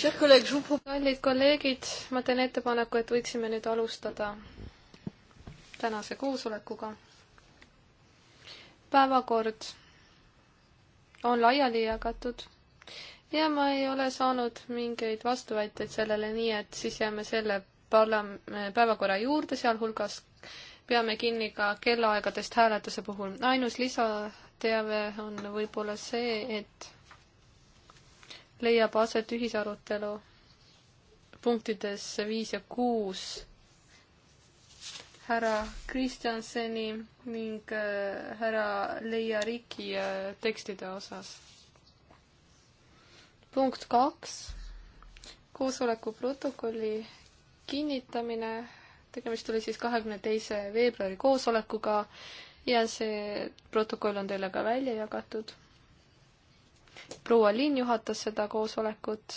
kallid kolleegid, ma teen ettepaneku, et võiksime nüüd alustada tänase koosolekuga. päevakord on laiali jagatud ja ma ei ole saanud mingeid vastuväiteid sellele, nii et siis jääme selle parlam-, päevakorra juurde, sealhulgas peame kinni ka kellaaegadest hääletuse puhul. ainus lisateave on võib-olla see, et leiab aset ühisarutelu punktides viis ja kuus härra Kristjanseni ning äh, härra Leia Riki äh, tekstide osas. punkt kaks, koosoleku protokolli kinnitamine, tegemist oli siis kahekümne teise veebruari koosolekuga ja see protokoll on teile ka välja jagatud proua Linn juhatas seda koosolekut.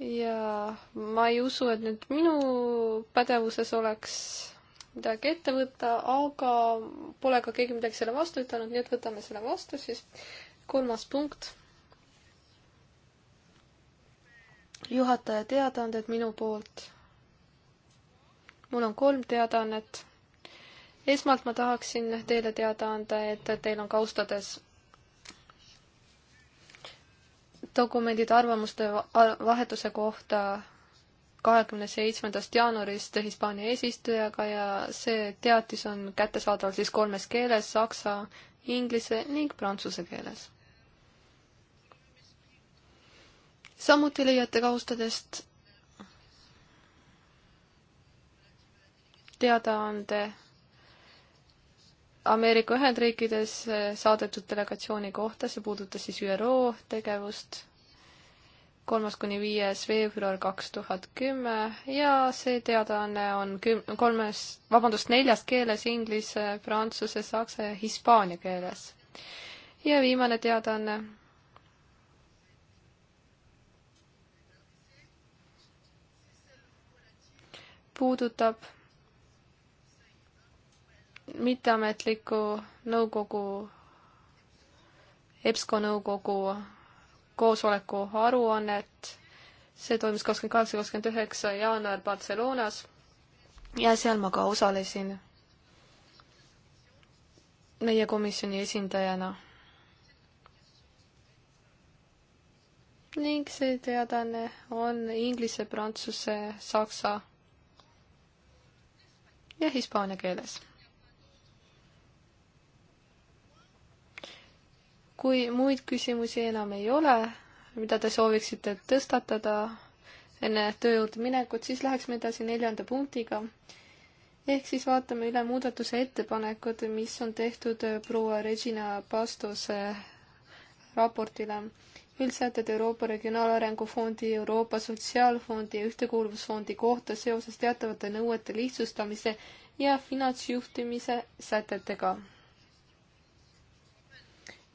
ja ma ei usu, et nüüd minu pädevuses oleks midagi ette võtta, aga pole ka keegi midagi selle vastu ütelnud, nii et võtame selle vastu siis. kolmas punkt. juhataja teadaanded minu poolt. mul on kolm teadaannet esmalt ma tahaksin teile teada anda, et teil on kaustades dokumendid arvamuste vahetuse kohta kahekümne seitsmendast jaanuarist Hispaania eesistujaga ja see teatis on kättesaadav siis kolmes keeles, saksa, inglise ning prantsuse keeles. samuti leiate kaustadest teadaande Ameerika Ühendriikides eh, saadetud delegatsiooni kohta, see puudutas siis ÜRO tegevust, kolmas kuni viies veebruar kaks tuhat kümme ja see teadaanne on küm-, kolmes, vabandust, neljas keeles, inglise, prantsuse, saksa ja hispaania keeles. ja viimane teadaanne puudutab mitteametliku nõukogu, EBSCO nõukogu koosoleku aruannet. see toimus kakskümmend kaheksa, kakskümmend üheksa jaanuar Barcelonas ja seal ma ka osalesin meie komisjoni esindajana. ning see teadaanne on inglise, prantsuse, saksa ja hispaania keeles kui muid küsimusi enam ei ole, mida te sooviksite tõstatada enne töö juurde minekut, siis läheksime edasi neljanda punktiga. ehk siis vaatame üle muudatuse ettepanekud, mis on tehtud proua Regina Pastose raportile. üldsätted Euroopa Regionaalarengu Fondi, Euroopa Sotsiaalfondi ja Ühtekuuluvusfondi kohta seoses teatavate nõuete lihtsustamise ja finantsjuhtimise sätetega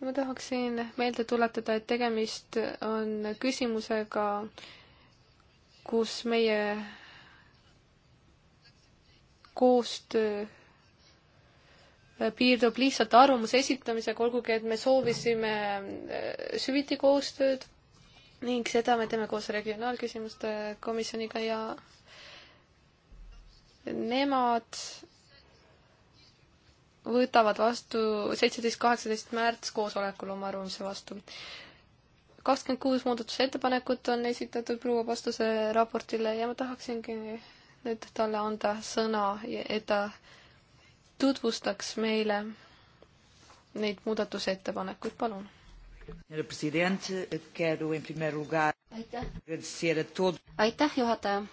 ma tahaksin meelde tuletada, et tegemist on küsimusega, kus meie koostöö piirdub lihtsalt arvamuse esitamisega, olgugi et me soovisime äh, süviti koostööd ning seda me teeme koos regionaalküsimuste komisjoniga ja nemad võtavad vastu seitseteist, kaheksateist märts koosolekul oma arvamuse vastu. kakskümmend kuus muudatusettepanekut on esitatud proua vastuse raportile ja ma tahaksingi nüüd talle anda sõna, et ta tutvustaks meile neid muudatusettepanekuid, palun. aitäh, juhataja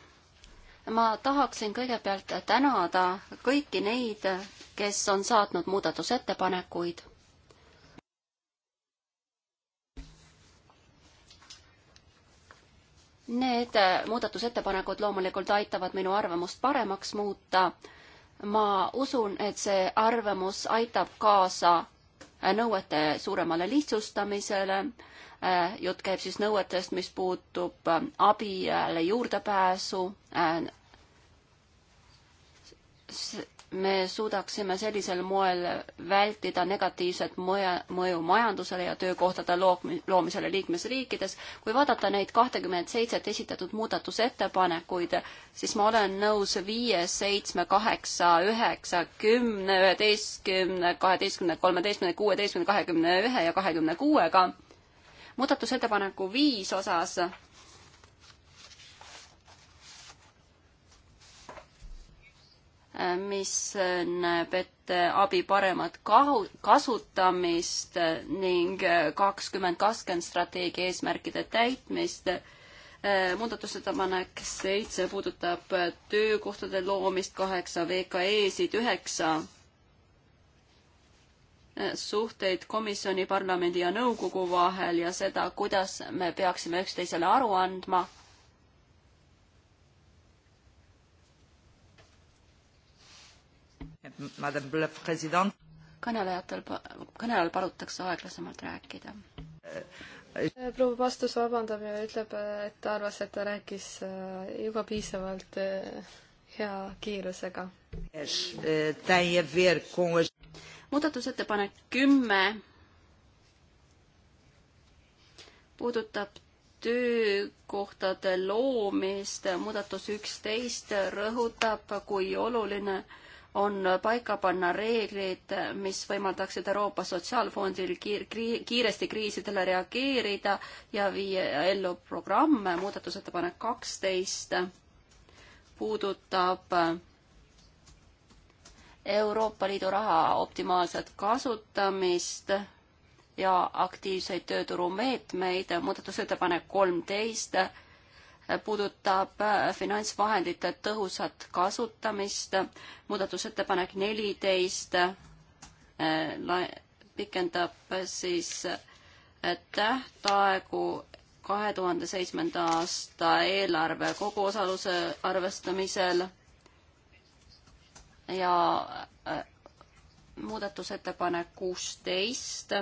ma tahaksin kõigepealt tänada kõiki neid, kes on saatnud muudatusettepanekuid. Need äh, muudatusettepanekud loomulikult aitavad minu arvamust paremaks muuta. ma usun, et see arvamus aitab kaasa äh, nõuete suuremale lihtsustamisele. Äh, jutt käib siis nõuetest, mis puutub abile juurdepääsu me suudaksime sellisel moel vältida negatiivset mõju majandusele ja töökohtade loomisele liikmesriikides. kui vaadata neid kahtekümmet seitset esitatud muudatusettepanekuid, siis ma olen nõus viie, seitsme, kaheksa, üheksa, kümne, üheteistkümne, kaheteistkümne, kolmeteistkümne, kuueteistkümne, kahekümne ühe ja kahekümne kuuega. muudatusettepaneku viis osas mis näeb ette abi paremat kahu-, kasutamist ning kakskümmend kakskümmend strateegia eesmärkide täitmist. muudatusettepanek seitse puudutab töökohtade loomist, kaheksa VKE-sid, üheksa suhteid komisjoni, parlamendi ja nõukogu vahel ja seda, kuidas me peaksime üksteisele aru andma Madame la President. kõnelejatel, kõnelejal palutakse aeglasemalt rääkida. Äh, äh, proua vastus vabandab ja ütleb, et ta arvas, et ta rääkis äh, juba piisavalt hea kiirusega. muudatusettepanek kümme puudutab töökohtade loomist, muudatus üksteist rõhutab, kui oluline on paika panna reeglid, mis võimaldaksid Euroopa Sotsiaalfondil kiir-, kiiresti kriisidele reageerida ja viia ellu programme. muudatusettepanek kaksteist puudutab Euroopa Liidu raha optimaalset kasutamist ja aktiivseid tööturumeetmeid. muudatusettepanek kolmteist puudutab äh, finantsvahendite tõhusat kasutamist. muudatusettepanek neliteist äh, pikendab äh, siis tähtaegu kahe tuhande seitsmenda aasta eelarve koguosaluse arvestamisel ja muudatusettepanek kuusteist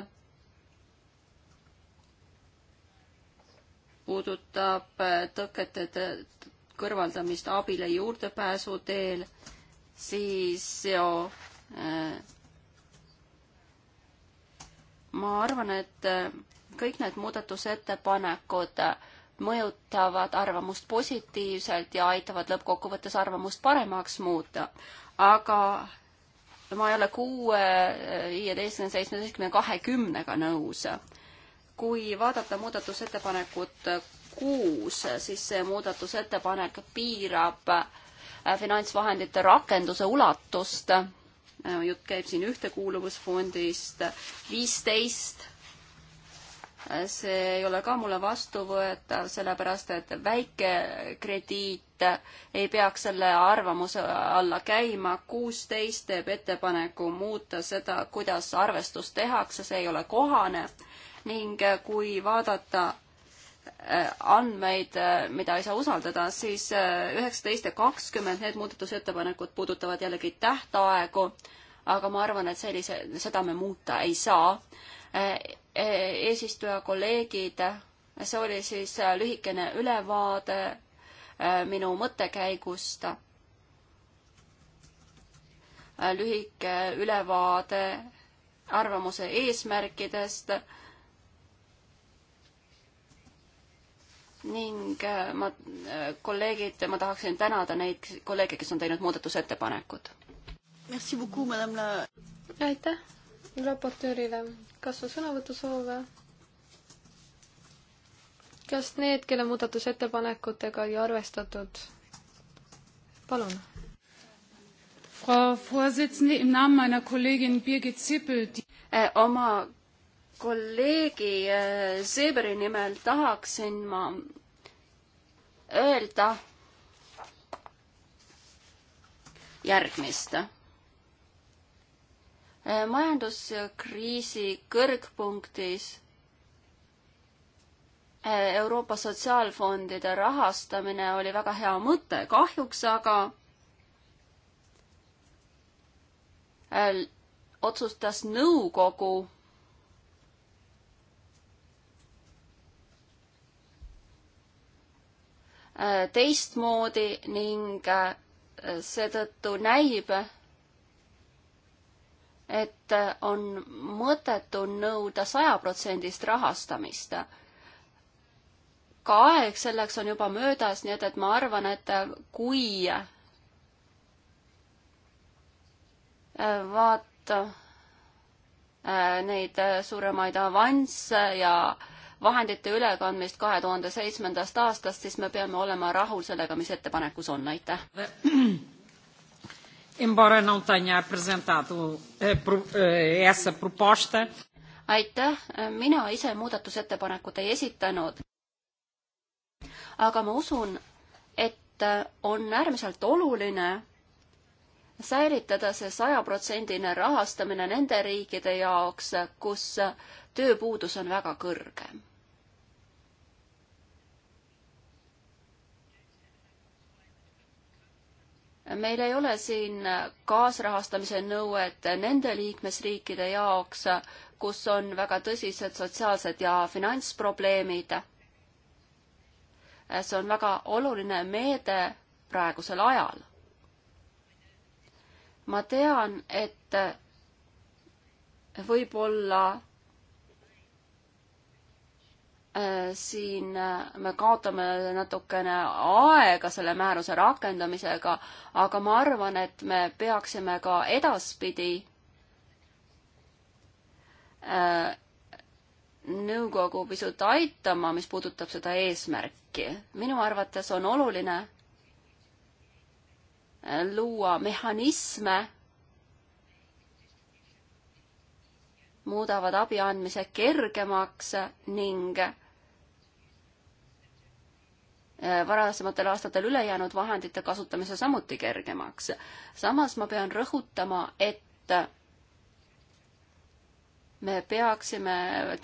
puudutab äh, tõkete kõrvaldamist abile juurdepääsu teel, siis jo, äh, ma arvan, et äh, kõik need muudatusettepanekud mõjutavad arvamust positiivselt ja aitavad lõppkokkuvõttes arvamust paremaks muuta. aga ma ei ole kuue, viieteistkümne, seitsmeteistkümne, kahekümnega nõus kui vaadata muudatusettepanekut kuus, siis see muudatusettepanek piirab äh, finantsvahendite rakenduse ulatust. Äh, jutt käib siin ühtekuuluvusfondist viisteist. Äh, see ei ole ka mulle vastuvõetav, sellepärast et väike krediit ei peaks selle arvamuse alla käima. kuusteist teeb ettepaneku muuta seda, kuidas arvestus tehakse, see ei ole kohane ning äh, kui vaadata äh, andmeid, äh, mida ei saa usaldada, siis üheksateist ja kakskümmend, need muudatusettepanekud puudutavad jällegi tähtaegu, aga ma arvan, et sellise, seda me muuta ei saa. E, eesistuja kolleegid, see oli siis lühikene ülevaade minu mõttekäigust. lühike ülevaade arvamuse eesmärkidest ning äh, ma, äh, kolleegid, ma tahaksin tänada neid kolleege, kes on teinud muudatusettepanekud. aitäh raportöörile. kas on sõnavõtusoove? kas need, kelle muudatusettepanekutega ei arvestatud? palun Frau Vorsitzende, im Namen meiner Kollegin Birgit Zippel. Äh, oma kolleegi äh, Seeberi nimel tahaksin ma öelda järgmist. Äh, majanduskriisi kõrgpunktis äh, Euroopa sotsiaalfondide rahastamine oli väga hea mõte, kahjuks aga otsustas nõukogu Äh, teistmoodi ning äh, seetõttu näib, et äh, on mõttetu nõuda sajaprotsendist rahastamist. ka aeg selleks on juba möödas, nii et, et ma arvan, et kui vaata neid suuremaid avansse ja äh, vahendite ülekandmist kahe tuhande seitsmendast aastast, siis me peame olema rahul sellega, mis ettepanekus on, aitäh. Embora não tenha apresentado eh, eh, essa proposta. aitäh, mina ise muudatusettepanekut ei esitanud. aga ma usun, et eh, on äärmiselt oluline säilitada see sajaprotsendine rahastamine nende riikide jaoks, kus tööpuudus on väga kõrge. meil ei ole siin kaasrahastamise nõuet nende liikmesriikide jaoks, kus on väga tõsised sotsiaalsed ja finantsprobleemid. see on väga oluline meede praegusel ajal. ma tean, et võib-olla Äh, siin äh, me kaotame natukene aega selle määruse rakendamisega, aga ma arvan, et me peaksime ka edaspidi äh, nõukogu pisut aitama, mis puudutab seda eesmärki. minu arvates on oluline luua mehhanisme muudavad abi andmise kergemaks ning äh, varasematel aastatel ülejäänud vahendite kasutamise samuti kergemaks. samas ma pean rõhutama, et me peaksime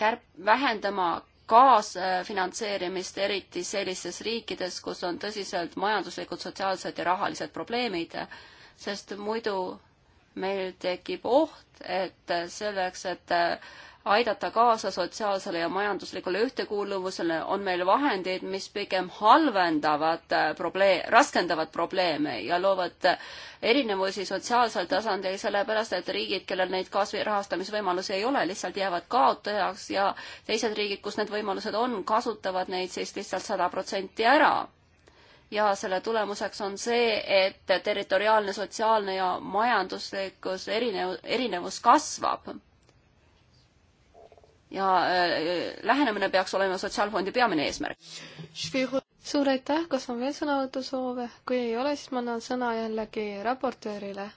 kärp-, vähendama kaasfinantseerimist, eriti sellistes riikides, kus on tõsiselt majanduslikud, sotsiaalsed ja rahalised probleemid, sest muidu meil tekib oht, et selleks, et äh, aidata kaasa sotsiaalsele ja majanduslikule ühtekuuluvusele, on meil vahendeid, mis pigem halvendavad äh, probleem, raskendavad probleeme ja loovad äh, erinevusi sotsiaalsel tasandil, sellepärast et riigid, kellel neid kaasrahastamisvõimalusi ei ole, lihtsalt jäävad kaotajaks ja teised riigid, kus need võimalused on, kasutavad neid siis lihtsalt sada protsenti ära ja selle tulemuseks on see, et territoriaalne, sotsiaalne ja majanduslikus erinev, erinevus kasvab. ja äh, lähenemine peaks olema Sotsiaalfondi peamine eesmärk. suur aitäh, kas on veel sõnavõtusoove? kui ei ole, siis ma annan sõna jällegi raportöörile.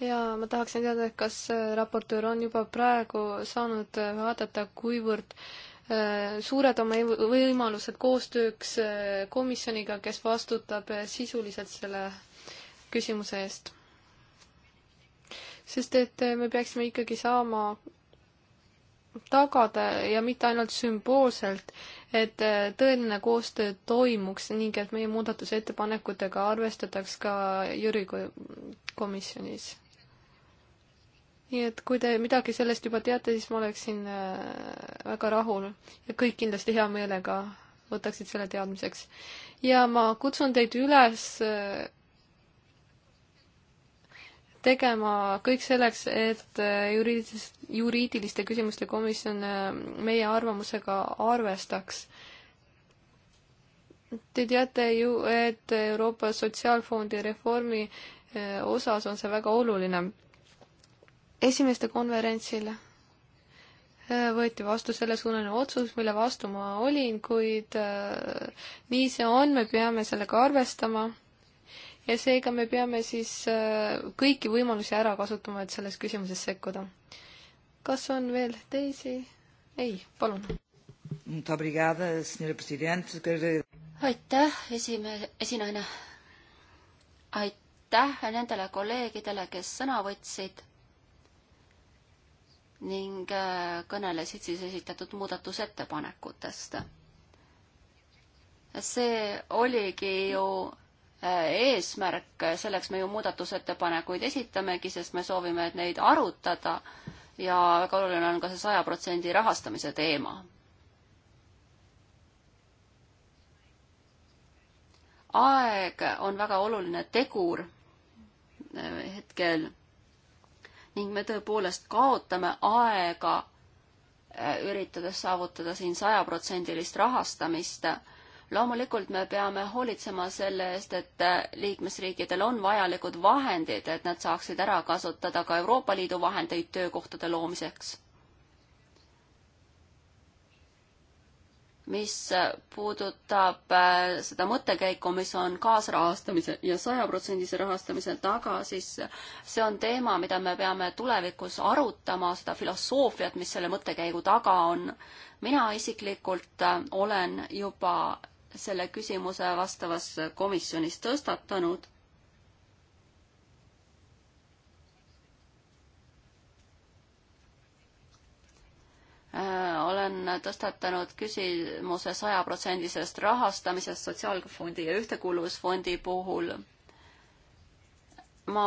ja ma tahaksin teada, kas äh, raportöör on juba praegu saanud äh, vaadata, kuivõrd äh, Äh, suured on meie võimalused koostööks äh, komisjoniga, kes vastutab äh, sisuliselt selle küsimuse eest. sest et me peaksime ikkagi saama tagada ja mitte ainult sümboolselt, et tõeline koostöö toimuks ning et meie muudatusettepanekutega arvestataks ka Jüri komisjonis nii et kui te midagi sellest juba teate, siis ma oleksin äh, väga rahul ja kõik kindlasti hea meelega võtaksid selle teadmiseks. ja ma kutsun teid üles äh, tegema kõik selleks, et äh, juriidilist, juriidiliste küsimuste komisjon meie arvamusega arvestaks. Te teate ju, et Euroopa Sotsiaalfondi reformi osas on see väga oluline esimeste konverentsil võeti vastu sellesuunaline otsus, mille vastu ma olin, kuid äh, nii see on, me peame sellega arvestama. ja seega me peame siis äh, kõiki võimalusi ära kasutama, et selles küsimuses sekkuda. kas on veel teisi? ei, palun. aitäh, esimees, esinaine. aitäh nendele kolleegidele, kes sõna võtsid ning äh, kõnelesid siis esitatud muudatusettepanekutest. see oligi ju äh, eesmärk, selleks me ju muudatusettepanekuid esitamegi, sest me soovime, et neid arutada ja väga oluline on ka see saja protsendi rahastamise teema aeg on väga oluline tegur äh, hetkel ning me tõepoolest kaotame aega, äh, üritades saavutada siin sajaprotsendilist rahastamist. loomulikult me peame hoolitsema selle eest, et äh, liikmesriikidel on vajalikud vahendid, et nad saaksid ära kasutada ka Euroopa Liidu vahendeid töökohtade loomiseks mis puudutab äh, seda mõttekäiku, mis on kaasrahastamise ja sajaprotsendise rahastamise taga, siis see on teema, mida me peame tulevikus arutama, seda filosoofiat, mis selle mõttekäigu taga on. mina isiklikult äh, olen juba selle küsimuse vastavas komisjonis tõstatanud Äh, olen tõstatanud küsimuse sajaprotsendisest rahastamisest Sotsiaalfondi ja Ühtekuuluvusfondi puhul. ma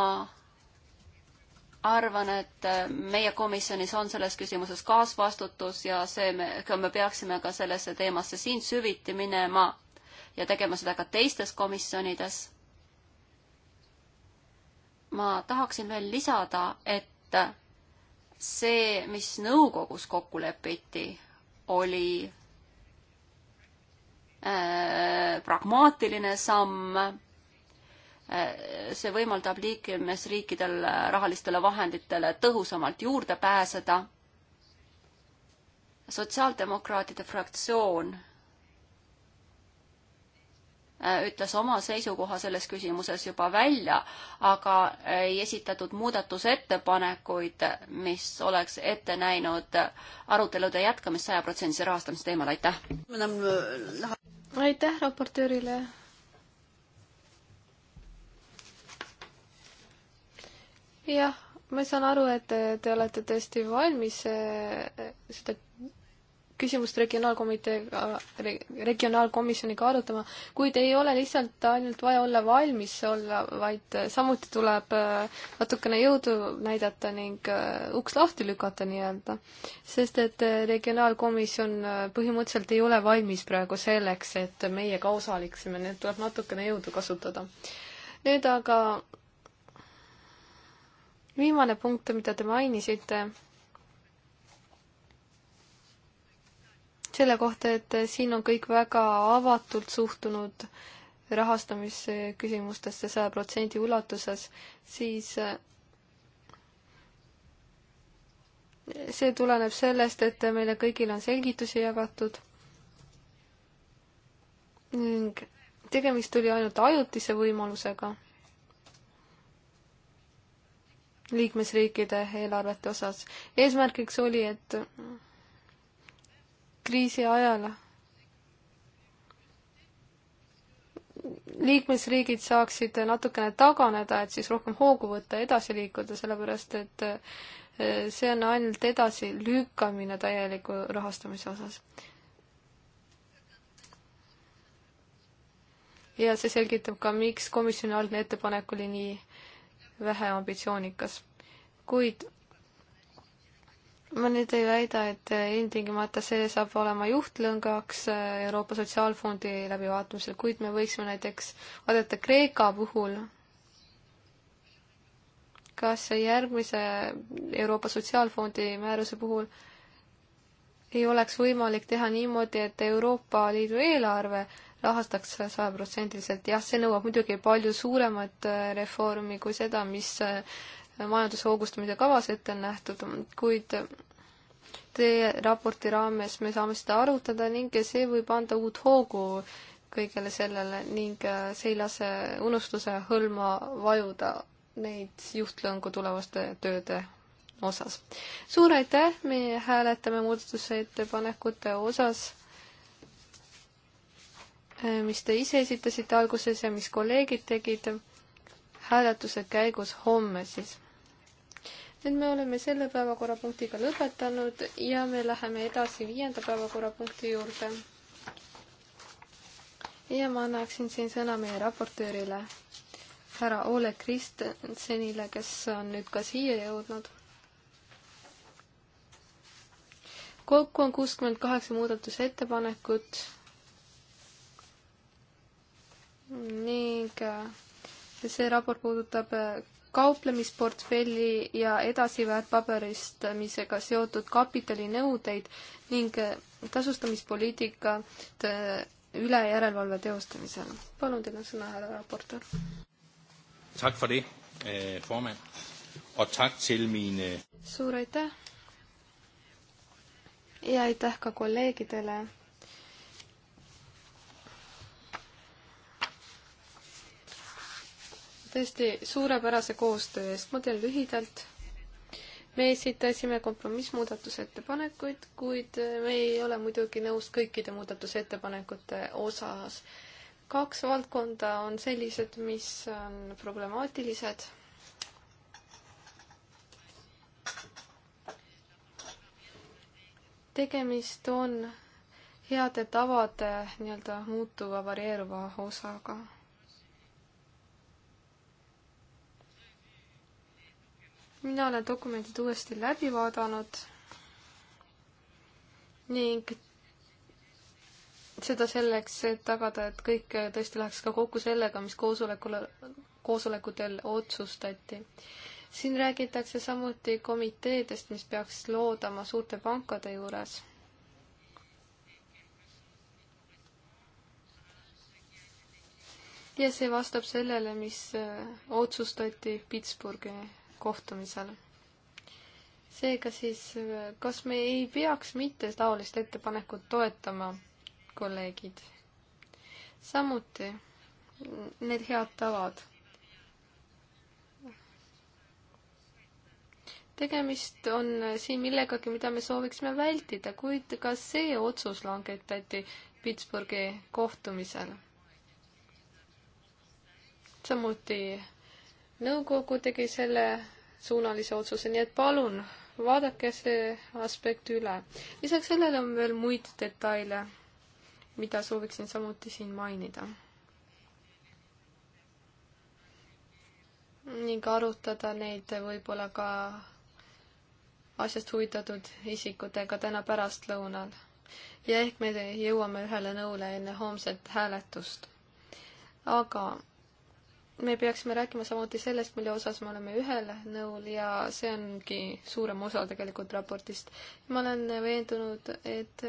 arvan, et meie komisjonis on selles küsimuses kaasvastutus ja see, me peaksime ka sellesse teemasse siin süviti minema ja tegema seda ka teistes komisjonides. ma tahaksin veel lisada, et see, mis nõukogus kokku lepiti, oli äh, pragmaatiline samm äh,. see võimaldab liikmesriikidel rahalistele vahenditele tõhusamalt juurde pääseda. sotsiaaldemokraatide fraktsioon Äh, ütles oma seisukoha selles küsimuses juba välja, aga ei esitatud muudatusettepanekuid, mis oleks ette näinud arutelude jätkamist sajaprotsendise rahastamise teemal, aitäh! aitäh raportöörile! jah, ma saan aru, et te olete tõesti valmis äh, seda küsimust regionaalkomiteega, regionaalkomisjoniga arutama, kuid ei ole lihtsalt ainult vaja olla valmis olla, vaid samuti tuleb äh, natukene jõudu näidata ning äh, uks lahti lükata nii-öelda. sest et äh, regionaalkomisjon põhimõtteliselt ei ole valmis praegu selleks, et meie ka osaleksime, nii et tuleb natukene jõudu kasutada. nüüd aga viimane punkt, mida te mainisite selle kohta, et siin on kõik väga avatult suhtunud rahastamisküsimustesse saja protsendi ulatuses, siis eh, see tuleneb sellest, et meile kõigile on selgitusi jagatud ning tegemist oli ainult ajutise võimalusega liikmesriikide eelarvete osas. eesmärgiks oli, et kriisi ajal liikmesriigid saaksid natukene taganeda, et siis rohkem hoogu võtta, edasi liikuda, sellepärast et eh, see on ainult edasilükkamine täieliku rahastamise osas. ja see selgitab ka, miks komisjoni algne ettepanek oli nii väheambitsioonikas. kuid ma nüüd ei väida, et ilmtingimata see saab olema juhtlõngaks äh, Euroopa Sotsiaalfondi läbivaatamisel, kuid me võiksime näiteks vaadata Kreeka puhul, kas järgmise Euroopa Sotsiaalfondi määruse puhul ei oleks võimalik teha niimoodi, et Euroopa Liidu eelarve rahastaks sajaprotsendiliselt, jah, see nõuab muidugi palju suuremat äh, reformi kui seda, mis äh, majanduse hoogustamise kavas ette on nähtud, kuid teie raporti raames me saame seda arutada ning see võib anda uut hoogu kõigele sellele ning see ei lase unustuse hõlma vajuda neid juhtlõngu tulevaste tööde osas. suur aitäh, me hääletame muudatusettepanekute osas, mis te ise esitasite alguses ja mis kolleegid tegid hääletuse käigus homme siis nüüd me oleme selle päevakorrapunktiga lõpetanud ja me läheme edasi viienda päevakorrapunkti juurde. ja ma annaksin siin sõna meie raportöörile, härra Ole Kristensenile, kes on nüüd ka siia jõudnud. kokku on kuuskümmend kaheksa muudatusettepanekut ning äh, see raport puudutab äh, kauplemisportfelli ja edasi väärtpaberistamisega seotud kapitalinõudeid ning tasustamispoliitikat äh, üle järelevalve teostamisel. palun, teil on sõna, härra raportöör. tak for det, eh, formand, og tak til mine suur aitäh ja aitäh ka kolleegidele tõesti suurepärase koostöö eest, ma teen lühidalt. me esitasime kompromissmuudatusettepanekuid, kuid me ei ole muidugi nõus kõikide muudatusettepanekute osas. kaks valdkonda on sellised, mis on problemaatilised. tegemist on heade tavade nii-öelda muutuva varieeruva osaga mina olen dokumendid uuesti läbi vaadanud ning seda selleks, et tagada, et kõik tõesti läheks ka kokku sellega, mis koosolekule, koosolekutel otsustati. siin räägitakse samuti komiteedest, mis peaks loodama suurte pankade juures. ja see vastab sellele, mis otsustati Pittsburghi kohtumisel. seega siis, kas me ei peaks mitte taolist ettepanekut toetama, kolleegid? samuti need head tavad. tegemist on siin millegagi, mida me sooviksime vältida, kuid ka see otsus langetati Pittsburghi kohtumisel. samuti nõukogu tegi selle suunalise otsuse, nii et palun vaadake see aspekt üle. lisaks sellele on veel muid detaile, mida sooviksin samuti siin mainida. ning arutada neid võib-olla ka asjast huvitatud isikutega täna pärastlõunal. ja ehk me jõuame ühele nõule enne homset hääletust. aga me peaksime rääkima samuti sellest, mille osas me oleme ühel nõul ja see ongi suurem osa tegelikult raportist. ma olen veendunud, et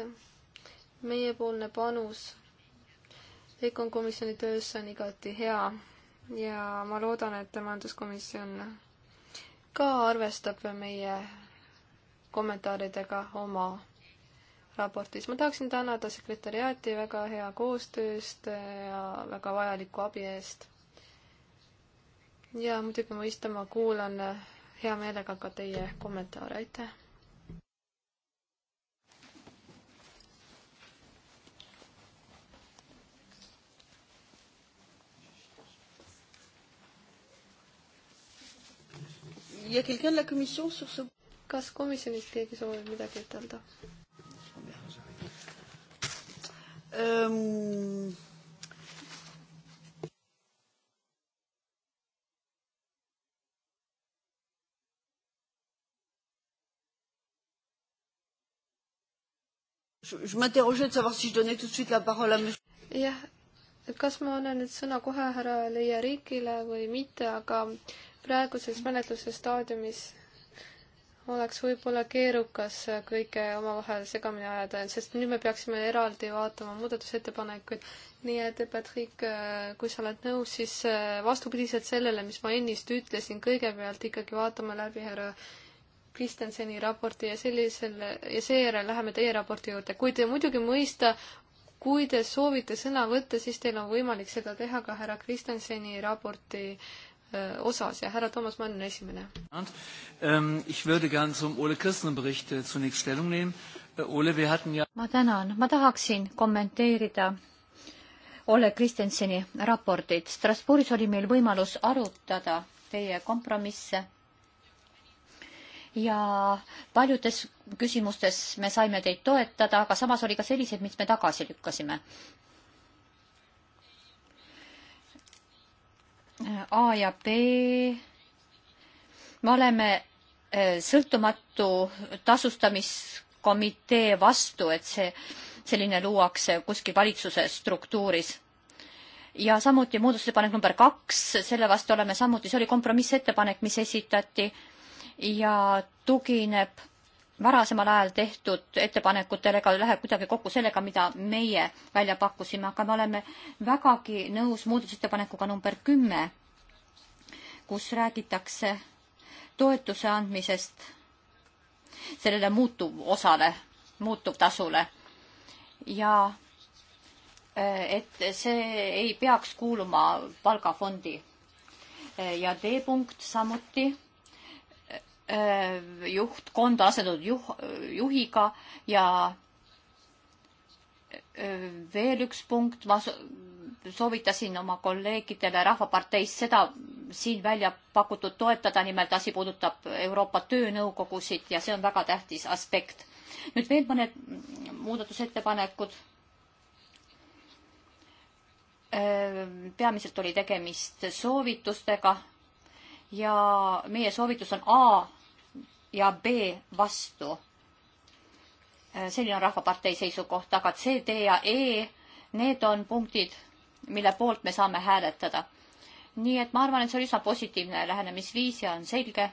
meiepoolne panus EKOn komisjoni töösse on igati hea ja ma loodan, et majanduskomisjon ka arvestab meie kommentaaridega oma raportis. ma tahaksin tänada sekretäriaati väga hea koostöö eest ja väga vajaliku abi eest ja muidugi mõista, ma kuulan äh, hea meelega ka teie kommentaare, aitäh. kas komisjonist keegi soovib midagi ütelda? Um... je m'interrogeais de savoir si je donnais tout de suite la parole à monsieur. jah, kas ma annan nüüd sõna kohe härra Leia Riikile või mitte, aga praeguses menetluse staadiumis oleks võib-olla keerukas kõike omavahel segamini ajada, sest nüüd me peaksime eraldi vaatama muudatusettepanekuid. nii et Patrick, kui sa oled nõus, siis eh, vastupidiselt sellele, mis ma ennist ütlesin, kõigepealt ikkagi vaatame läbi härra Kristenseni raporti ja sellisele ja seejärel läheme teie raporti juurde, kuid muidugi mõista, kui te soovite sõna võtta, siis teil on võimalik seda teha ka härra Kristenseni raporti öö, osas ja härra Toomas Mann on esimene. Ähm, äh, äh, ma tänan, ma tahaksin kommenteerida Olle Kristenseni raportit. Strasbourgis oli meil võimalus arutada teie kompromisse ja paljudes küsimustes me saime teid toetada, aga samas oli ka selliseid, mis me tagasi lükkasime. A ja B. me oleme e, sõltumatu tasustamiskomitee vastu, et see selline luuakse kuskil valitsuse struktuuris ja samuti muudatusettepanek number kaks, selle vastu oleme samuti, see oli kompromissettepanek, mis esitati ja tugineb varasemal ajal tehtud ettepanekutele ega lähe kuidagi kokku sellega, mida meie välja pakkusime, aga me oleme vägagi nõus muudatusettepanekuga number kümme, kus räägitakse toetuse andmisest sellele muutuvosale, muutuvtasule ja äh, et see ei peaks kuuluma palgafondi. Äh, ja D-punkt samuti Äh, juhtkonda asendatud juh, juhiga ja äh, veel üks punkt, ma soovitasin oma kolleegidele Rahvaparteis seda siin välja pakutud toetada, nimelt asi puudutab Euroopa töönõukogusid ja see on väga tähtis aspekt. nüüd veel mõned muudatusettepanekud. Äh, peamiselt oli tegemist soovitustega ja meie soovitus on A ja B vastu. Äh, selline on Rahvapartei seisukoht, aga C, D ja E, need on punktid, mille poolt me saame hääletada. nii et ma arvan, et see on üsna positiivne lähenemisviis ja on selge,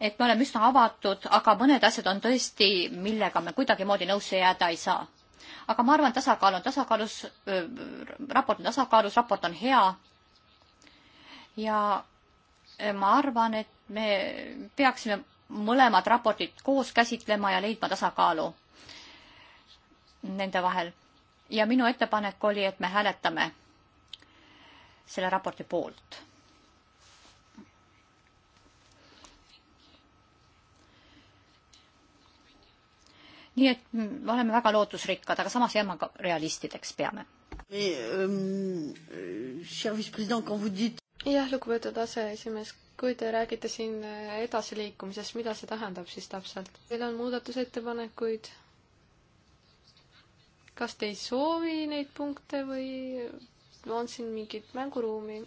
et me oleme üsna avatud, aga mõned asjad on tõesti, millega me kuidagimoodi nõusse jääda ei saa. aga ma arvan, tasakaal on tasakaalus äh,, raport on tasakaalus, raport on hea ja Äh, ma arvan, et me peaksime mõlemad raportid koos käsitlema ja leidma tasakaalu nende vahel. ja minu ettepanek oli, et me hääletame selle raporti poolt. nii et me mm, oleme väga lootusrikkad, aga samas jääme ka realistideks, peame. Mais, euh, euh cher vice-président, quand vous dites jah, lugupeetud aseesimees, kui te räägite siin edasiliikumisest, mida see tähendab siis täpselt? Teil on muudatusettepanekuid? kas te ei soovi neid punkte või on siin mingit mänguruumi?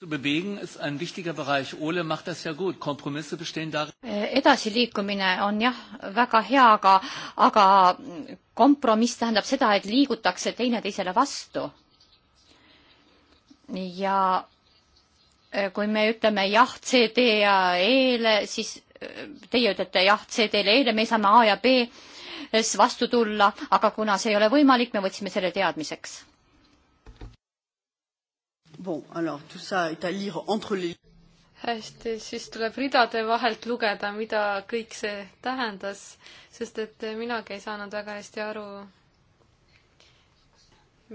Zu bewegen ist ein wichtiger Bereich. Ole macht das ja gut. Kompromisse bestehen darin. edasiliikumine on jah, väga hea, aga, aga kompromiss tähendab seda, et liigutakse teineteisele vastu. ja Äh, kui me ütleme jah CD ja E-le, siis äh, teie ütlete jah CD-le, E-le, me saame A ja B-s vastu tulla, aga kuna see ei ole võimalik, me võtsime selle teadmiseks. Bon, alors tout ça est à lire entre les hästi, siis tuleb ridade vahelt lugeda, mida kõik see tähendas, sest et minagi ei saanud väga hästi aru,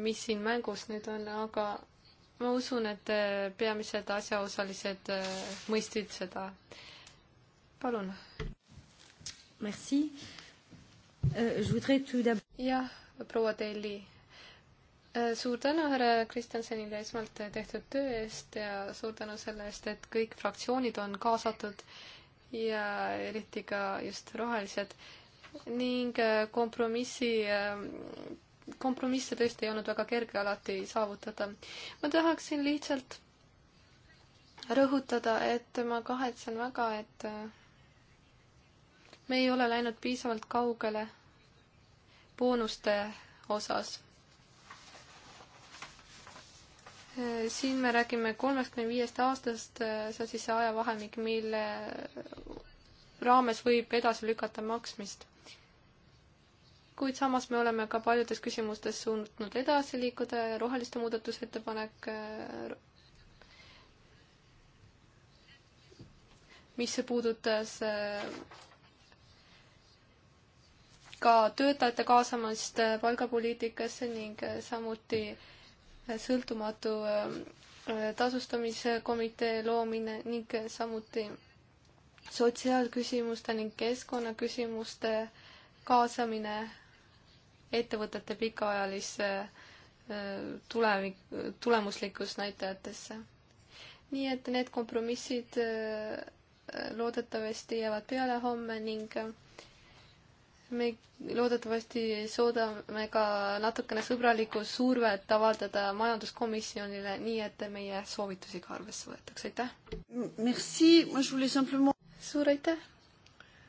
mis siin mängus nüüd on, aga ma usun, et äh, peamised asjaosalised äh, mõistsid seda. palun. Merci. Euh, jah, proua Telli. Äh, suur tänu härra Kristjansonile esmalt tehtud töö eest ja suur tänu selle eest, et kõik fraktsioonid on kaasatud ja eriti ka just rohelised ning kompromissi ähm, kompromisse tõesti ei olnud väga kerge alati saavutada. ma tahaksin lihtsalt rõhutada, et ma kahetsen väga, et me ei ole läinud piisavalt kaugele boonuste osas. siin me räägime kolmekümne viiest aastast, see on siis see ajavahemik, mille raames võib edasi lükata maksmist kuid samas me oleme ka paljudes küsimustes suutnud edasi liikuda ja roheliste muudatusettepanek, äh, mis puudutas äh, ka töötajate kaasamist äh, palgapoliitikasse ning samuti sõltumatu tasustamiskomitee loomine ning samuti sotsiaalküsimuste ning keskkonnaküsimuste kaasamine ettevõtete pikaajalisse äh, tulemik, tulemuslikkusnäitajatesse. nii et need kompromissid äh, loodetavasti jäävad peale homme ning äh, me loodetavasti soodame ka natukene sõbralikku survet avaldada majanduskomisjonile, nii et meie soovitusi ka arvesse võetakse, aitäh! suur aitäh!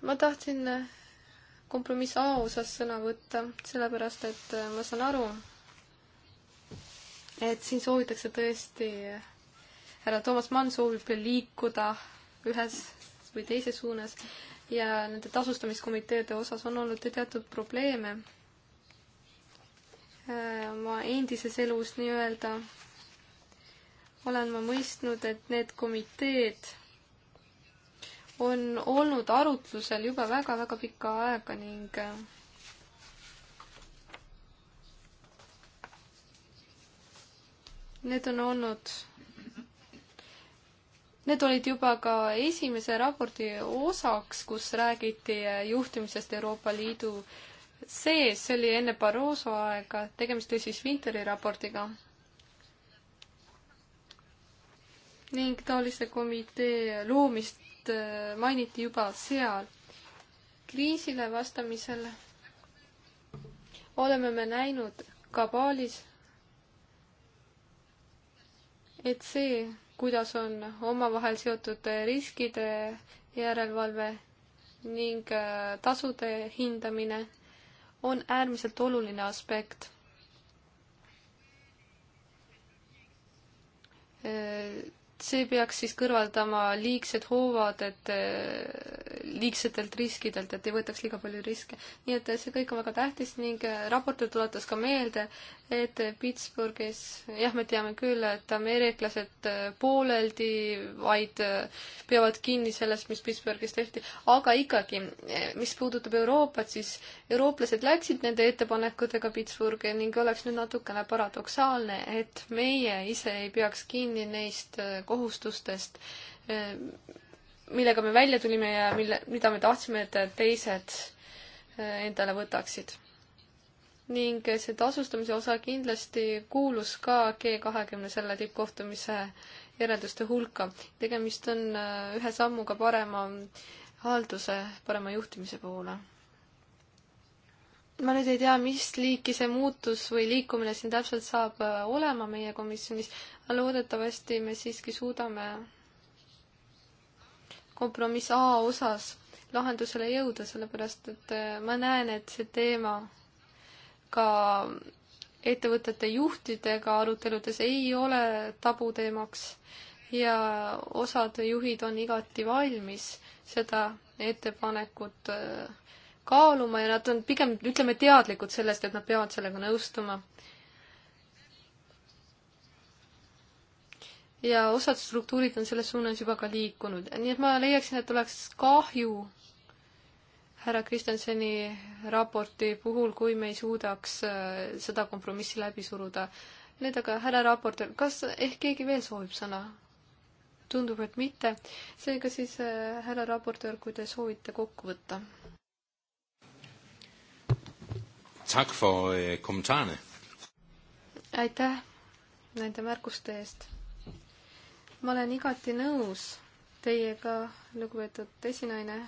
ma tahtsin kompromiss A osas sõna võtta, sellepärast et äh, ma saan aru, et siin soovitakse tõesti, äh, härra Toomas Mann soovib liikuda ühes või teises suunas ja nende tasustamiskomiteede osas on olnud teatud probleeme äh, oma endises elus nii-öelda olen ma mõistnud, et need komiteed on olnud arutlusel juba väga-väga pikka aega ning äh, need on olnud, need olid juba ka esimese raporti osaks, kus räägiti juhtimisest Euroopa Liidu sees, see oli enne Barroso aega, tegemist oli siis Winteri raportiga. ning taolise komitee loomist Neid äh, mainiti juba seal. kriisile vastamisel oleme me näinud kabaalis, et see, kuidas on omavahel seotud riskide järelevalve ning äh, tasude hindamine on äärmiselt oluline aspekt. Äh, see peaks siis kõrvaldama liigsed hoovad, et eh, liigsetelt riskidelt, et ei võtaks liiga palju riske. nii et eh, see kõik on väga tähtis ning eh, raportöö tuletas ka meelde, et Pittsburghis, jah, me teame küll, et ameeriklased äh, pooleldi vaid äh, peavad kinni sellest, mis Pittsburghis tehti, aga ikkagi, äh, mis puudutab Euroopat, siis eurooplased läksid nende ettepanekutega Pittsburghi ning oleks nüüd natukene paradoksaalne, et meie ise ei peaks kinni neist kohustustest, millega me välja tulime ja mille, mida me tahtsime, et teised endale võtaksid ning see tasustamise osa kindlasti kuulus ka G kahekümne selle tippkohtumise järelduste hulka. tegemist on äh, ühe sammuga parema halduse, parema juhtimise poole. ma nüüd ei tea, mis liiki see muutus või liikumine siin täpselt saab äh, olema meie komisjonis, aga loodetavasti me siiski suudame kompromiss A osas lahendusele jõuda, sellepärast et äh, ma näen, et see teema ka ettevõtete juhtidega aruteludes ei ole tabuteemaks ja osad juhid on igati valmis seda ettepanekut äh, kaaluma ja nad on pigem, ütleme, teadlikud sellest, et nad peavad sellega nõustuma. ja osad struktuurid on selles suunas juba ka liikunud, nii et ma leiaksin, et oleks kahju härra Kristjanseni raporti puhul, kui me ei suudaks äh, seda kompromissi läbi suruda. nüüd aga, härra raportöör, kas ehk keegi veel soovib sõna? tundub, et mitte. seega siis, äh, härra raportöör, kui te soovite kokku võtta. Eh, aitäh nende märkuste eest. ma olen igati nõus teiega, lugupeetud esinaine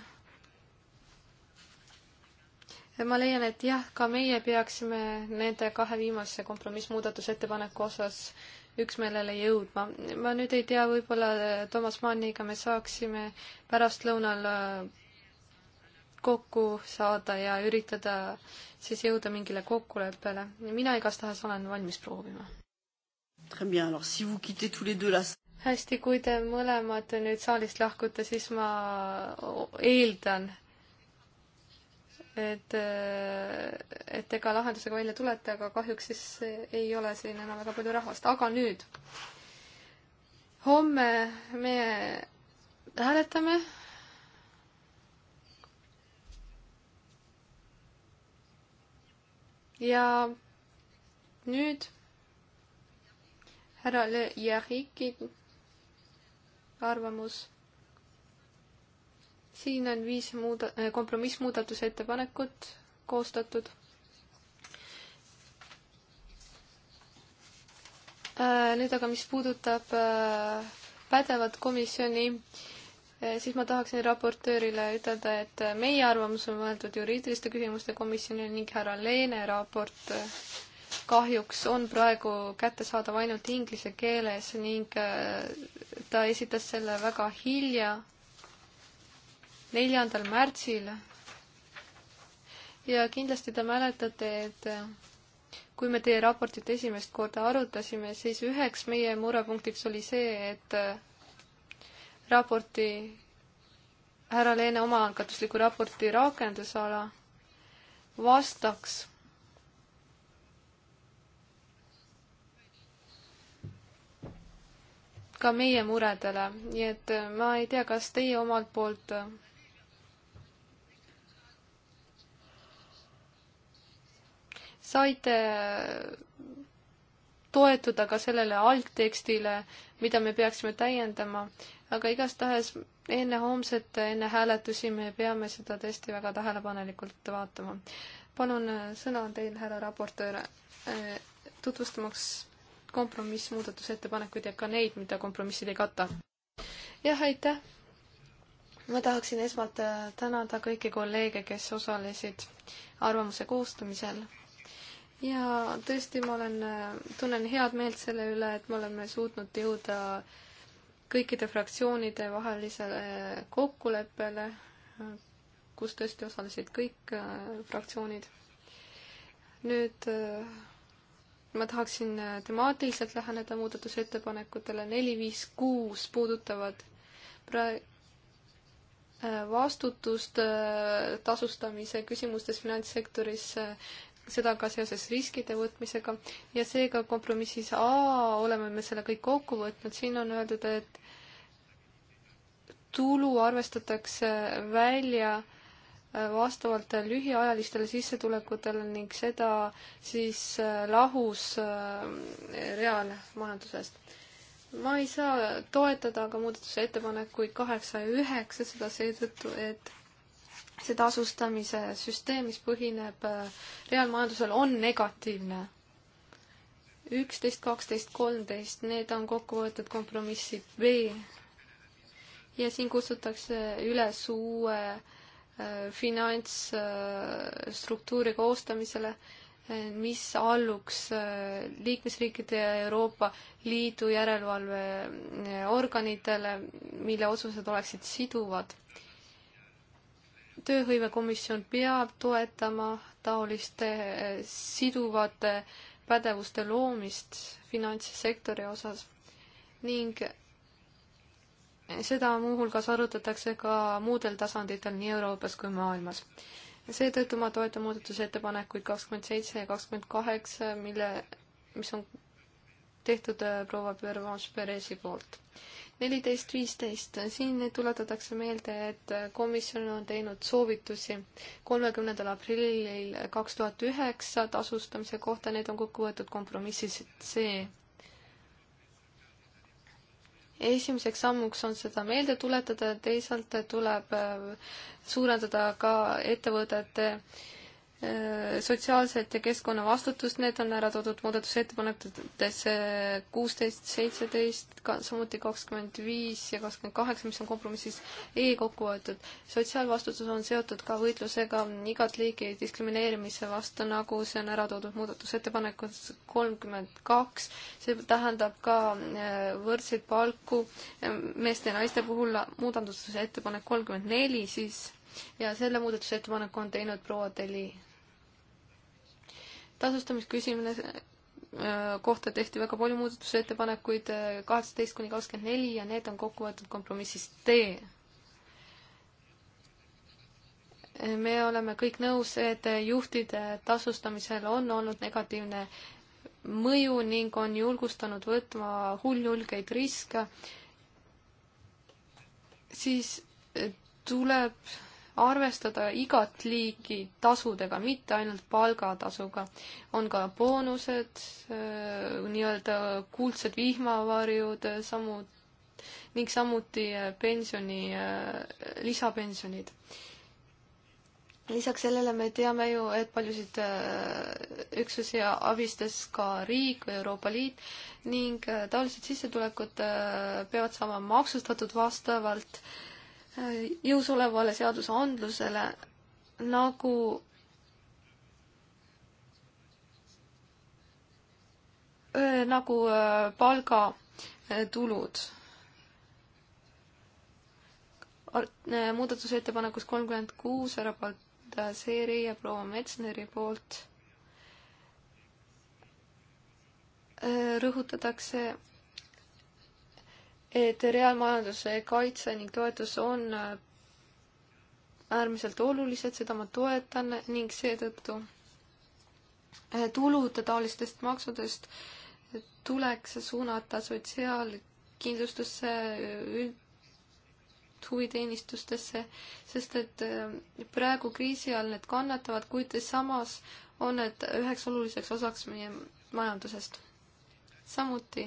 ma leian, et jah, ka meie peaksime nende kahe viimase kompromissmuudatusettepaneku osas üksmeelele jõudma. ma nüüd ei tea, võib-olla äh, Toomas Manniga me saaksime pärastlõunal äh, kokku saada ja üritada siis jõuda mingile kokkuleppele. mina igastahes olen valmis proovima. hästi, kui te mõlemad nüüd saalist lahkute, siis ma eeldan, et, et ega lahendusega välja tulete, aga kahjuks siis ei ole siin enam väga palju rahvast. aga nüüd, homme me hääletame. ja nüüd härra Le Järiki arvamus siin on viis muuda-, äh, kompromissmuudatuse ettepanekut koostatud. Äh, nüüd aga, mis puudutab äh, pädevat komisjoni, siis ma tahaksin raportöörile ütelda, et meie arvamus on mõeldud juriidiliste küsimuste komisjonile ning härra Leene raport kahjuks on praegu kättesaadav ainult inglise keeles ning ta esitas selle väga hilja neljandal märtsil. ja kindlasti te mäletate, et äh, kui me teie raportit esimest korda arutasime, siis üheks meie murepunktiks oli see, et äh, raporti, härra Leene omaalgatusliku raporti rakendusala vastaks ka meie muredele, nii et äh, ma ei tea, kas teie omalt poolt saite toetuda ka sellele algtekstile, mida me peaksime täiendama, aga igastahes enne homset, enne hääletusi me peame seda tõesti väga tähelepanelikult vaatama. palun, äh, sõna on teil, härra raportöör, äh, tutvustamaks kompromissmuudatusettepanekuid ja ka neid, mida kompromissid ei kata. jah, aitäh! ma tahaksin esmalt äh, tänada kõiki kolleege, kes osalesid arvamuse koostamisel ja tõesti, ma olen, äh, tunnen head meelt selle üle, et me oleme suutnud jõuda kõikide fraktsioonide vahelisele äh, kokkuleppele, äh, kus tõesti osalesid kõik fraktsioonid. nüüd ma tahaksin temaatiliselt läheneda muudatusettepanekutele, neli, viis, kuus puudutavad pra-, vastutust tasustamise küsimustes finantssektoris seda ka seoses riskide võtmisega ja seega kompromissis A oleme me selle kõik kokku võtnud, siin on öeldud, et tulu arvestatakse välja äh, vastavalt lühiajalistele sissetulekutele ning seda siis äh, lahus äh, reaalmajandusest. ma ei saa toetada aga muudatusettepanekuid kaheksa ja üheksa, seda seetõttu, et see tasustamise süsteem, mis põhineb äh, reaalmajandusel, on negatiivne. üksteist, kaksteist, kolmteist, need on kokkuvõtted kompromissi B. ja siin kutsutakse üles uue äh, finantsstruktuuri koostamisele, äh, mis alluks liikmesriikide ja Euroopa Liidu järelevalveorganitele, mille otsused oleksid siduvad tööhõivekomisjon peab toetama taoliste eh, siduvate pädevuste loomist finantssektori osas ning seda muuhulgas arutatakse ka muudel tasanditel nii Euroopas kui maailmas. seetõttu ma toetan muudatusettepanekuid kakskümmend seitse ja kakskümmend kaheksa, mille, mis on tehtud eh, proua Pervanche Perezi poolt neliteist, viisteist, siin tuletatakse meelde, et komisjon on teinud soovitusi kolmekümnendal aprillil kaks tuhat üheksa tasustamise kohta, need on kokku võetud kompromissis C. esimeseks sammuks on seda meelde tuletada, teisalt tuleb äh, suurendada ka ettevõtete et sotsiaalset ja keskkonna vastutust, need on ära toodud muudatusettepanekutesse kuusteist, seitseteist, samuti kakskümmend viis ja kakskümmend kaheksa, mis on kompromissis E kokku võetud. sotsiaalvastutus on seotud ka võitlusega igat liiki diskrimineerimise vastu, nagu see on ära toodud muudatusettepanekutes kolmkümmend kaks, see tähendab ka äh, võrdseid palku äh, meeste ja naiste puhul, muudatuse ettepanek kolmkümmend neli siis ja selle muudatusettepaneku on teinud proua Teli tasustamisküsimine äh, kohta tehti väga palju muudatusettepanekuid, äh, kaheksateist kuni kakskümmend neli ja need on kokku võetud kompromissis D. me oleme kõik nõus, et juhtide tasustamisel on olnud negatiivne mõju ning on julgustanud võtma hulljulgeid riske, siis äh, tuleb arvestada igat liiki tasudega, mitte ainult palgatasuga. on ka boonused, äh, nii-öelda kuldsed vihmavarjud, äh, samu, ning samuti äh, pensioni, lisapensionid. lisaks sellele me teame ju, et paljusid üksusi abistas ka riik või Euroopa Liit ning taolised sissetulekud peavad saama maksustatud vastavalt äh, jõus olevale seadusandlusele nagu nagu palgatulud. muudatusettepanekus kolmkümmend kuus härra Baltaseri ja proua Metsneri poolt rõhutatakse et reaalmajanduse kaitse ning toetus on äh, äärmiselt olulised, seda ma toetan ning seetõttu äh, tulud taolistest maksudest äh, tuleks suunata sotsiaalkindlustusse, üldhuviteenistustesse, sest et praegu kriisi all need kannatavad, kuid samas on need üheks oluliseks osaks meie majandusest. samuti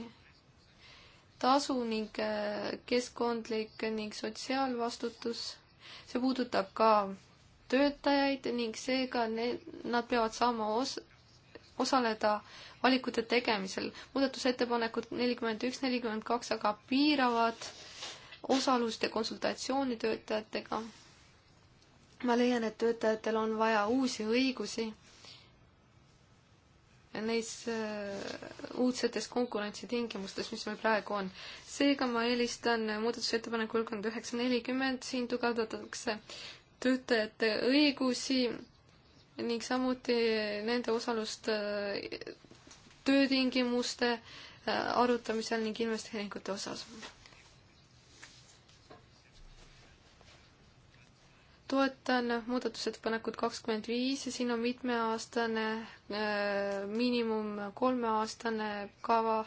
tasu ning äh, keskkondlik ning sotsiaalvastutus. see puudutab ka töötajaid ning seega ne-, nad peavad saama os-, osaleda valikute tegemisel. muudatusettepanekud nelikümmend üks, nelikümmend kaks aga piiravad osalust ja konsultatsiooni töötajatega. ma leian, et töötajatel on vaja uusi õigusi neis äh, uudsetes konkurentsitingimustes, mis meil praegu on. seega ma eelistan muudatusettepanek kolmkümmend üheksa nelikümmend, siin tugevdatakse töötajate õigusi ning samuti nende osalust äh, töötingimuste äh, arutamisel ning investeeringute osas. toetan muudatusettepanekut kakskümmend viis ja siin on mitmeaastane, äh, miinimum kolmeaastane kava,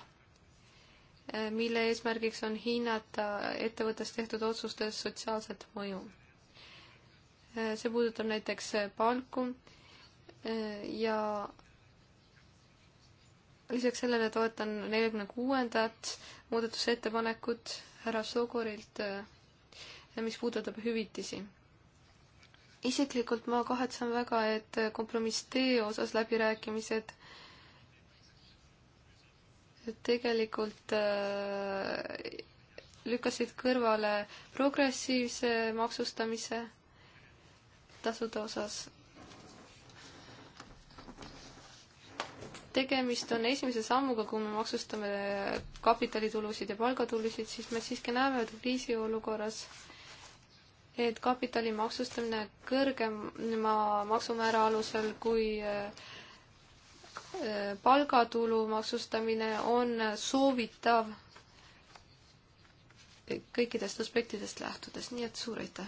äh, mille eesmärgiks on hinnata ettevõttes tehtud otsustes sotsiaalset mõju. Äh, see puudutab näiteks palku ja lisaks sellele toetan neljakümne kuuendat muudatusettepanekut härra Sogorilt, mis puudutab hüvitisi isiklikult ma kahetsen väga, et kompromiss tee osas läbirääkimised tegelikult äh, lükkasid kõrvale progressiivse maksustamise tasude osas. tegemist on esimese sammuga, kui me maksustame kapitalitulusid ja palgatulusid, siis me siiski näeme, et kriisiolukorras äh, et kapitali maksustamine kõrgema maksumäära alusel kui äh, äh, palgatulu maksustamine on soovitav kõikidest aspektidest lähtudes, nii et suur aitäh!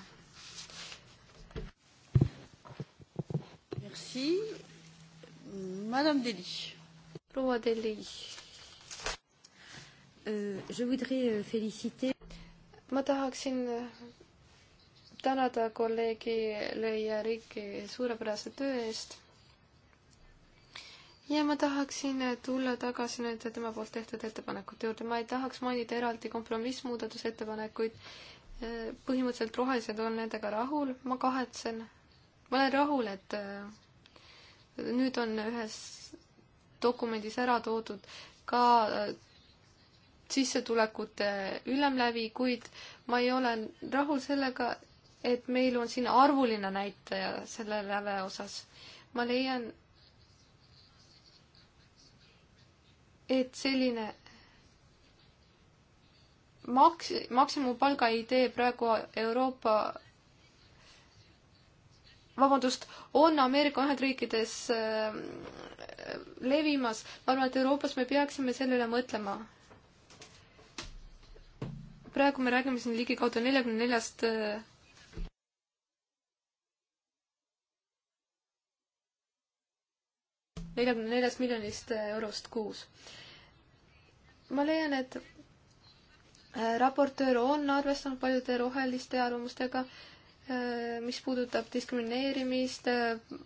Merci, madame Deli. proua Deli. Euh, je voudrais euh, féliciter. ma tahaksin tänada kolleegi Lõia Rikki suurepärase töö eest. ja ma tahaksin tulla tagasi nüüd tema poolt tehtud ettepanekute juurde. ma ei tahaks mainida eraldi kompromissmuudatusettepanekuid. põhimõtteliselt rohelised on nendega rahul, ma kahetsen. ma olen rahul, et äh, nüüd on ühes dokumendis ära toodud ka äh, sissetulekute ülemlävi, kuid ma ei ole rahul sellega, et meil on siin arvuline näitaja selle läve osas. ma leian, et selline maks, maksimumpalga idee praegu Euroopa, vabandust, on Ameerika Ühendriikides äh, levimas. ma arvan, et Euroopas me peaksime selle üle mõtlema praegu me räägime siin ligikaudu neljakümne neljast äh, neljakümne neljast miljonist eurost kuus. ma leian, et äh, raportöör on arvestanud paljude roheliste arvamustega, äh, mis puudutab diskrimineerimist, äh,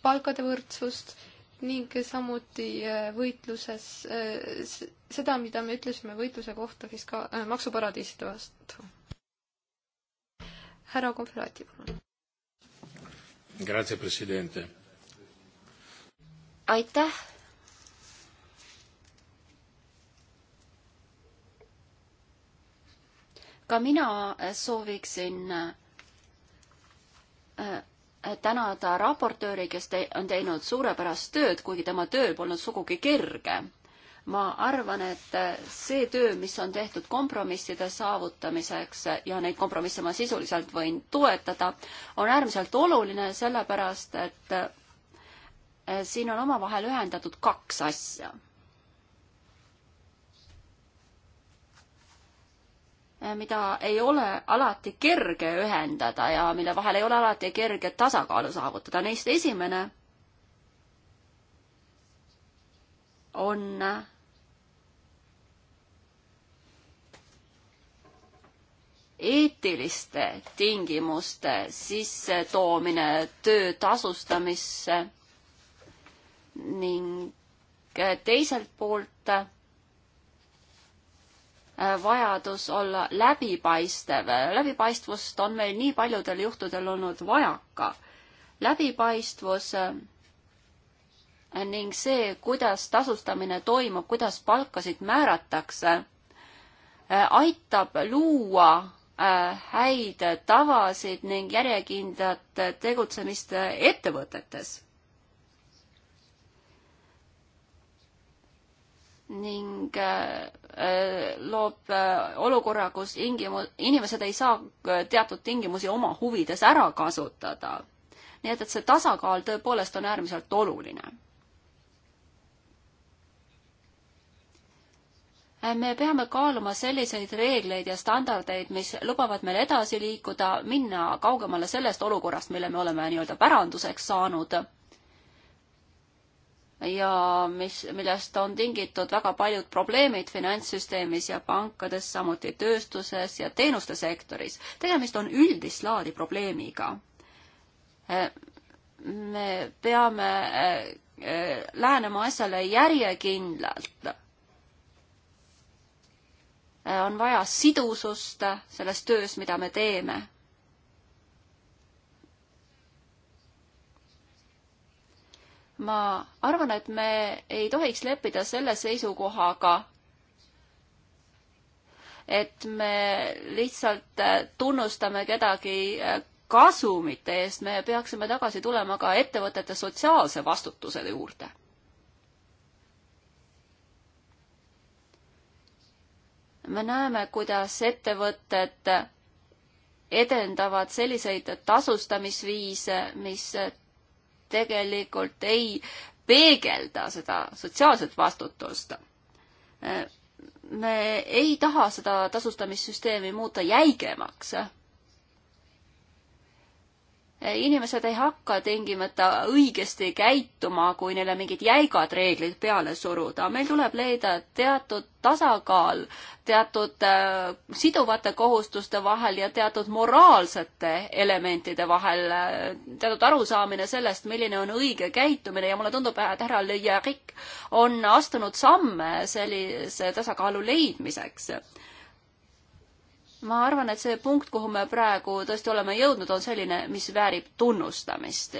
palkade võrdsust ning samuti võitluses, seda, mida me ütlesime võitluse kohta fiska-, maksuparadiiside vastu. härra Konfirati, palun. Grazie, president aitäh. ka mina sooviksin äh, tänada raportööri, kes te on teinud suurepärast tööd, kuigi tema töö polnud sugugi kerge ma arvan, et äh, see töö, mis on tehtud kompromisside saavutamiseks äh, ja neid kompromisse ma sisuliselt võin toetada, on äärmiselt oluline, sellepärast et Äh, siin on omavahel ühendatud kaks asja. Äh, mida ei ole alati kerge ühendada ja mille vahel ei ole alati kerge tasakaalu saavutada. Neist esimene on äh, eetiliste tingimuste sissetoomine töö tasustamisse ning äh, teiselt poolt äh, vajadus olla läbipaistev. läbipaistvust on meil nii paljudel juhtudel olnud vajaka. läbipaistvus äh, ning see, kuidas tasustamine toimub, kuidas palkasid määratakse, aitab luua häid tavasid ning järjekindlat tegutsemist ettevõtetes ning äh, äh, loob äh, olukorra, kus ingimu-, inimesed ei saa teatud tingimusi oma huvides ära kasutada. nii et, et see tasakaal tõepoolest on äärmiselt oluline. me peame kaaluma selliseid reegleid ja standardeid, mis lubavad meil edasi liikuda, minna kaugemale sellest olukorrast, mille me oleme nii-öelda päranduseks saanud ja mis, millest on tingitud väga paljud probleemid finantssüsteemis ja pankades, samuti tööstuses ja teenuste sektoris. tegemist on üldist laadi probleemiga. Äh, me peame äh, äh, lähenema asjale järjekindlalt. on vaja sidusust selles töös, mida me teeme ma arvan, et me ei tohiks leppida selle seisukohaga, et me lihtsalt tunnustame kedagi kasumite eest, me peaksime tagasi tulema ka ettevõtete sotsiaalse vastutuse juurde. me näeme, kuidas ettevõtted edendavad selliseid tasustamisviise, mis tegelikult ei peegelda seda sotsiaalset vastutust. me ei taha seda tasustamissüsteemi muuta jäigemaks Eh, inimesed ei hakka tingimata õigesti käituma, kui neile mingid jäigad reeglid peale suruda. meil tuleb leida teatud tasakaal teatud eh, siduvate kohustuste vahel ja teatud moraalsete elementide vahel, eh, teatud arusaamine sellest, milline on õige käitumine ja mulle tundub, et härra Le Jaric on astunud samme sellise tasakaalu leidmiseks ma arvan, et see punkt, kuhu me praegu tõesti oleme jõudnud, on selline, mis väärib tunnustamist.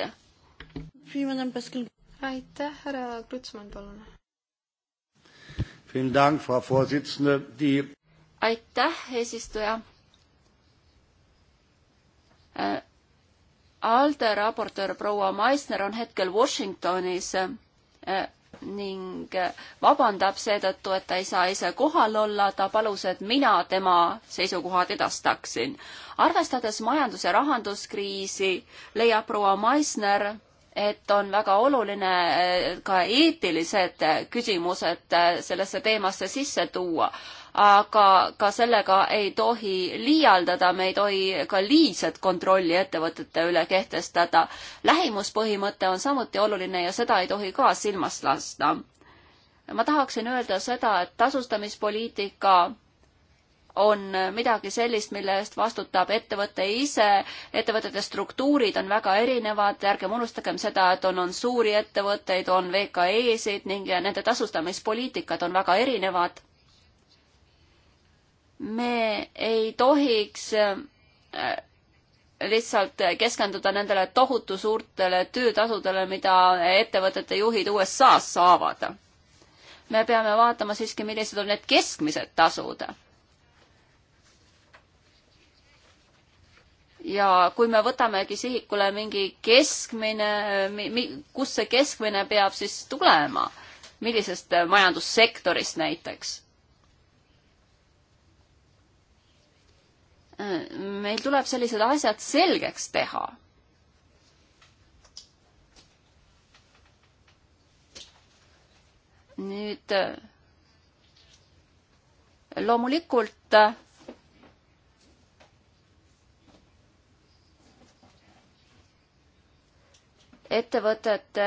aitäh, härra Krütsman, palun. aitäh, eesistuja. Äh, ALDE raportöör proua Meissner on hetkel Washingtonis äh, ning vabandab seetõttu, et ta ei saa ise kohal olla, ta palus, et mina tema seisukohad edastaksin. arvestades majandus- ja rahanduskriisi, leiab proua Meissner, et on väga oluline äh, ka eetilised küsimused äh, sellesse teemasse sisse tuua aga ka sellega ei tohi liialdada, me ei tohi ka liigset kontrolli ettevõtete üle kehtestada. lähimuspõhimõte on samuti oluline ja seda ei tohi ka silmast lasta. ma tahaksin öelda seda, et tasustamispoliitika on midagi sellist, mille eest vastutab ettevõte ise, ettevõtete struktuurid on väga erinevad, ärgem unustagem seda, et on, on suuri ettevõtteid, on VKE-sid ning nende tasustamispoliitikad on väga erinevad me ei tohiks äh, lihtsalt keskenduda nendele tohutu suurtele töötasudele, mida ettevõtete juhid USA-s saavad. me peame vaatama siiski, millised on need keskmised tasud. ja kui me võtamegi sihikule mingi keskmine mi,, mi, kust see keskmine peab siis tulema, millisest majandussektorist näiteks meil tuleb sellised asjad selgeks teha. nüüd loomulikult ettevõtete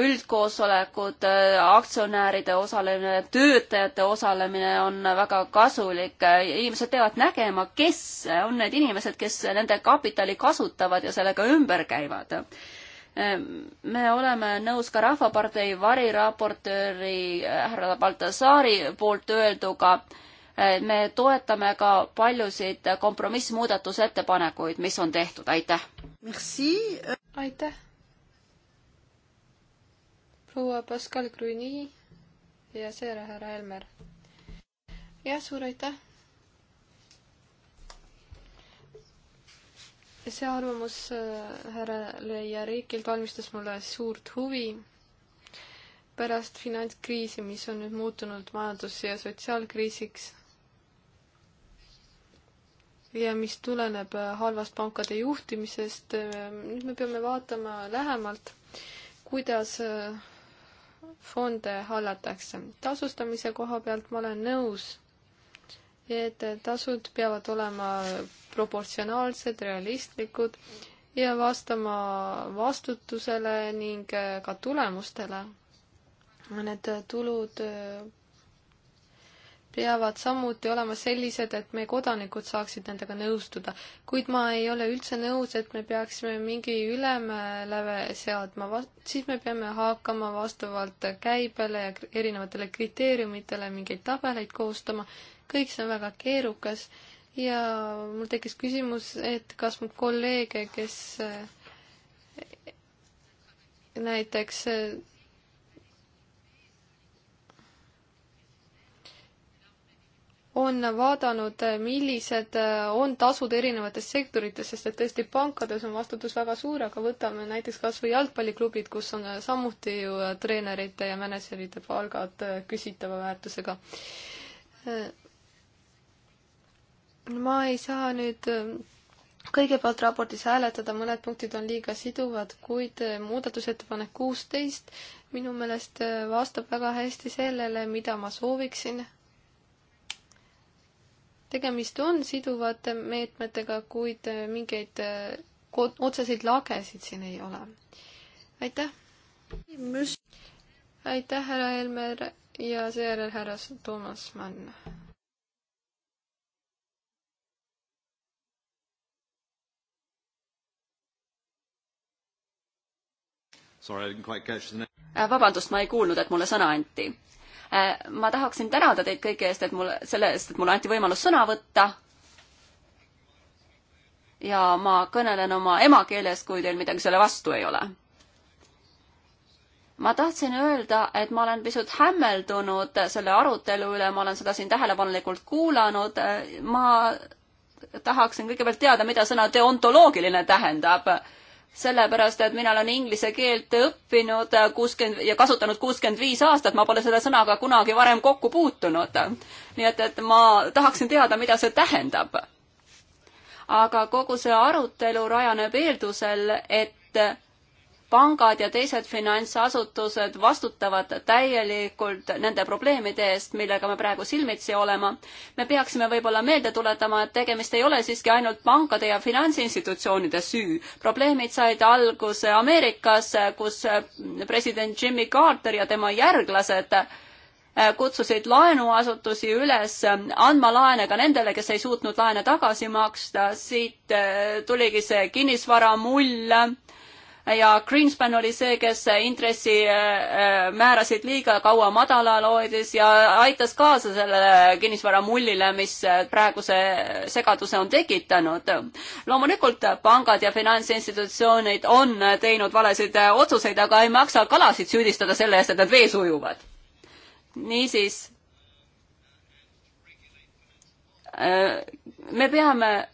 üldkoosolekud, aktsionäride osalemine, töötajate osalemine on väga kasulik. inimesed peavad nägema, kes on need inimesed, kes nende kapitali kasutavad ja sellega ümber käivad. me oleme nõus ka Rahvapartei variraportööri härra Baltasaari poolt öelduga, me toetame ka paljusid kompromissmuudatusettepanekuid, mis on tehtud, aitäh! aitäh! proua Pascal Gruini ja seejärel härra Helmer. jah, suur aitäh. see arvamus äh, härrale ja Riikilt valmistas mulle suurt huvi. pärast finantskriisi, mis on nüüd muutunud majandus- ja sotsiaalkriisiks ja mis tuleneb äh, halvast pankade juhtimisest, äh, nüüd me peame vaatama lähemalt, kuidas fonde hallatakse. tasustamise koha pealt ma olen nõus, et tasud peavad olema proportsionaalsed, realistlikud ja vastama vastutusele ning ka tulemustele. Need tulud peavad samuti olema sellised, et meie kodanikud saaksid nendega nõustuda. kuid ma ei ole üldse nõus, et me peaksime mingi ülemläve seadma, siis me peame hakkama vastavalt käibele ja erinevatele kriteeriumitele mingeid tabeleid koostama, kõik see on väga keerukas ja mul tekkis küsimus, et kas mu kolleege, kes näiteks on vaadanud, millised äh, on tasud erinevates sektorites, sest et tõesti pankades on vastutus väga suur, aga võtame näiteks kas või jalgpalliklubid, kus on samuti ju äh, treenerite ja mänedžerite palgad äh, küsitava väärtusega. ma ei saa nüüd kõigepealt raportis hääletada, mõned punktid on liiga siduvad, kuid muudatusettepanek kuusteist minu meelest vastab väga hästi sellele, mida ma sooviksin tegemist on siduvate meetmetega, kuid äh, mingeid äh, otseseid lagesid siin ei ole. aitäh! aitäh, härra Helmer ja seejärel härra Toomas Mann. Äh, vabandust, ma ei kuulnud, et mulle sõna anti Äh, ma tahaksin tänada teid kõigi eest, et mul, selle eest, et mulle anti võimalus sõna võtta. ja ma kõnelen oma emakeeles, kui teil midagi selle vastu ei ole. ma tahtsin öelda, et ma olen pisut hämmeldunud selle arutelu üle, ma olen seda siin tähelepanelikult kuulanud, äh, ma tahaksin kõigepealt teada, mida sõna deontoloogiline tähendab sellepärast et mina olen inglise keelt õppinud kuuskümmend ja kasutanud kuuskümmend viis aastat, ma pole selle sõnaga kunagi varem kokku puutunud. nii et, et ma tahaksin teada, mida see tähendab. aga kogu see arutelu rajaneb eeldusel, et pangad ja teised finantsasutused vastutavad täielikult nende probleemide eest, millega me praegu silmitsi olema. me peaksime võib-olla meelde tuletama, et tegemist ei ole siiski ainult pankade ja finantsinstitutsioonide süü. probleemid said alguse Ameerikas, kus president Jimmy Carter ja tema järglased äh, kutsusid laenuasutusi üles äh, andma laene ka nendele, kes ei suutnud laene tagasi maksta, siit äh, tuligi see kinnisvaramull ja Greenspan oli see, kes intressi äh, äh, määrasid liiga kaua madalal hoidis ja aitas kaasa sellele kinnisvaramullile, mis äh, praeguse segaduse on tekitanud. loomulikult pangad ja finantsinstitutsioonid on teinud valesid otsuseid, aga ei maksa kalasid süüdistada selle eest, et nad vees ujuvad. niisiis me peame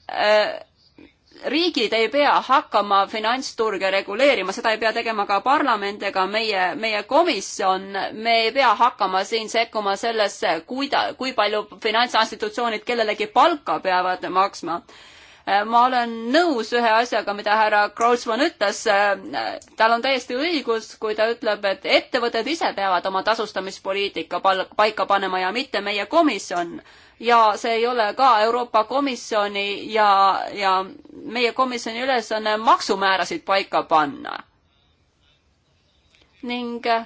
riigid ei pea hakkama finantsturge reguleerima, seda ei pea tegema ka parlament ega meie, meie komisjon. me ei pea hakkama siin sekkuma sellesse, kuida-, kui palju finantsinstitutsioonid kellelegi palka peavad maksma ma olen nõus ühe asjaga, mida härra Kreutzmann ütles. tal on täiesti õigus, kui ta ütleb, et ettevõtted ise peavad oma tasustamispoliitika paika panema ja mitte meie komisjon ja see ei ole ka Euroopa Komisjoni ja, ja meie komisjoni ülesanne maksumäärasid paika panna. ning äh,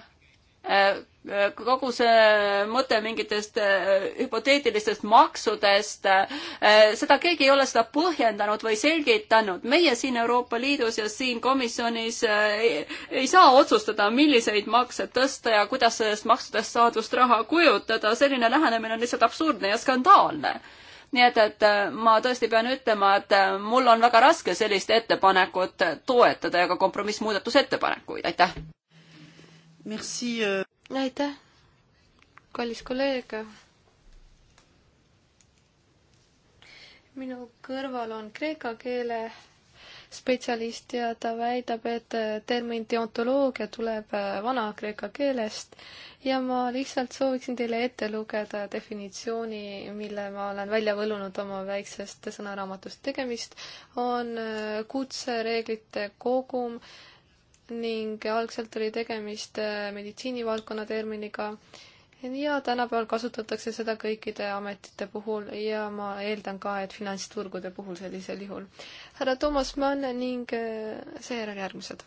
kogu see mõte mingitest eh, hüpoteetilistest maksudest, eh, seda keegi ei ole seda põhjendanud või selgitanud. meie siin Euroopa Liidus ja siin komisjonis eh, ei, ei saa otsustada, milliseid makse tõsta ja kuidas sellest maksudest saadust raha kujutada. selline lähenemine on lihtsalt absurdne ja skandaalne nii et, et ma tõesti pean ütlema, et mul on väga raske sellist ettepanekut toetada ja ka kompromissmuudatusettepanekuid, aitäh! Merci euh, aitäh, kallis kolleeg. minu kõrval on kreeka keele spetsialist ja ta väidab, et termin deontoloogia tuleb äh, vana-kreeka keelest ja ma lihtsalt sooviksin teile ette lugeda definitsiooni, mille ma olen välja võlunud oma väiksest sõnaraamatust. tegemist on äh, kutsereeglite kogum, ning algselt oli tegemist äh, meditsiinivaldkonna terminiga ja tänapäeval kasutatakse seda kõikide ametite puhul ja ma eeldan ka, et finantsturgude puhul sellisel juhul. härra Toomas Mann ning äh, seejärel järgmised.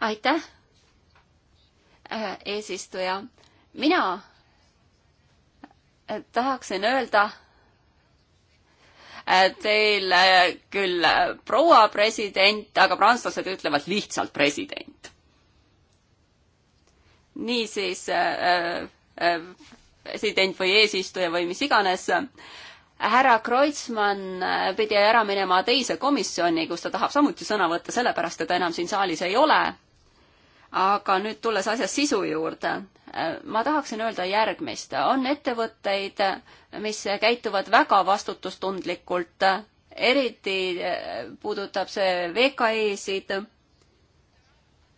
aitäh, äh, eesistuja. mina tahaksin öelda Äh, teil äh, küll äh, proua president, aga prantslased ütlevad lihtsalt president. niisiis äh, äh, president või eesistuja või mis iganes härra Kreutzmann pidi ära minema teise komisjoni, kus ta tahab samuti sõna võtta, sellepärast et ta enam siin saalis ei ole aga nüüd tulles asja sisu juurde, äh, ma tahaksin öelda järgmist. on ettevõtteid, äh, mis käituvad väga vastutustundlikult, eriti äh, puudutab see VKE-sid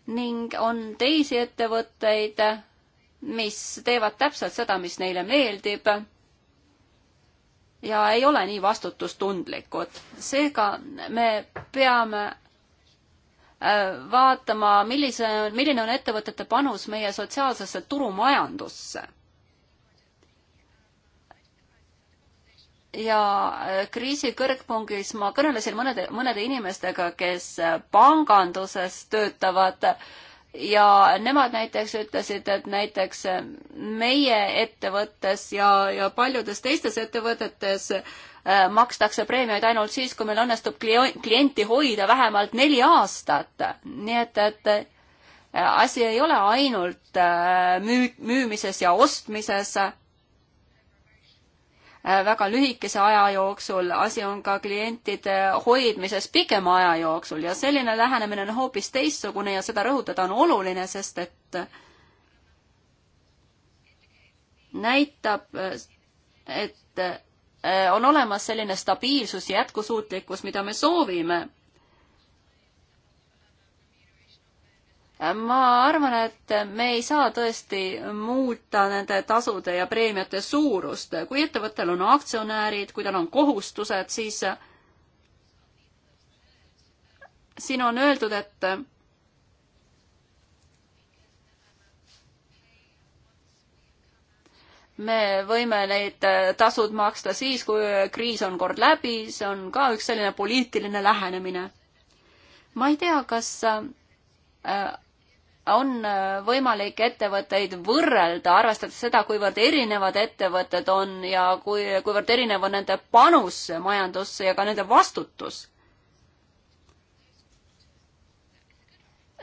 ning on teisi ettevõtteid, mis teevad täpselt seda, mis neile meeldib ja ei ole nii vastutustundlikud. seega me peame Äh, vaatama, millise, milline on ettevõtete panus meie sotsiaalsesse turumajandusse. ja äh, kriisi kõrgpungis ma kõnelesin mõnede, mõnede inimestega, kes äh, panganduses töötavad ja nemad näiteks ütlesid, et näiteks meie ettevõttes ja, ja paljudes teistes ettevõtetes äh, Äh, makstakse preemiaid ainult siis, kui meil õnnestub klienti hoida vähemalt neli aastat. nii et, et äh, asi ei ole ainult äh, müü-, müümises ja ostmises. väga lühikese aja jooksul, asi on ka klientide hoidmises pikema aja jooksul ja selline lähenemine on hoopis teistsugune ja seda rõhutada on oluline, sest et näitab, et Äh, on olemas selline stabiilsus ja jätkusuutlikkus, mida me soovime. ma arvan, et me ei saa tõesti muuta nende tasude ja preemiate suurust. kui ettevõttel on aktsionärid, kui tal on kohustused, siis siin on öeldud, et me võime neid äh, tasud maksta siis, kui äh, kriis on kord läbi, see on ka üks selline poliitiline lähenemine. ma ei tea, kas äh, on võimalik ettevõtteid võrrelda, arvestades seda, kuivõrd erinevad ettevõtted on ja kui, kuivõrd erinev on nende panus majandusse ja ka nende vastutus.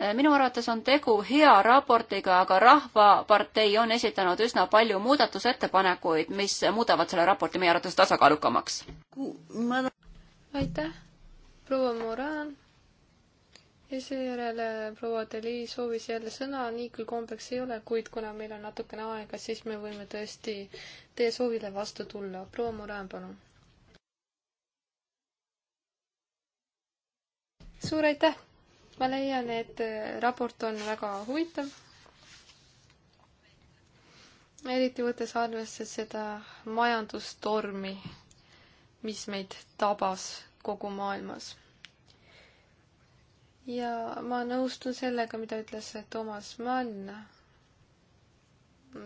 Äh, minu arvates on tegu hea raportiga, aga Rahvapartei on esitanud üsna palju muudatusettepanekuid, mis muudavad selle raporti meie arvates tasakaalukamaks. aitäh, proua Moran. ja seejärel äh, proua Deli soovis jälle sõna, nii küll kombeks ei ole, kuid kuna meil on natukene aega, siis me võime tõesti teie soovile vastu tulla. proua Moran, palun. suur aitäh ma leian, et äh, raport on väga huvitav. eriti võttes arvesse seda majandustormi, mis meid tabas kogu maailmas. ja ma nõustun sellega, mida ütles Toomas Mann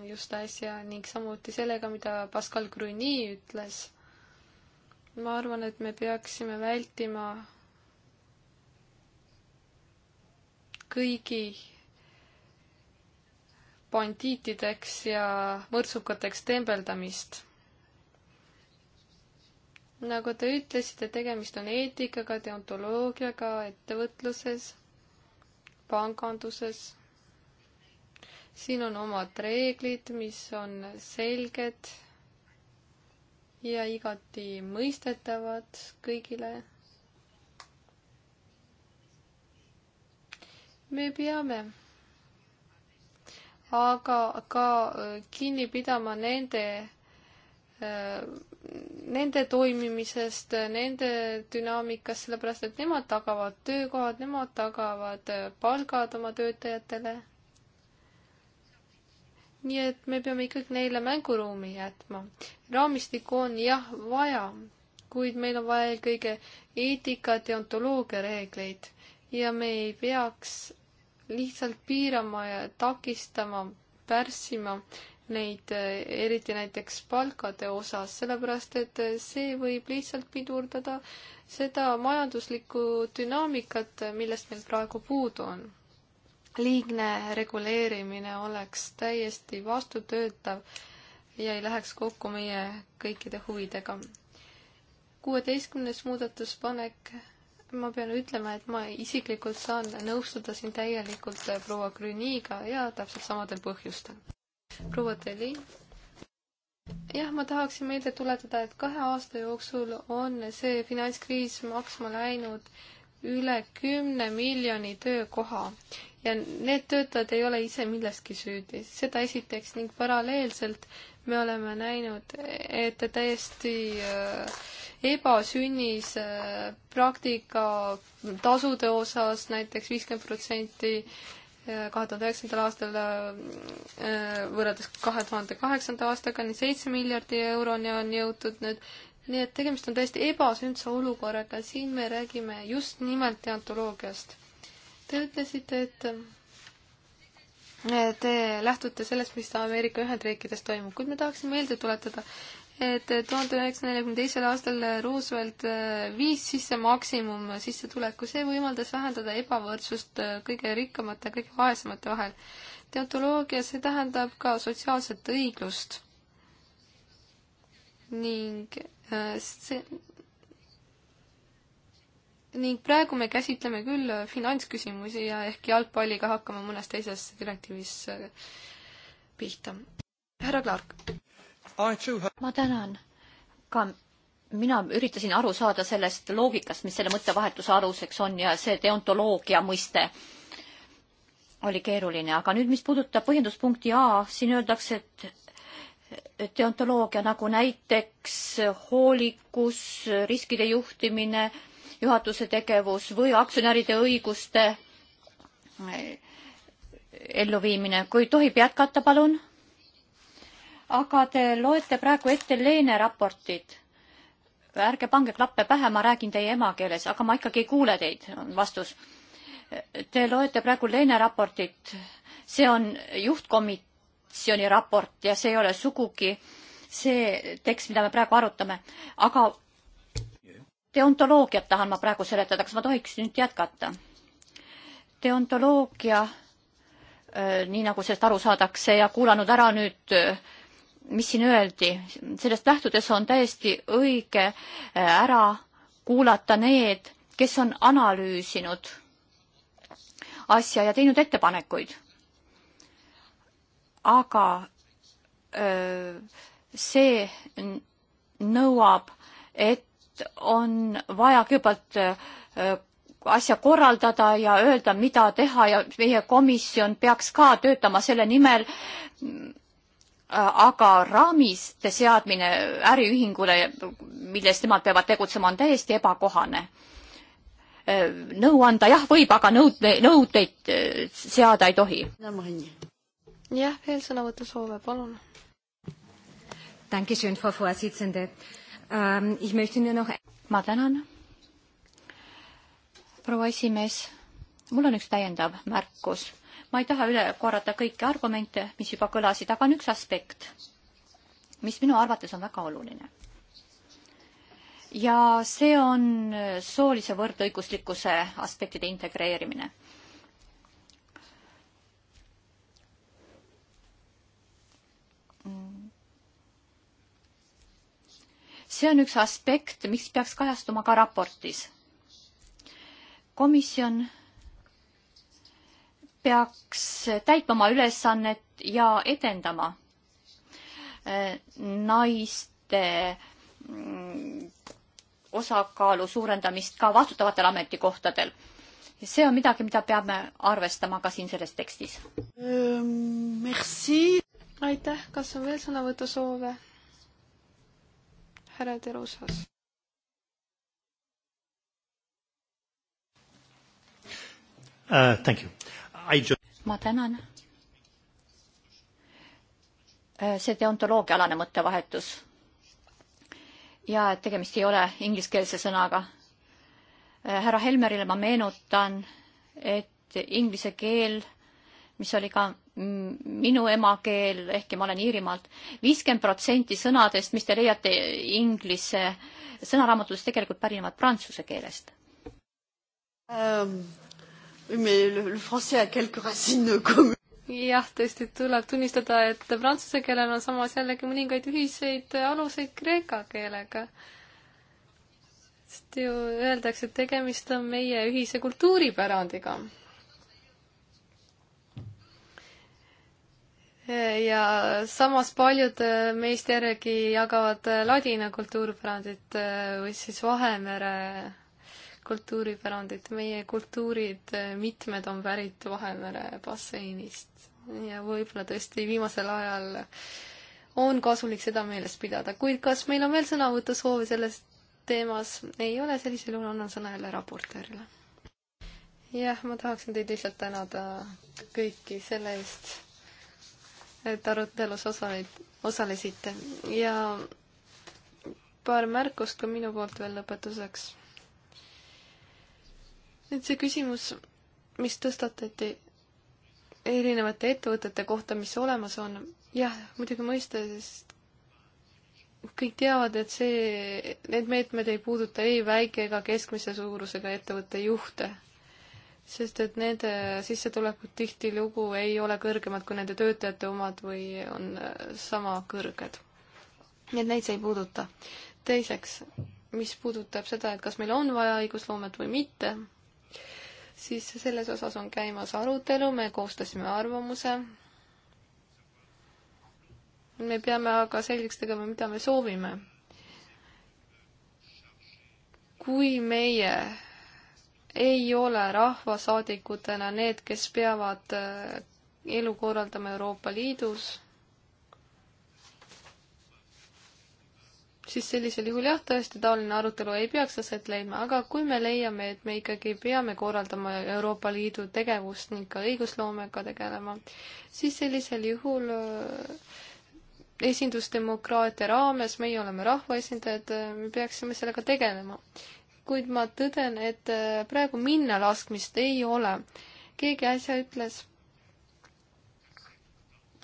just äsja ning samuti sellega, mida Pascal Gruny ütles. ma arvan, et me peaksime vältima kõigi bandiitideks ja võrdsukateks tembeldamist. nagu te ütlesite, tegemist on eetikaga, deontoloogiaga ettevõtluses, panganduses. siin on omad reeglid, mis on selged ja igati mõistetavad kõigile me peame aga ka äh, kinni pidama nende, äh, nende toimimisest, äh, nende dünaamikast, sellepärast et nemad tagavad töökohad, nemad tagavad palgad oma töötajatele. nii et me peame ikkagi neile mänguruumi jätma. raamistikku on jah vaja, kuid meil on vaja eelkõige eetikat ja ontoloogia reegleid ja me ei peaks lihtsalt piirama ja takistama, pärssima neid, eriti näiteks palkade osas, sellepärast et see võib lihtsalt pidurdada seda majanduslikku dünaamikat, millest meil praegu puudu on. liigne reguleerimine oleks täiesti vastutöötav ja ei läheks kokku meie kõikide huvidega. kuueteistkümnes muudatusepanek ma pean ütlema, et ma isiklikult saan nõustuda siin täielikult äh, proua Grüniga ja täpselt samadel põhjustel. proua Teli? jah, ma tahaksin meelde tuletada, et kahe aasta jooksul on see finantskriis maksma läinud äh, üle kümne miljoni töökoha ja need töötajad ei ole ise milleski süüdi. seda esiteks ning paralleelselt me oleme näinud, et täiesti äh, ebasünnis äh, praktika tasude osas näiteks viiskümmend protsenti äh, kahe tuhande üheksandal aastal võrreldes kahe tuhande kaheksanda aastaga, nii seitse miljardi euroni on jõutud nüüd nii et tegemist on täiesti ebasündsa olukorraga, siin me räägime just nimelt deontoloogiast. Te ütlesite, et te lähtute sellest, mis Ameerika Ühendriikides toimub, kuid me tahaksime meelde tuletada, et tuhande üheksasaja neljakümne teisel aastal Roosevelt äh, viis sisse maksimum sissetuleku, see võimaldas vähendada ebavõrdsust äh, kõige rikkamate ja kõige vaesemate vahel. deontoloogia, see tähendab ka sotsiaalset õiglust ning äh, see ning praegu me käsitleme küll finantsküsimusi ja ehk jalgpalliga hakkame mõnes teises direktiivis äh, pihta. härra Clark. ma tänan. ka mina üritasin aru saada sellest loogikast, mis selle mõttevahetuse aluseks on ja see deontoloogia mõiste oli keeruline, aga nüüd, mis puudutab põhjenduspunkti A, siin öeldakse, et deontoloogia, nagu näiteks hoolikus, riskide juhtimine, juhatuse tegevus või aktsionäride õiguste eh, elluviimine. kui tohib jätkata, palun. aga te loete praegu ette Leene raportit. ärge pange klappe pähe, ma räägin teie emakeeles, aga ma ikkagi ei kuule teid, on vastus. Te loete praegu Leene raportit, see on juhtkomitee komisjoni raport ja see ei ole sugugi see tekst, mida me praegu arutame, aga deontoloogiat tahan ma praegu seletada, kas ma tohiks nüüd jätkata? deontoloogia, äh, nii nagu sellest aru saadakse ja kuulanud ära nüüd, äh, mis siin öeldi, sellest lähtudes on täiesti õige äh, ära kuulata need, kes on analüüsinud asja ja teinud ettepanekuid aga see nõuab, et on vaja kõigepealt asja korraldada ja öelda, mida teha ja meie komisjon peaks ka töötama selle nimel. aga raamiste seadmine äriühingule, milles nemad peavad tegutsema, on täiesti ebakohane. nõu anda jah võib, aga nõud, nõudeid seada ei tohi jah, veel sõnavõtusoove, palun. Ähm, ma tänan, proua esimees. mul on üks täiendav märkus. ma ei taha üle korrata kõiki argumente, mis juba kõlasid, aga on üks aspekt, mis minu arvates on väga oluline ja see on soolise võrdõiguslikkuse aspektide integreerimine. see on üks aspekt, mis peaks kajastuma ka raportis. komisjon peaks täitma oma ülesannet ja edendama äh, naiste mm, osakaalu suurendamist ka vastutavatel ametikohtadel. see on midagi, mida peame arvestama ka siin selles tekstis. Ähm, merci. aitäh, kas on veel sõnavõtusoove? härra Terusas. Uh, thank you. I just... ma tänan. Uh, see deontoloogia alane mõttevahetus ja et tegemist ei ole ingliskeelse sõnaga. Uh, härra Helmerile ma meenutan, et inglise keel, mis oli ka minu emakeel, ehkki ma olen Iirimaalt, viiskümmend protsenti sõnadest, mis te leiate inglise sõnaraamatutest, tegelikult pärinevad prantsuse keelest um,. jah, tõesti tuleb tunnistada, et prantsuse keelel on samas jällegi mõningaid ühiseid aluseid kreeka keelega. sest ju öeldakse, et tegemist on meie ühise kultuuripärandiga ja samas paljud äh, meist järgi jagavad äh, ladina kultuuripärandit äh, või siis Vahemere kultuuripärandit. meie kultuurid, mitmed on pärit Vahemere basseinist ja võib-olla tõesti viimasel ajal on kasulik seda meeles pidada, kuid kas meil on veel sõnavõtusoove selles teemas? ei ole, sellisel juhul annan sõna jälle raportöörile. jah, ma tahaksin teid lihtsalt tänada kõiki selle eest et arutelus osaleid, osalesite ja paar märkust ka minu poolt veel lõpetuseks. nüüd see küsimus, mis tõstatati erinevate ettevõtete kohta, mis olemas on, jah, muidugi mõista, sest kõik teavad, et see, need meetmed ei puuduta ei väike ega keskmise suurusega ettevõtte juhte sest et nende sissetulekud tihtilugu ei ole kõrgemad kui nende töötajate omad või on äh, sama kõrged. nii et neid see ei puuduta. teiseks, mis puudutab seda, et kas meil on vaja õigusloomet või mitte, siis selles osas on käimas arutelu, me koostasime arvamuse. me peame aga selgeks tegema, mida me soovime. kui meie ei ole rahvasaadikutena need, kes peavad äh, elu korraldama Euroopa Liidus, siis sellisel juhul jah, tõesti taoline arutelu ei peaks aset leidma, aga kui me leiame, et me ikkagi peame korraldama Euroopa Liidu tegevust ning ka õigusloomega tegelema, siis sellisel juhul äh, esindusdemokraatia raames, meie oleme rahvaesindajad, äh, me peaksime sellega tegelema kuid ma tõden, et äh, praegu minna laskmist ei ole. keegi äsja ütles,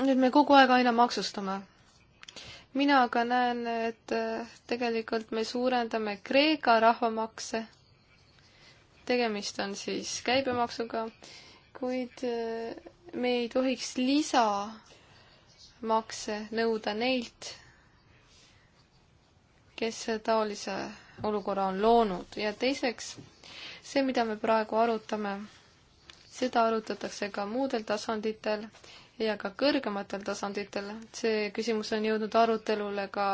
et me kogu aeg aina maksustame. mina aga näen, et äh, tegelikult me suurendame Kreeka rahvamakse. tegemist on siis käibemaksuga, kuid äh, me ei tohiks lisamakse nõuda neilt, kes taolise olukorra on loonud ja teiseks, see, mida me praegu arutame, seda arutatakse ka muudel tasanditel ja ka kõrgematel tasanditel. see küsimus on jõudnud arutelule ka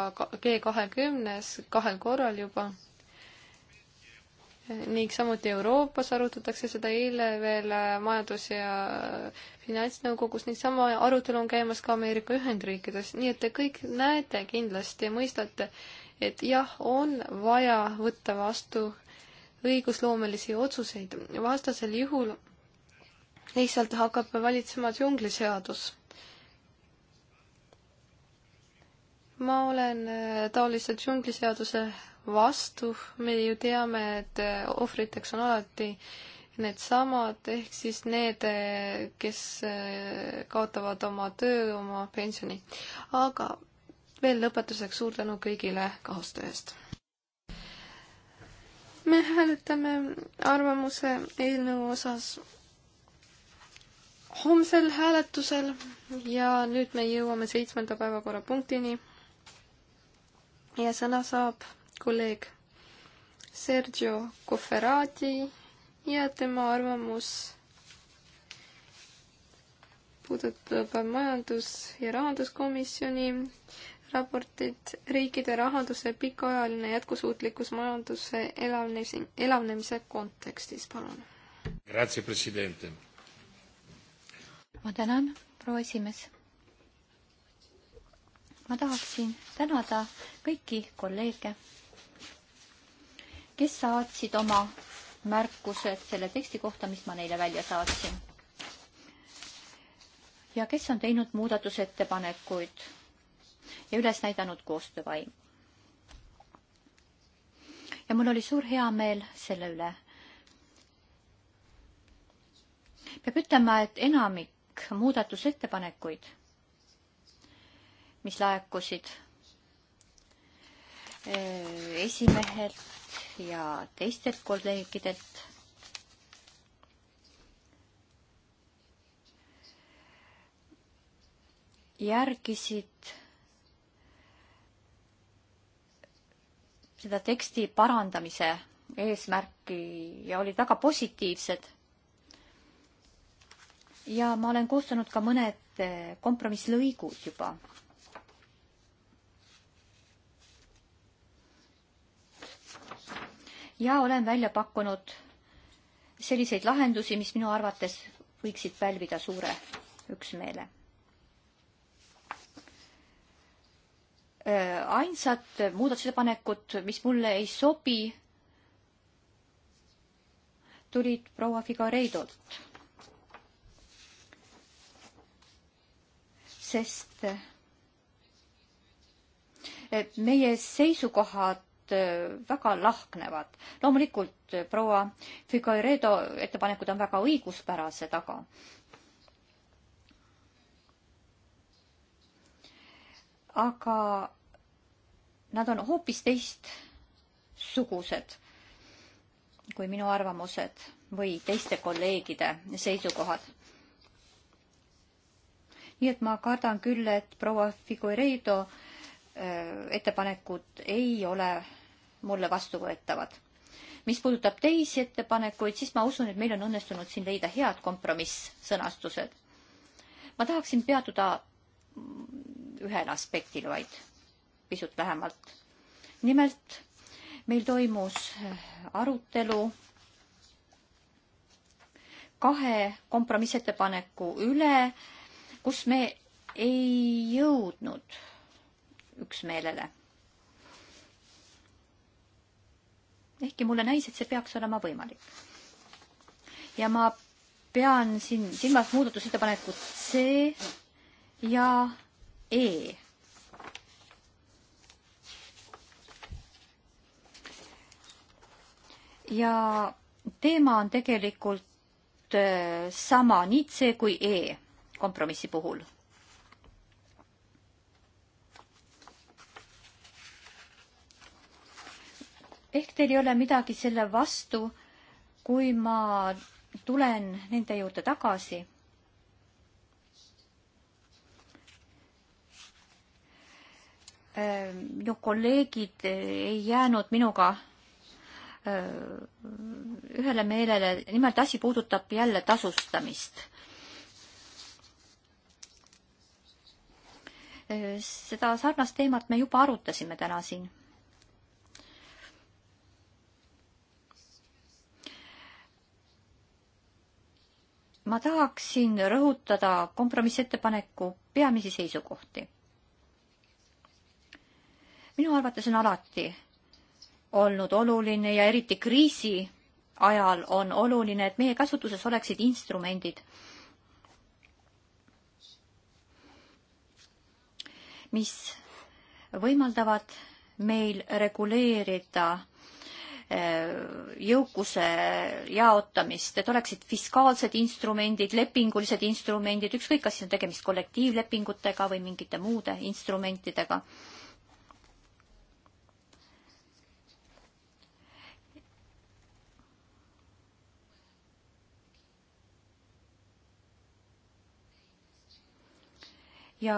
G kahekümnes kahel korral juba. ning samuti Euroopas arutatakse seda eile veel majandus- ja finantsnõukogus ning sama arutelu on käimas ka Ameerika Ühendriikides, nii et te kõik näete kindlasti ja mõistate, et jah, on vaja võtta vastu õigusloomelisi otsuseid, vastasel juhul lihtsalt hakkab valitsema džungliseadus. ma olen äh, taolise džungliseaduse vastu, me ju teame, et äh, ohvriteks on alati needsamad, ehk siis need, äh, kes kaotavad oma töö, oma pensioni. aga veel lõpetuseks suur tänu kõigile kaastöö eest. me hääletame arvamuse eelnõu osas homsel hääletusel ja nüüd me jõuame seitsmenda päevakorrapunktini. ja sõna saab kolleeg Sergio Cofferati ja tema arvamus puudutab majandus- ja rahanduskomisjoni raportit riikide rahanduse pikaajaline jätkusuutlikkus majanduse elavnemise, elavnemise kontekstis, palun. ma tänan, proua esimees. ma tahaksin tänada kõiki kolleege, kes saatsid oma märkused selle teksti kohta, mis ma neile välja saatsin. ja kes on teinud muudatusettepanekuid ja üles näidanud koostöövaimu. ja mul oli suur heameel selle üle. peab ütlema, et enamik muudatusettepanekuid, mis laekusid eh, esimehelt ja teistelt kolleegidelt. järgisid seda teksti parandamise eesmärki ja olid väga positiivsed. ja ma olen koostanud ka mõned eh, kompromisslõigud juba. ja olen välja pakkunud selliseid lahendusi, mis minu arvates võiksid pälvida suure üksmeele. Äh, ainsad muudatusettepanekud, mis mulle ei sobi, tulid proua Figareidolt. sest äh, meie seisukohad äh, väga lahknevad. loomulikult proua Figueredo ettepanekud on väga õiguspärased, aga aga nad on hoopis teistsugused kui minu arvamused või teiste kolleegide seisukohad. nii et ma kardan küll, et proua Figueiredo äh, ettepanekud ei ole mulle vastuvõetavad. mis puudutab teisi ettepanekuid, siis ma usun, et meil on õnnestunud siin leida head kompromiss-sõnastused. ma tahaksin peatuda ühel aspektil, vaid pisut lähemalt. nimelt meil toimus äh, arutelu kahe kompromissettepaneku üle, kus me ei jõudnud üksmeelele. ehkki mulle näis, et see peaks olema võimalik. ja ma pean siin silmas muudatusettepanekut C ja E. ja teema on tegelikult äh, sama nii C kui E kompromissi puhul ehk teil ei ole midagi selle vastu, kui ma tulen nende juurde tagasi. Äh, minu kolleegid ei jäänud minuga äh, ühele meelele, nimelt asi puudutab jälle tasustamist. Äh, seda sarnast teemat me juba arutasime täna siin. ma tahaksin rõhutada kompromissettepaneku peamisi seisukohti minu arvates on alati olnud oluline ja eriti kriisi ajal on oluline, et meie käsutuses oleksid instrumendid, mis võimaldavad meil reguleerida eh, jõukuse jaotamist, et oleksid fiskaalsed instrumendid, lepingulised instrumendid, ükskõik, kas siis on tegemist kollektiivlepingutega või mingite muude instrumentidega ja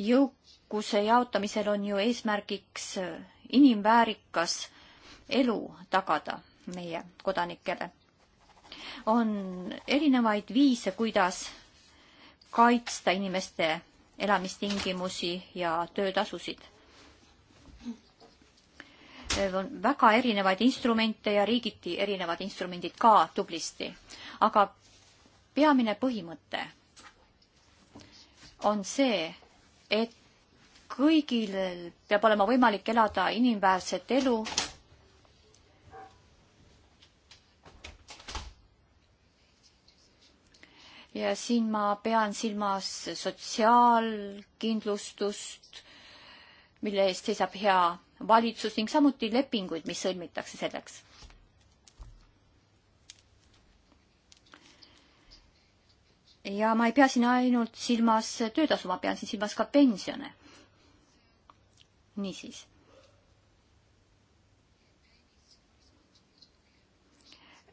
jõukuse jaotamisel on ju eesmärgiks äh, inimväärikas elu tagada meie kodanikele. on erinevaid viise, kuidas kaitsta inimeste elamistingimusi ja töötasusid. Äh, on väga erinevaid instrumente ja riigiti erinevad instrumendid ka tublisti, aga peamine põhimõte on see, et kõigil peab olema võimalik elada inimväärset elu. ja siin ma pean silmas sotsiaalkindlustust, mille eest seisab hea valitsus ning samuti lepinguid, mis sõlmitakse selleks ja ma ei pea siin ainult silmas töötasu, ma pean siin silmas ka pensione. niisiis.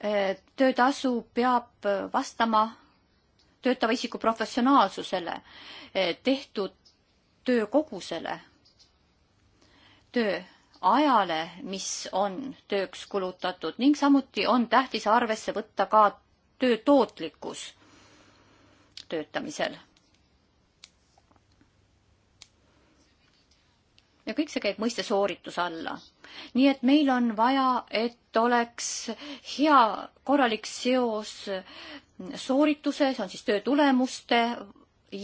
Äh, töötasu peab vastama töötava isiku professionaalsusele, äh, tehtud töö kogusele, töö ajale, mis on tööks kulutatud ning samuti on tähtis arvesse võtta ka töö tootlikkus töötamisel. ja kõik see käib mõiste soorituse alla. nii et meil on vaja, et oleks hea korralik seos soorituse, see on siis töö tulemuste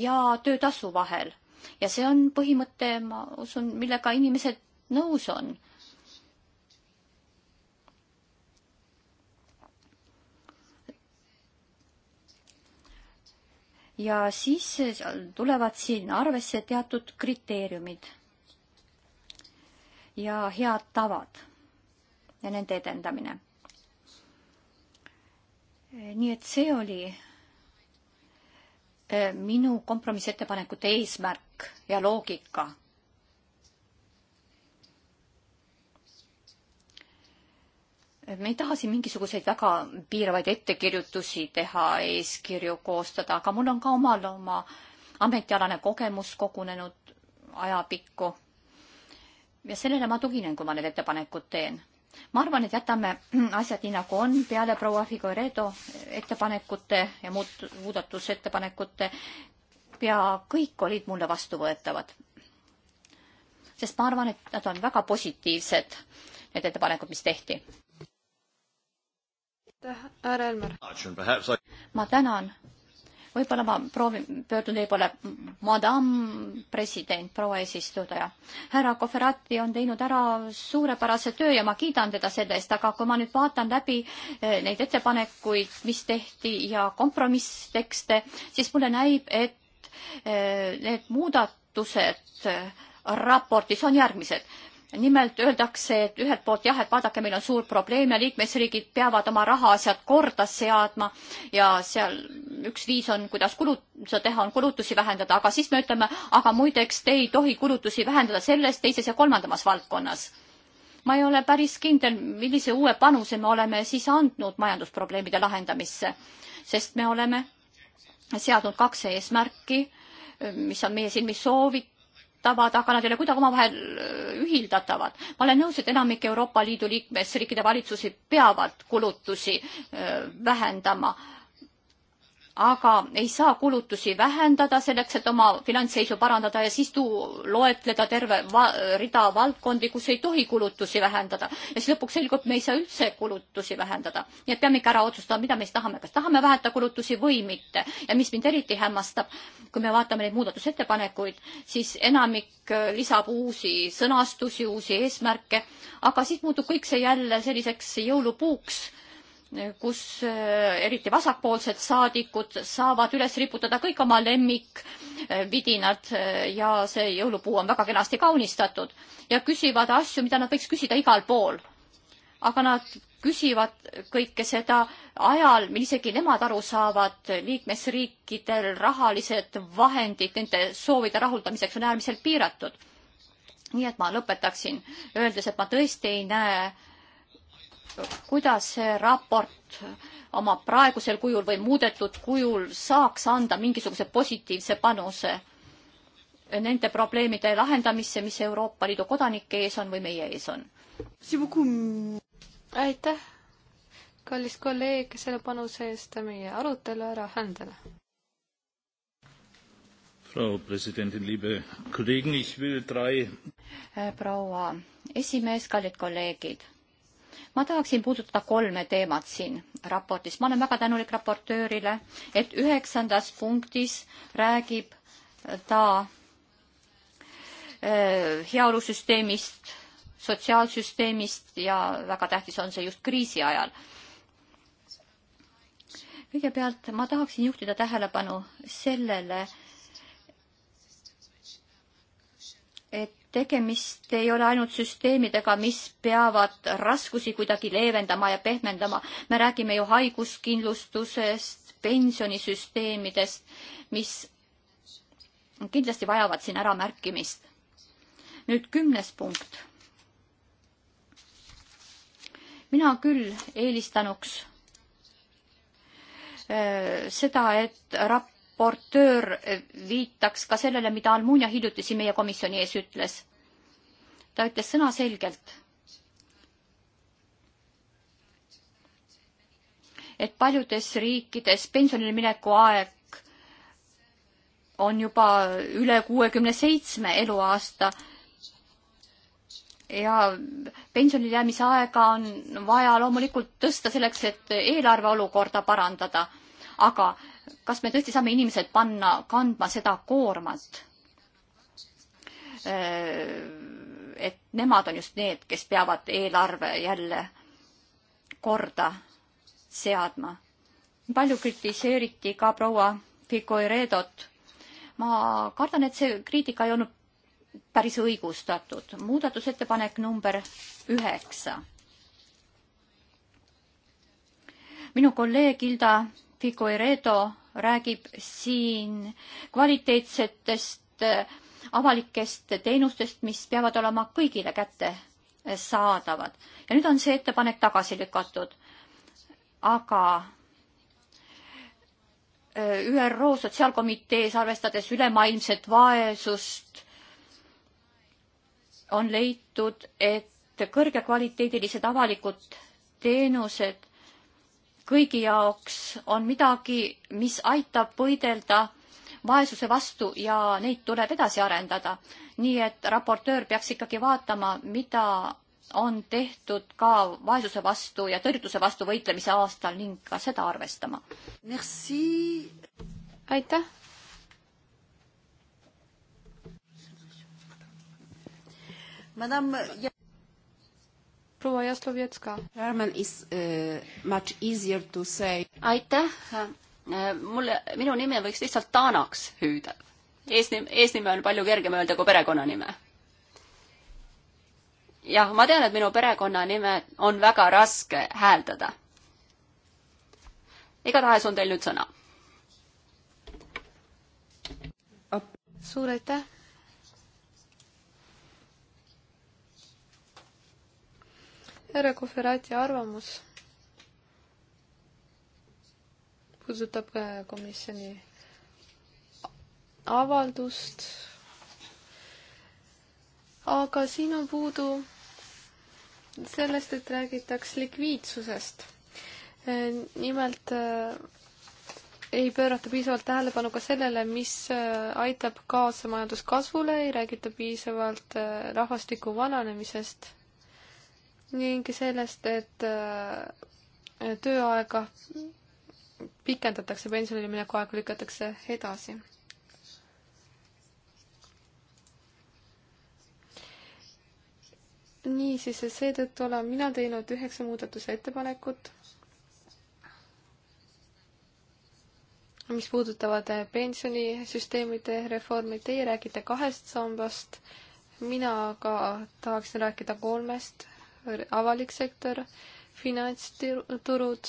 ja töötasu vahel. ja see on põhimõte, ma usun, millega inimesed nõus on ja siis tulevad siin arvesse teatud kriteeriumid ja head tavad ja nende edendamine. nii et see oli eh, minu kompromissettepanekute eesmärk ja loogika me ei taha siin mingisuguseid väga piiravaid ettekirjutusi teha, eeskirju koostada, aga mul on ka omal oma ametialane kogemus kogunenud ajapikku. ja sellele ma tuginen, kui ma need ettepanekud teen. ma arvan, et jätame asjad nii, nagu on, peale proua Figueredo ettepanekute ja muud muudatusettepanekute pea kõik olid mulle vastuvõetavad. sest ma arvan, et nad on väga positiivsed, need ettepanekud, mis tehti härra Elmar. ma tänan. võib-olla ma proovin, pöördun teie poole, madam president, proua eesistuja. härra Koferati on teinud ära suurepärase töö ja ma kiidan teda selle eest, aga kui ma nüüd vaatan läbi eh, neid ettepanekuid, mis tehti ja kompromisstekste, siis mulle näib, et eh, need muudatused raportis on järgmised nimelt öeldakse, et ühelt poolt jah, et vaadake, meil on suur probleem ja liikmesriigid peavad oma rahaasjad korda seadma ja seal üks viis on, kuidas kulut-, seda teha, on kulutusi vähendada, aga siis me ütleme, aga muideks te ei tohi kulutusi vähendada selles, teises ja kolmandamas valdkonnas. ma ei ole päris kindel, millise uue panuse me oleme siis andnud majandusprobleemide lahendamisse, sest me oleme seadnud kaks eesmärki, mis on meie silmis soovid, tabada, aga nad ei ole kuidagi omavahel äh, ühildatavad. ma olen nõus, et enamik Euroopa Liidu liikmesriikide valitsusi peavad kulutusi äh, vähendama aga ei saa kulutusi vähendada selleks, et oma finantsseisu parandada ja siis tuu-, loetleda terve va rida valdkondi, kus ei tohi kulutusi vähendada. ja siis lõpuks selgub, me ei saa üldse kulutusi vähendada. nii et peame ikka ära otsustama, mida me siis tahame, kas tahame vähendada kulutusi või mitte. ja mis mind eriti hämmastab, kui me vaatame neid muudatusettepanekuid, siis enamik äh, lisab uusi sõnastusi, uusi eesmärke, aga siis muutub kõik see jälle selliseks jõulupuuks kus eh, eriti vasakpoolsed saadikud saavad üles riputada kõik oma lemmikvidinad eh, ja see jõulupuu on väga kenasti kaunistatud ja küsivad asju, mida nad võiks küsida igal pool. aga nad küsivad kõike seda ajal, mil isegi nemad aru saavad, liikmesriikidel rahalised vahendid nende soovide rahuldamiseks on äärmiselt piiratud. nii et ma lõpetaksin öeldes, et ma tõesti ei näe kuidas see raport oma praegusel kujul või muudetud kujul saaks anda mingisuguse positiivse panuse nende probleemide lahendamisse, mis Euroopa Liidu kodanike ees on või meie ees on. aitäh, kallis kolleeg, selle panuse eest meie arutelu ära händele. Frau Präsidentin, liebe Kollegen, ich will drei proua esimees, kallid kolleegid ma tahaksin puudutada kolme teemat siin raportis. ma olen väga tänulik raportöörile, et üheksandas punktis räägib ta äh, heaolusüsteemist, sotsiaalsüsteemist ja väga tähtis on see just kriisi ajal. kõigepealt ma tahaksin juhtida tähelepanu sellele, et tegemist ei ole ainult süsteemidega, mis peavad raskusi kuidagi leevendama ja pehmendama. me räägime ju haiguskindlustusest, pensionisüsteemidest, mis kindlasti vajavad siin äramärkimist. nüüd kümnes punkt. mina küll eelistanuks äh, seda, et rap-, raportöör viitaks ka sellele, mida Almunia hiljuti siin meie komisjoni ees ütles. ta ütles sõnaselgelt, et paljudes riikides pensionile mineku aeg on juba üle kuuekümne seitsme eluaasta ja pensionile jäämise aega on vaja loomulikult tõsta selleks, et eelarve olukorda parandada. aga kas me tõesti saame inimesed panna kandma seda koormat? et nemad on just need, kes peavad eelarve jälle korda seadma. palju kritiseeriti ka proua Figueredot. ma kardan, et see kriitika ei olnud päris õigustatud. muudatusettepanek number üheksa. minu kolleeg Hilda Figueredo räägib siin kvaliteetsetest äh, avalikest teenustest, mis peavad olema kõigile kättesaadavad. Äh, ja nüüd on see ettepanek tagasi lükatud. aga äh, ÜRO Sotsiaalkomitees, arvestades ülemaailmset vaesust, on leitud, et kõrgekvaliteedilised avalikud teenused kõigi jaoks on midagi, mis aitab võidelda vaesuse vastu ja neid tuleb edasi arendada. nii et raportöör peaks ikkagi vaatama, mida on tehtud ka vaesuse vastu ja tõrjutuse vastu võitlemise aastal ning ka seda arvestama. Merci. aitäh. Madame proua Jaslovetska. Eh, aitäh, eh, mulle, minu nime võiks lihtsalt Taanaks hüüda. eesnime, eesnime on palju kergem öelda kui perekonnanime. jah, ma tean, et minu perekonnanime on väga raske hääldada. igatahes on teil nüüd sõna. suur aitäh härra Kohverati arvamus puudutab äh, komisjoni avaldust, aga siin on puudu sellest, et räägitaks likviidsusest. Äh, nimelt äh, ei pöörata piisavalt tähelepanu ka sellele, mis aitab kaasa majanduskasvule, ei räägita piisavalt rahvastiku vananemisest ning sellest, et äh, tööaega pikendatakse, pensionile mineku aega lükatakse edasi. niisiis, seetõttu olen mina teinud üheksa muudatusettepanekut, mis puudutavad pensionisüsteemide reformi. Teie räägite kahest sambast, mina aga tahaksin rääkida kolmest avalik sektor, finantsturud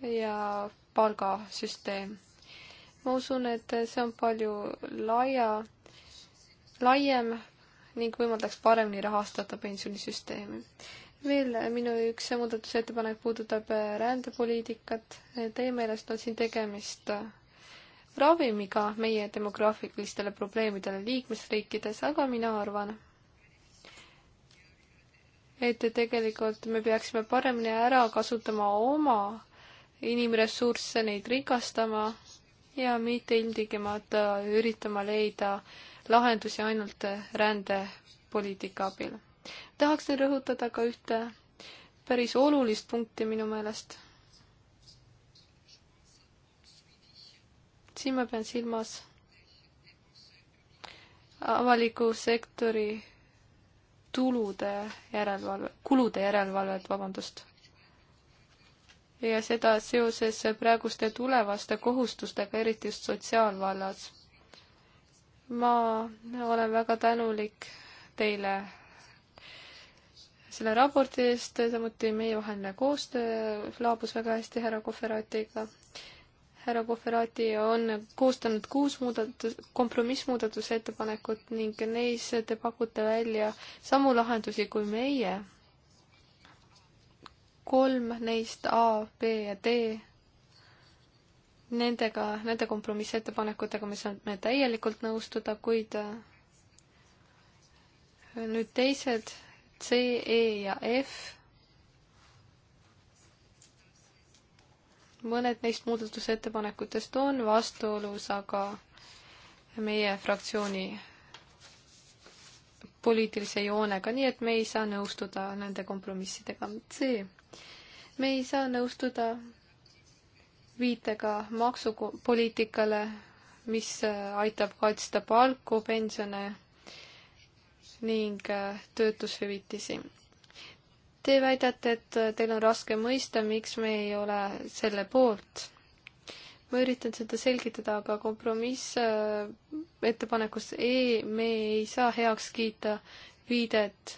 ja palgasüsteem. ma usun, et see on palju laia, laiem ning võimaldaks paremini rahastada pensionisüsteemi. veel minu üks muudatusettepanek puudutab rändepoliitikat. Teie meelest on siin tegemist ravimiga meie demograafilistele probleemidele liikmesriikides, aga mina arvan, et tegelikult me peaksime paremini ära kasutama oma inimressursse, neid rikastama ja mitte ilmtingimata üritama leida lahendusi ainult rändepoliitika abil. tahaksin rõhutada ka ühte päris olulist punkti minu meelest. siin ma pean silmas avaliku sektori tulude järelevalve, kulude järelevalvet, vabandust. ja seda seoses praeguste tulevaste kohustustega, eriti just sotsiaalvallas. ma olen väga tänulik teile selle raporti eest, samuti meievaheline koostöö laabus väga hästi härra Kohveratiga härra Kohverati on koostanud kuus muudatus, kompromissmuudatuse ettepanekut ning neis te pakute välja samu lahendusi kui meie. kolm neist A, B ja D. Nendega, nende kompromissettepanekutega me saame täielikult nõustuda, kuid äh, nüüd teised C, E ja F mõned neist muudatusettepanekutest on vastuolus aga meie fraktsiooni poliitilise joonega, nii et me ei saa nõustuda nende kompromissidega. C. me ei saa nõustuda viitega maksupoliitikale, mis aitab kaitsta palku, pensione ning töötushüvitisi. Te väidate, et teil on raske mõista, miks me ei ole selle poolt. ma üritan seda selgitada, aga kompromiss äh, ettepanekus E me ei saa heaks kiita viidet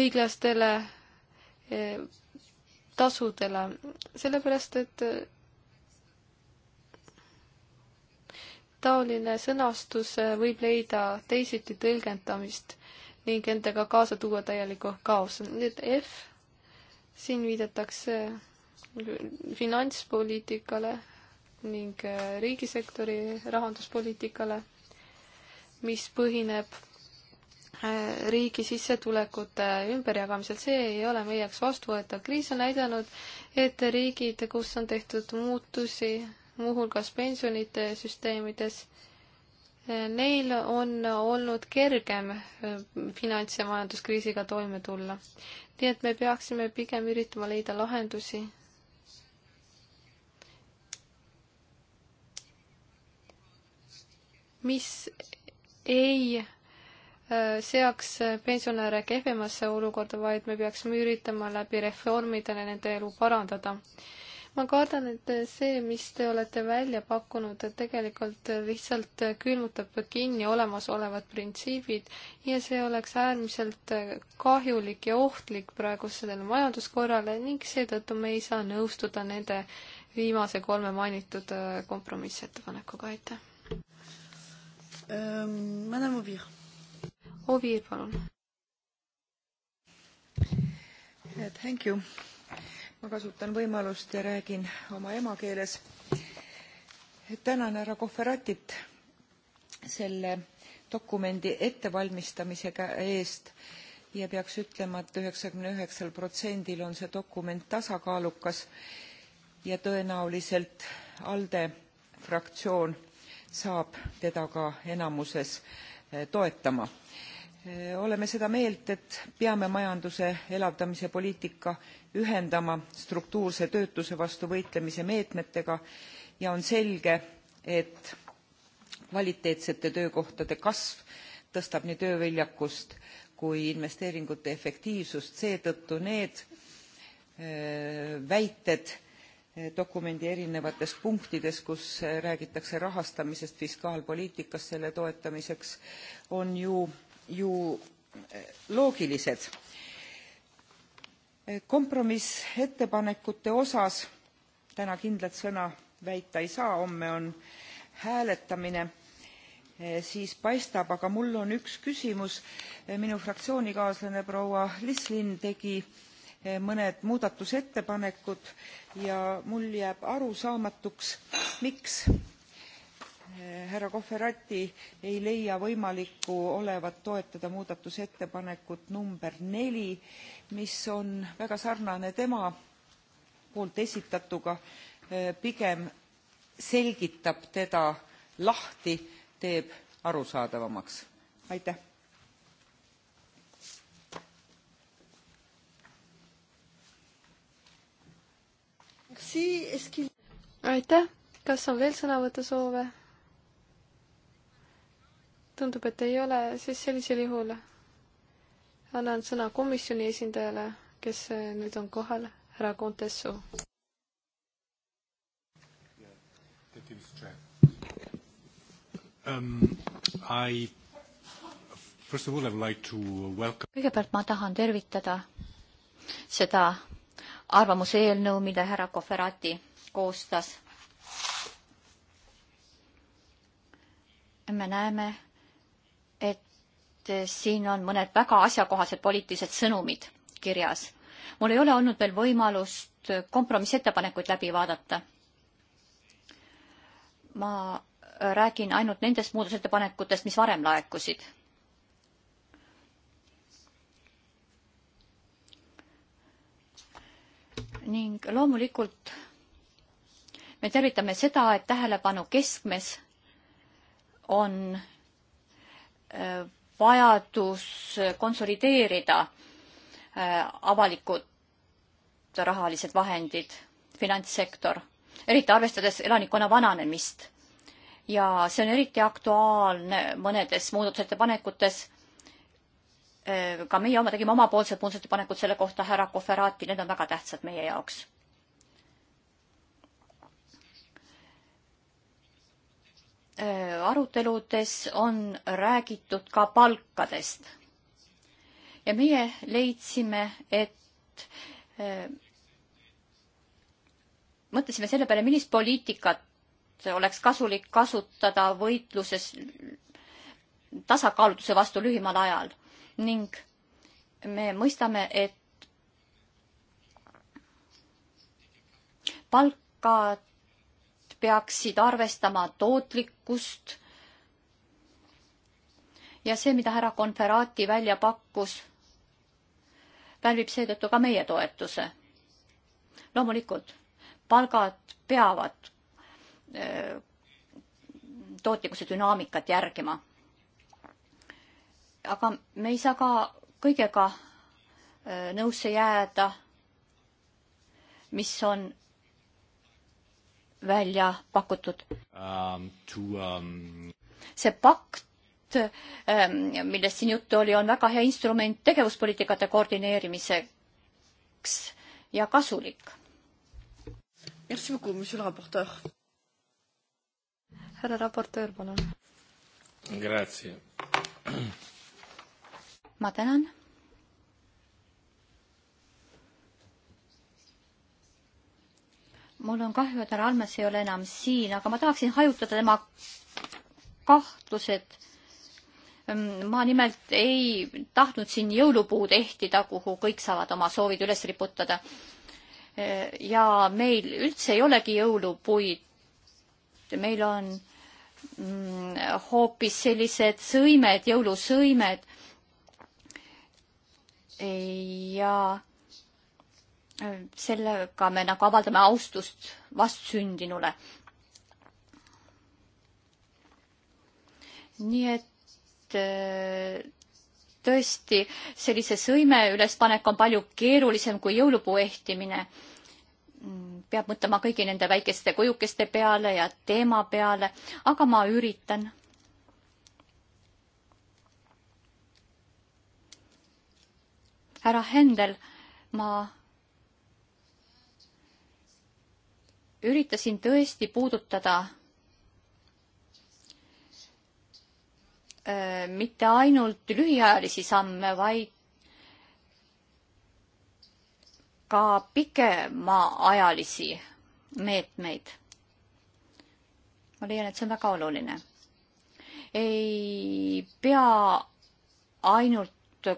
õiglastele äh, tasudele, sellepärast et äh, taoline sõnastus võib leida teisiti tõlgendamist ning endaga kaasa tuua täieliku kaose. nüüd F, siin viidatakse finantspoliitikale ning äh, riigisektori rahanduspoliitikale, mis põhineb äh, riigi sissetulekute ümberjagamisel, see ei ole meie jaoks vastuvõetav. kriis on näidanud, et riigid, kus on tehtud muutusi muuhulgas pensionite süsteemides, neil on olnud kergem eh, finants- ja majanduskriisiga toime tulla. nii et me peaksime pigem üritama leida lahendusi. mis ei eh, seaks pensionäre kehvemasse olukorda, vaid me peaksime üritama läbi reformidele nende elu parandada ma kardan, et see, mis te olete välja pakkunud, tegelikult lihtsalt külmutab kinni olemasolevad printsiibid ja see oleks äärmiselt kahjulik ja ohtlik praegusele majanduskorrale ning seetõttu me ei saa nõustuda nende viimase kolme mainitud kompromissettepanekuga, aitäh ähm,. Madame Oviir. Oviir, palun. Äh, thank you ma kasutan võimalust ja räägin oma emakeeles. tänan härra cofferatit selle dokumendi ettevalmistamise eest ja peaks ütlema et 99 on see dokument tasakaalukas ja tõenäoliselt alde fraktsioon saab teda ka enamuses eh, toetama. Äh, oleme seda meelt et peame majanduse elavdamise poliitika ühendama struktuurse töötuse vastu võitlemise meetmetega ja on selge et kvaliteetsete töökohtade kasv tõstab nii tööviljakust kui investeeringute efektiivsust seetõttu need äh, väited äh, dokumendi erinevates punktides kus räägitakse rahastamisest fiskaalpoliitikast selle toetamiseks on ju ju eh, loogilised. Eh, kompromissettepanekute osas täna kindlat sõna väita ei saa homme on hääletamine eh, siis paistab aga mul on üks küsimus minu fraktsioonikaaslane proua lsling tegi mõned muudatusettepanekud ja mul jääb arusaamatuks miks härra cofferati ei leia võimalikku olevat toetada muudatusettepanekut number mis on väga sarnane tema poolt esitatuga äh, pigem selgitab teda lahti teeb arusaadavamaks. aitäh! aitäh, kas on veel sõnavõtusoove? tundub, et ei ole, siis sellisel juhul annan sõna komisjoni esindajale, kes äh, nüüd on kohal, härra Contessu. Um, I kõigepealt ma tahan tervitada seda arvamuse eelnõu, mille härra Koferati koostas. me näeme, et siin on mõned väga asjakohased poliitilised sõnumid kirjas. mul ei ole olnud veel võimalust kompromissettepanekuid läbi vaadata. ma räägin ainult nendest muudatusettepanekutest, mis varem laekusid. ning loomulikult me tervitame seda, et tähelepanu keskmes on äh, vajadus konsolideerida äh, avalikud rahalised vahendid, finantssektor, eriti arvestades elanikkonna vananemist. ja see on eriti aktuaalne mõnedes muudatusettepanekutes. Äh, ka meie oma tegime omapoolsed muudatusettepanekud selle kohta, härra Koferaati, need on väga tähtsad meie jaoks aruteludes on räägitud ka palkadest. ja meie leidsime, et mõtlesime selle peale, millist poliitikat oleks kasulik kasutada võitluses tasakaalutuse vastu lühimal ajal ning me mõistame, et palkad peaksid arvestama tootlikkust. ja see, mida härra Konverati välja pakkus, pälvib seetõttu ka meie toetuse. loomulikult, palgad peavad öö, äh, tootlikkuse dünaamikat järgima. aga me ei saa ka kõigega äh, nõusse jääda, mis on välja pakutud um,. Um... see pakt, ähm, millest siin juttu oli, on väga hea instrument tegevuspoliitikate koordineerimiseks ja kasulik. härra raportöör, palun. ma tänan mul on kahju, et härra Almes ei ole enam siin, aga ma tahaksin hajutada tema kahtlused. Ehm, ma nimelt ei tahtnud siin jõulupuud ehtida, kuhu kõik saavad oma soovid üles riputada. Ehm, ja meil üldse ei olegi jõulupuid. meil on mm, hoopis sellised sõimed, jõulusõimed. ja sellega me nagu avaldame austust vastsündinule. nii et äh, tõesti, sellise sõime ülespanek on palju keerulisem kui jõulupuu ehtimine. peab mõtlema kõigi nende väikeste kujukeste peale ja teema peale, aga ma üritan härra Händel, ma üritasin tõesti puudutada äh, mitte ainult lühiajalisi samme, vaid ka pikemaajalisi meetmeid. ma leian, et see on väga oluline. ei pea ainult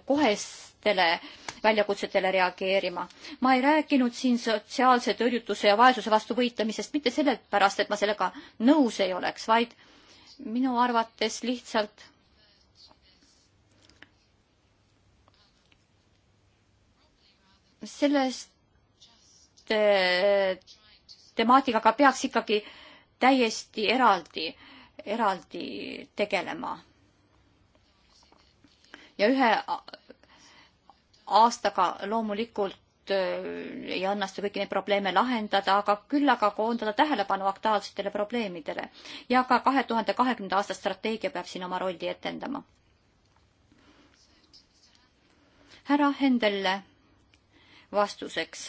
kohestele väljakutsetele reageerima. ma ei rääkinud siin sotsiaalse tõrjutuse ja vaesuse vastu võitlemisest mitte sellepärast, et ma sellega nõus ei oleks, vaid minu arvates lihtsalt sellest äh, temaatikaga peaks ikkagi täiesti eraldi, eraldi tegelema ja ühe aastaga loomulikult äh, ei õnnestu kõiki neid probleeme lahendada, aga küll aga koondada tähelepanu aktuaalsetele probleemidele. ja ka kahe tuhande kahekümnenda aasta strateegia peab siin oma rolli etendama. härra Hendelle vastuseks.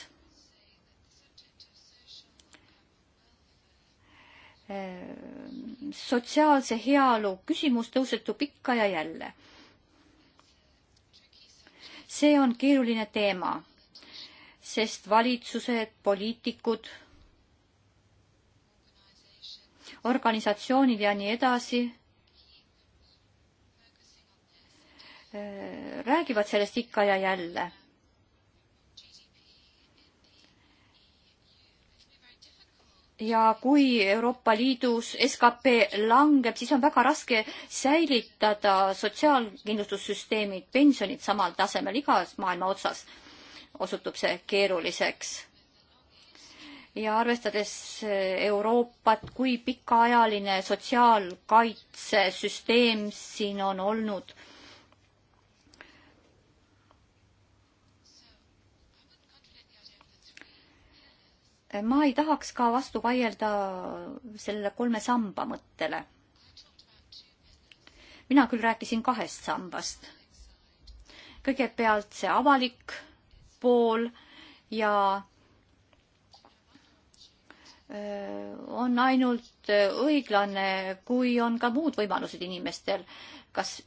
Äh, sotsiaalse heaolu küsimus tõusetub ikka ja jälle see on keeruline teema, sest valitsused, poliitikud, organisatsioonid ja nii edasi äh, räägivad sellest ikka ja jälle ja kui Euroopa Liidus skp langeb, siis on väga raske säilitada sotsiaalkindlustussüsteemid, pensionid samal tasemel igas maailma otsas. osutub see keeruliseks. ja arvestades Euroopat, kui pikaajaline sotsiaalkaitsesüsteem siin on olnud ma ei tahaks ka vastu vaielda sellele kolme samba mõttele. mina küll rääkisin kahest sambast. kõigepealt see avalik pool ja on ainult õiglane, kui on ka muud võimalused inimestel, kas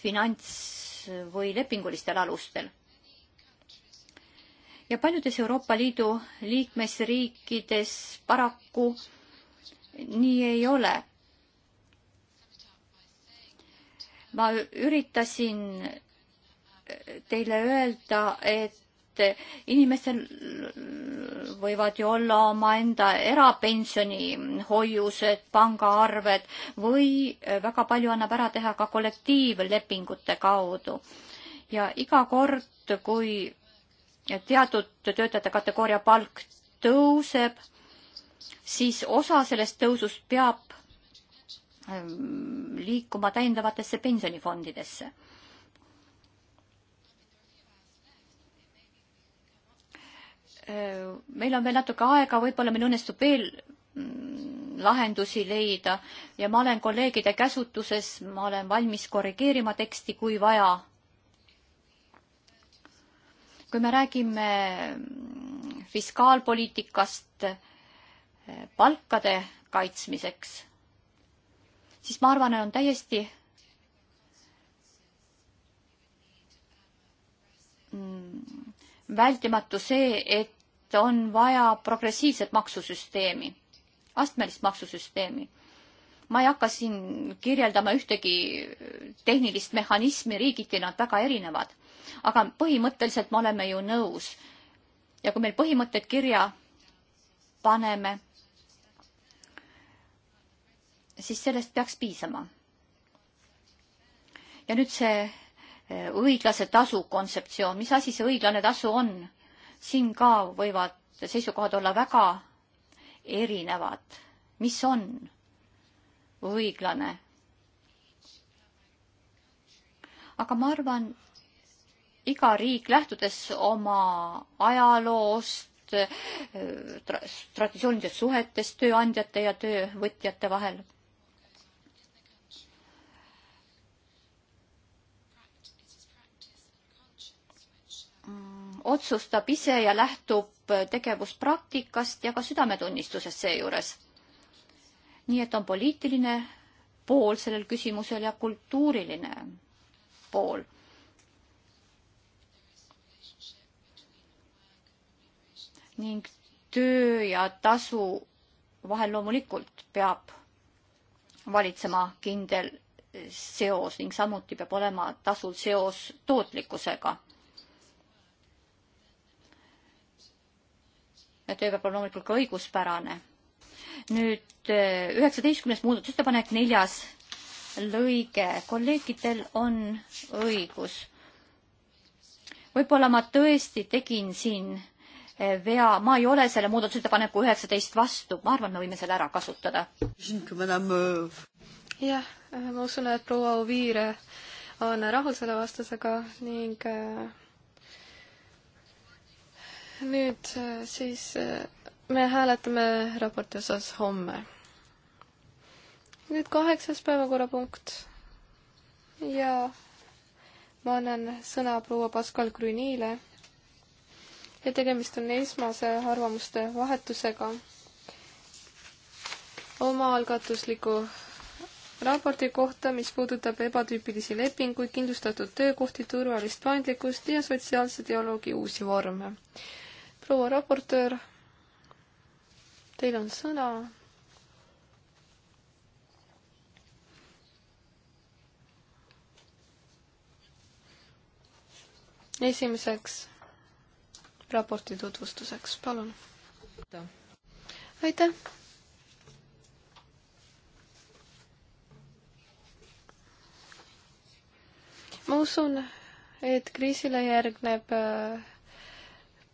finants või lepingulistel alustel ja paljudes Euroopa Liidu liikmesriikides paraku nii ei ole. ma üritasin teile öelda, et inimestel võivad ju olla omaenda erapensionihoiused, pangaarved või väga palju annab ära teha ka kollektiivlepingute kaudu. ja iga kord, kui teatud töötajate kategooria palk tõuseb, siis osa sellest tõusust peab ähm, liikuma täiendavatesse pensionifondidesse. Äh, meil on veel natuke aega, võib-olla meil õnnestub veel mm, lahendusi leida ja ma olen kolleegide käsutuses, ma olen valmis korrigeerima teksti, kui vaja kui me räägime fiskaalpoliitikast eh, palkade kaitsmiseks, siis ma arvan, on täiesti mm, vältimatu see, et on vaja progressiivset maksusüsteemi, astmelist maksusüsteemi. ma ei hakka siin kirjeldama ühtegi tehnilist mehhanismi, riigiti nad väga erinevad aga põhimõtteliselt me oleme ju nõus. ja kui meil põhimõtted kirja paneme, siis sellest peaks piisama. ja nüüd see eh, õiglase tasu kontseptsioon, mis asi see õiglane tasu on? siin ka võivad seisukohad olla väga erinevad. mis on õiglane? aga ma arvan, iga riik, lähtudes oma ajaloost, äh, traditsioonilistest suhetest tööandjate ja töövõtjate vahel. otsustab ise ja lähtub tegevuspraktikast ja ka südametunnistusest seejuures. nii et on poliitiline pool sellel küsimusel ja kultuuriline pool ning töö ja tasu vahel loomulikult peab valitsema kindel seos ning samuti peab olema tasul seos tootlikkusega. ja töö peab olema loomulikult ka õiguspärane. nüüd eh, üheksateistkümnes muudatusettepanek, neljas lõige. kolleegidel on õigus. võib-olla ma tõesti tegin siin vea, ma ei ole selle muudatusettepaneku üheksateist vastu, ma arvan, me võime selle ära kasutada. jah, ma usun, et proua Oviir on rahul selle vastusega ning äh, nüüd äh, siis äh, me hääletame raporti osas homme. nüüd kaheksas päevakorrapunkt ja ma annan sõna proua Pascal Grünile ja tegemist on esmase arvamuste vahetusega omaalgatusliku raporti kohta, mis puudutab ebatüüpilisi lepinguid, kindlustatud töökohti, turvalist paindlikkust ja sotsiaalse dialoogi uusi vorme. proua raportöör, teil on sõna. esimeseks raporti tutvustuseks, palun. aitäh. ma usun, et kriisile järgneb äh,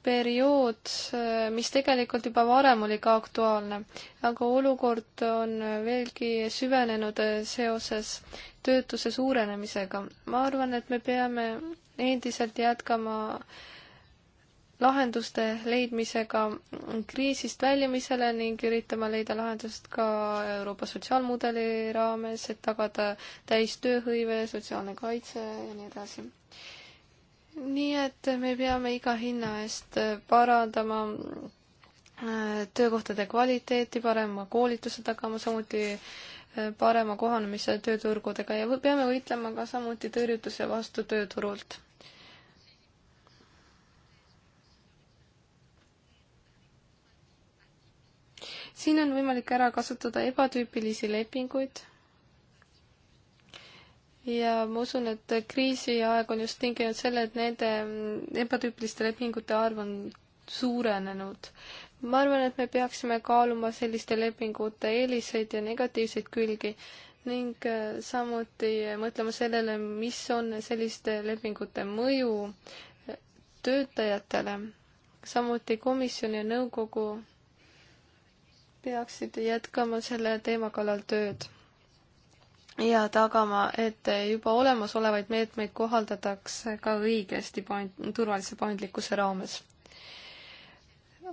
periood, äh, mis tegelikult juba varem oli ka aktuaalne, aga olukord on veelgi süvenenud äh, seoses töötuse suurenemisega. ma arvan, et me peame endiselt jätkama lahenduste leidmisega kriisist väljumisele ning üritama leida lahendust ka Euroopa sotsiaalmudeli raames, et tagada täistööhõive, sotsiaalne kaitse ja nii edasi. nii et me peame iga hinna eest parandama äh, töökohtade kvaliteeti, parema koolituse tagama, samuti äh, parema kohanemise tööturgudega ja peame võitlema ka samuti tõrjutuse vastu tööturult. siin on võimalik ära kasutada ebatüüpilisi lepinguid ja ma usun, et kriisiaeg on just tinginud selle, et nende ebatüüpiliste lepingute arv on suurenenud. ma arvan, et me peaksime kaaluma selliste lepingute eeliseid ja negatiivseid külgi ning äh, samuti mõtlema sellele, mis on selliste lepingute mõju äh, töötajatele. samuti komisjon ja nõukogu peaksid jätkama selle teema kallal tööd ja tagama, et juba olemasolevaid meetmeid kohaldatakse ka õigesti paand-, turvalise paindlikkuse raames.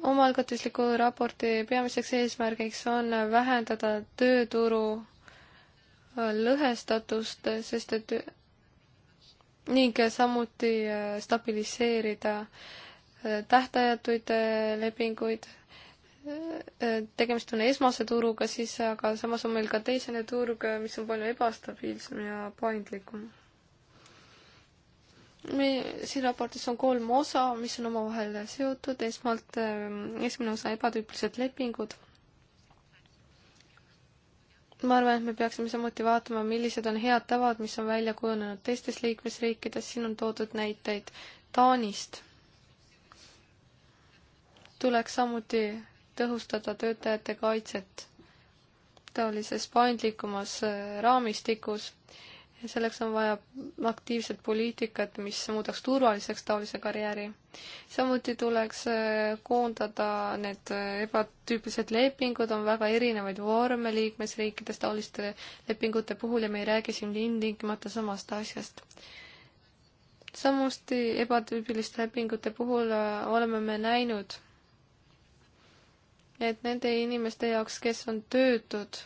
omaalgatusliku raporti peamiseks eesmärgiks on vähendada tööturu lõhestatust, sest et ning samuti stabiliseerida tähtajatuid lepinguid tegemist on esmase turuga, siis aga samas on meil ka teisene turg, mis on palju ebastabiilsem ja paindlikum. me, siin raportis on kolm osa, mis on omavahel seotud, esmalt ähm, esimene osa ebatüüpilised lepingud. ma arvan, et me peaksime samuti vaatama, millised on head tavad, mis on välja kujunenud teistes liikmesriikides, siin on toodud näiteid Taanist tuleks samuti tõhustada töötajate kaitset taolises paindlikumas äh, raamistikus. selleks on vaja aktiivset poliitikat, mis muudaks turvaliseks taolise karjääri. samuti tuleks äh, koondada need äh, ebatüüpilised lepingud, on väga erinevaid vorme liikmesriikides taoliste lepingute puhul ja me ei räägi siin ilmtingimata samast asjast samuti ebatüübiliste lepingute puhul oleme me näinud, et nende inimeste jaoks, kes on töötud,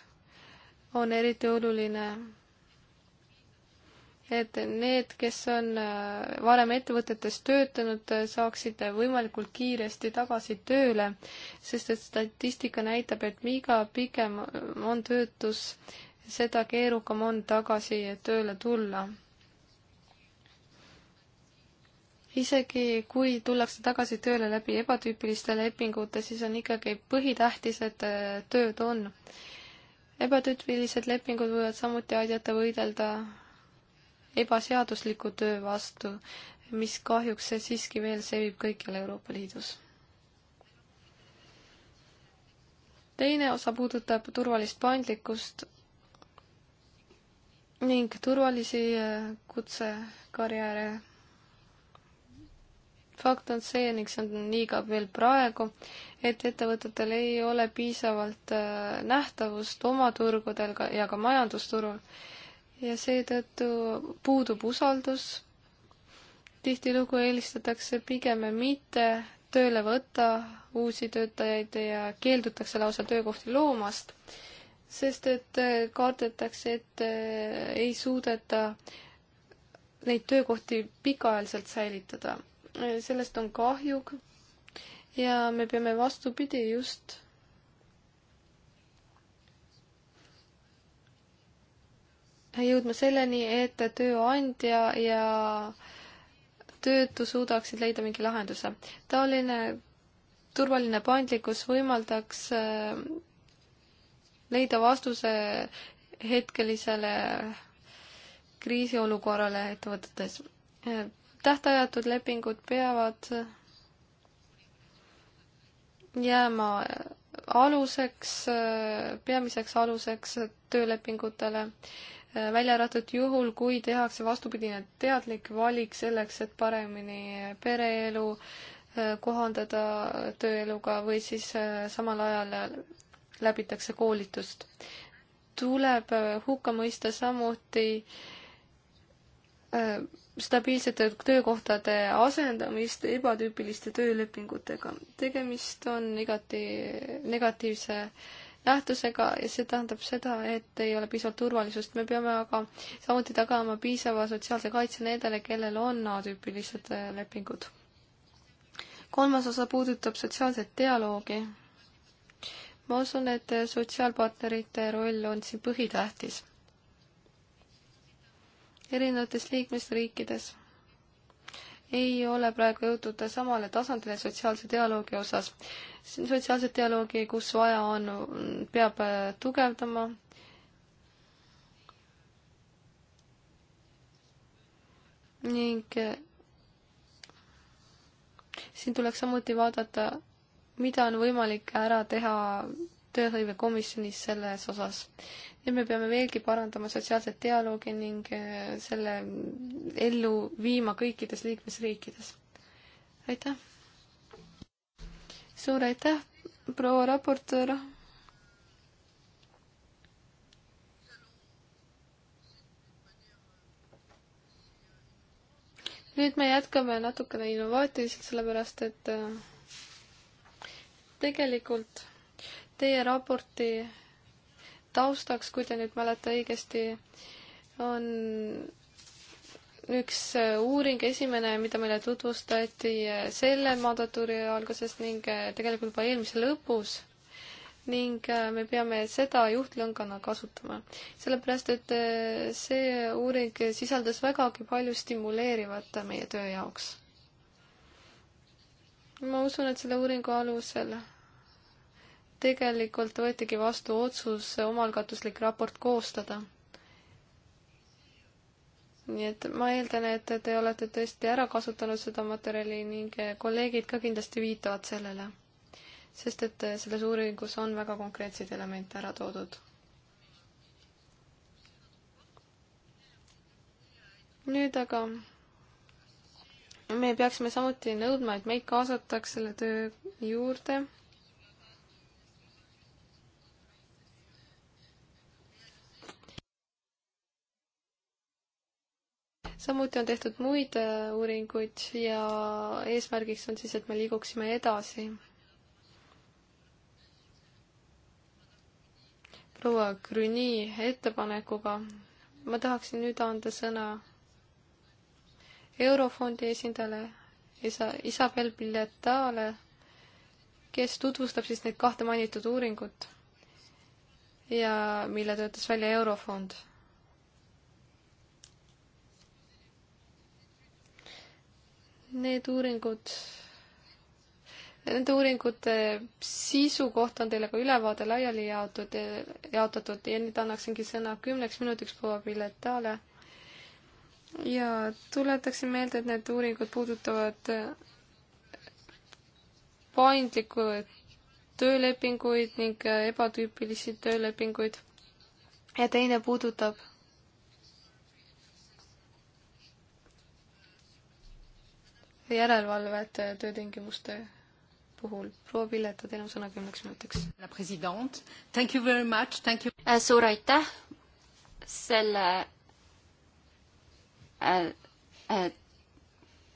on eriti oluline, et need, kes on äh, varem ettevõtetes töötanud, äh, saaksid võimalikult kiiresti tagasi tööle, sest et statistika näitab, et iga pikem on töötus, seda keerukam on tagasi tööle tulla isegi kui tullakse tagasi tööle läbi ebatüüpiliste lepingute, siis on ikkagi põhitähtis, et äh, tööd on. ebatüüpilised lepingud võivad samuti aidata võidelda ebaseadusliku töö vastu, mis kahjuks siiski veel sevib kõikjal Euroopa Liidus. teine osa puudutab turvalist paindlikkust ning turvalisi äh, kutsekarjääre fakt on see ning see on nii ka veel praegu, et ettevõtetel ei ole piisavalt äh, nähtavust oma turgudel ka ja ka majandusturul ja seetõttu puudub usaldus. tihtilugu eelistatakse pigem mitte tööle võtta uusi töötajaid ja keeldutakse lausa töökohti loomast, sest et äh, kardetakse, et äh, ei suudeta neid töökohti pikaajaliselt säilitada sellest on kahju ja me peame vastupidi just jõudma selleni, et tööandja ja töötu suudaksid leida mingi lahenduse. taoline turvaline paindlikkus võimaldaks äh, leida vastuse hetkelisele kriisiolukorrale ettevõtetes. Äh, tähtajatud lepingud peavad jääma aluseks, peamiseks aluseks töölepingutele, välja arvatud juhul, kui tehakse vastupidine teadlik valik selleks, et paremini pereelu kohandada tööeluga või siis äh, samal ajal äh, läbitakse koolitust. tuleb äh, hukka mõista samuti stabiilsete töökohtade asendamist ebatüüpiliste töölepingutega. tegemist on igati negatiivse nähtusega ja see tähendab seda, et ei ole piisavalt turvalisust. me peame aga samuti tagama piisava sotsiaalse kaitse nendele, kellel on atüüpilised lepingud. kolmas osa puudutab sotsiaalset dialoogi. ma usun, et sotsiaalpartnerite roll on siin põhitähtis erinevates liikmesriikides ei ole praegu jõutud samale tasandile sotsiaalse dialoogi osas. sotsiaalset dialoogi, kus vaja on, peab äh, tugevdama. ning äh, siin tuleks samuti vaadata, mida on võimalik ära teha tööhõivekomisjonis selles osas. ja me peame veelgi parandama sotsiaalset dialoogi ning äh, selle ellu viima kõikides liikmesriikides. aitäh! suur aitäh, proua raportöör! nüüd me jätkame natukene innovaatiliselt, sellepärast et äh, tegelikult Teie raporti taustaks, kui te nüüd mäleta õigesti, on üks uuring, esimene, mida meile tutvustati selle mandatuuri alguses ning tegelikult juba eelmise lõpus ning äh, me peame seda juhtlõngana kasutama. sellepärast, et äh, see uuring sisaldas vägagi palju stimuleerivat meie töö jaoks. ma usun, et selle uuringu alusel tegelikult võetigi vastu otsus omalgatuslik raport koostada. nii et ma eeldan, et te olete tõesti ära kasutanud seda materjali ning kolleegid ka kindlasti viitavad sellele. sest et selles uuringus on väga konkreetseid elemente ära toodud. nüüd aga me peaksime samuti nõudma, et meid kaasataks selle töö juurde samuti on tehtud muid äh, uuringuid ja eesmärgiks on siis, et me liiguksime edasi. proua Grüni ettepanekuga ma tahaksin nüüd anda sõna Eurofondi esindajale isa, Isabel Pilletale, kes tutvustab siis neid kahte mainitud uuringut ja mille töötas välja Eurofond Need uuringud, nende uuringute sisu kohta on teile ka ülevaade laiali jaotud, jaotatud ja nüüd annaksingi sõna kümneks minutiks proua Pilletale. ja tuletaksin meelde, et need uuringud puudutavad paindlikku töölepinguid ning ebatüüpilisi töölepinguid. ja teine puudutab järelevalvet äh, töötingimuste puhul. proua Pilleta, teil on sõna kümneks minutiks. Äh, suur aitäh selle äh,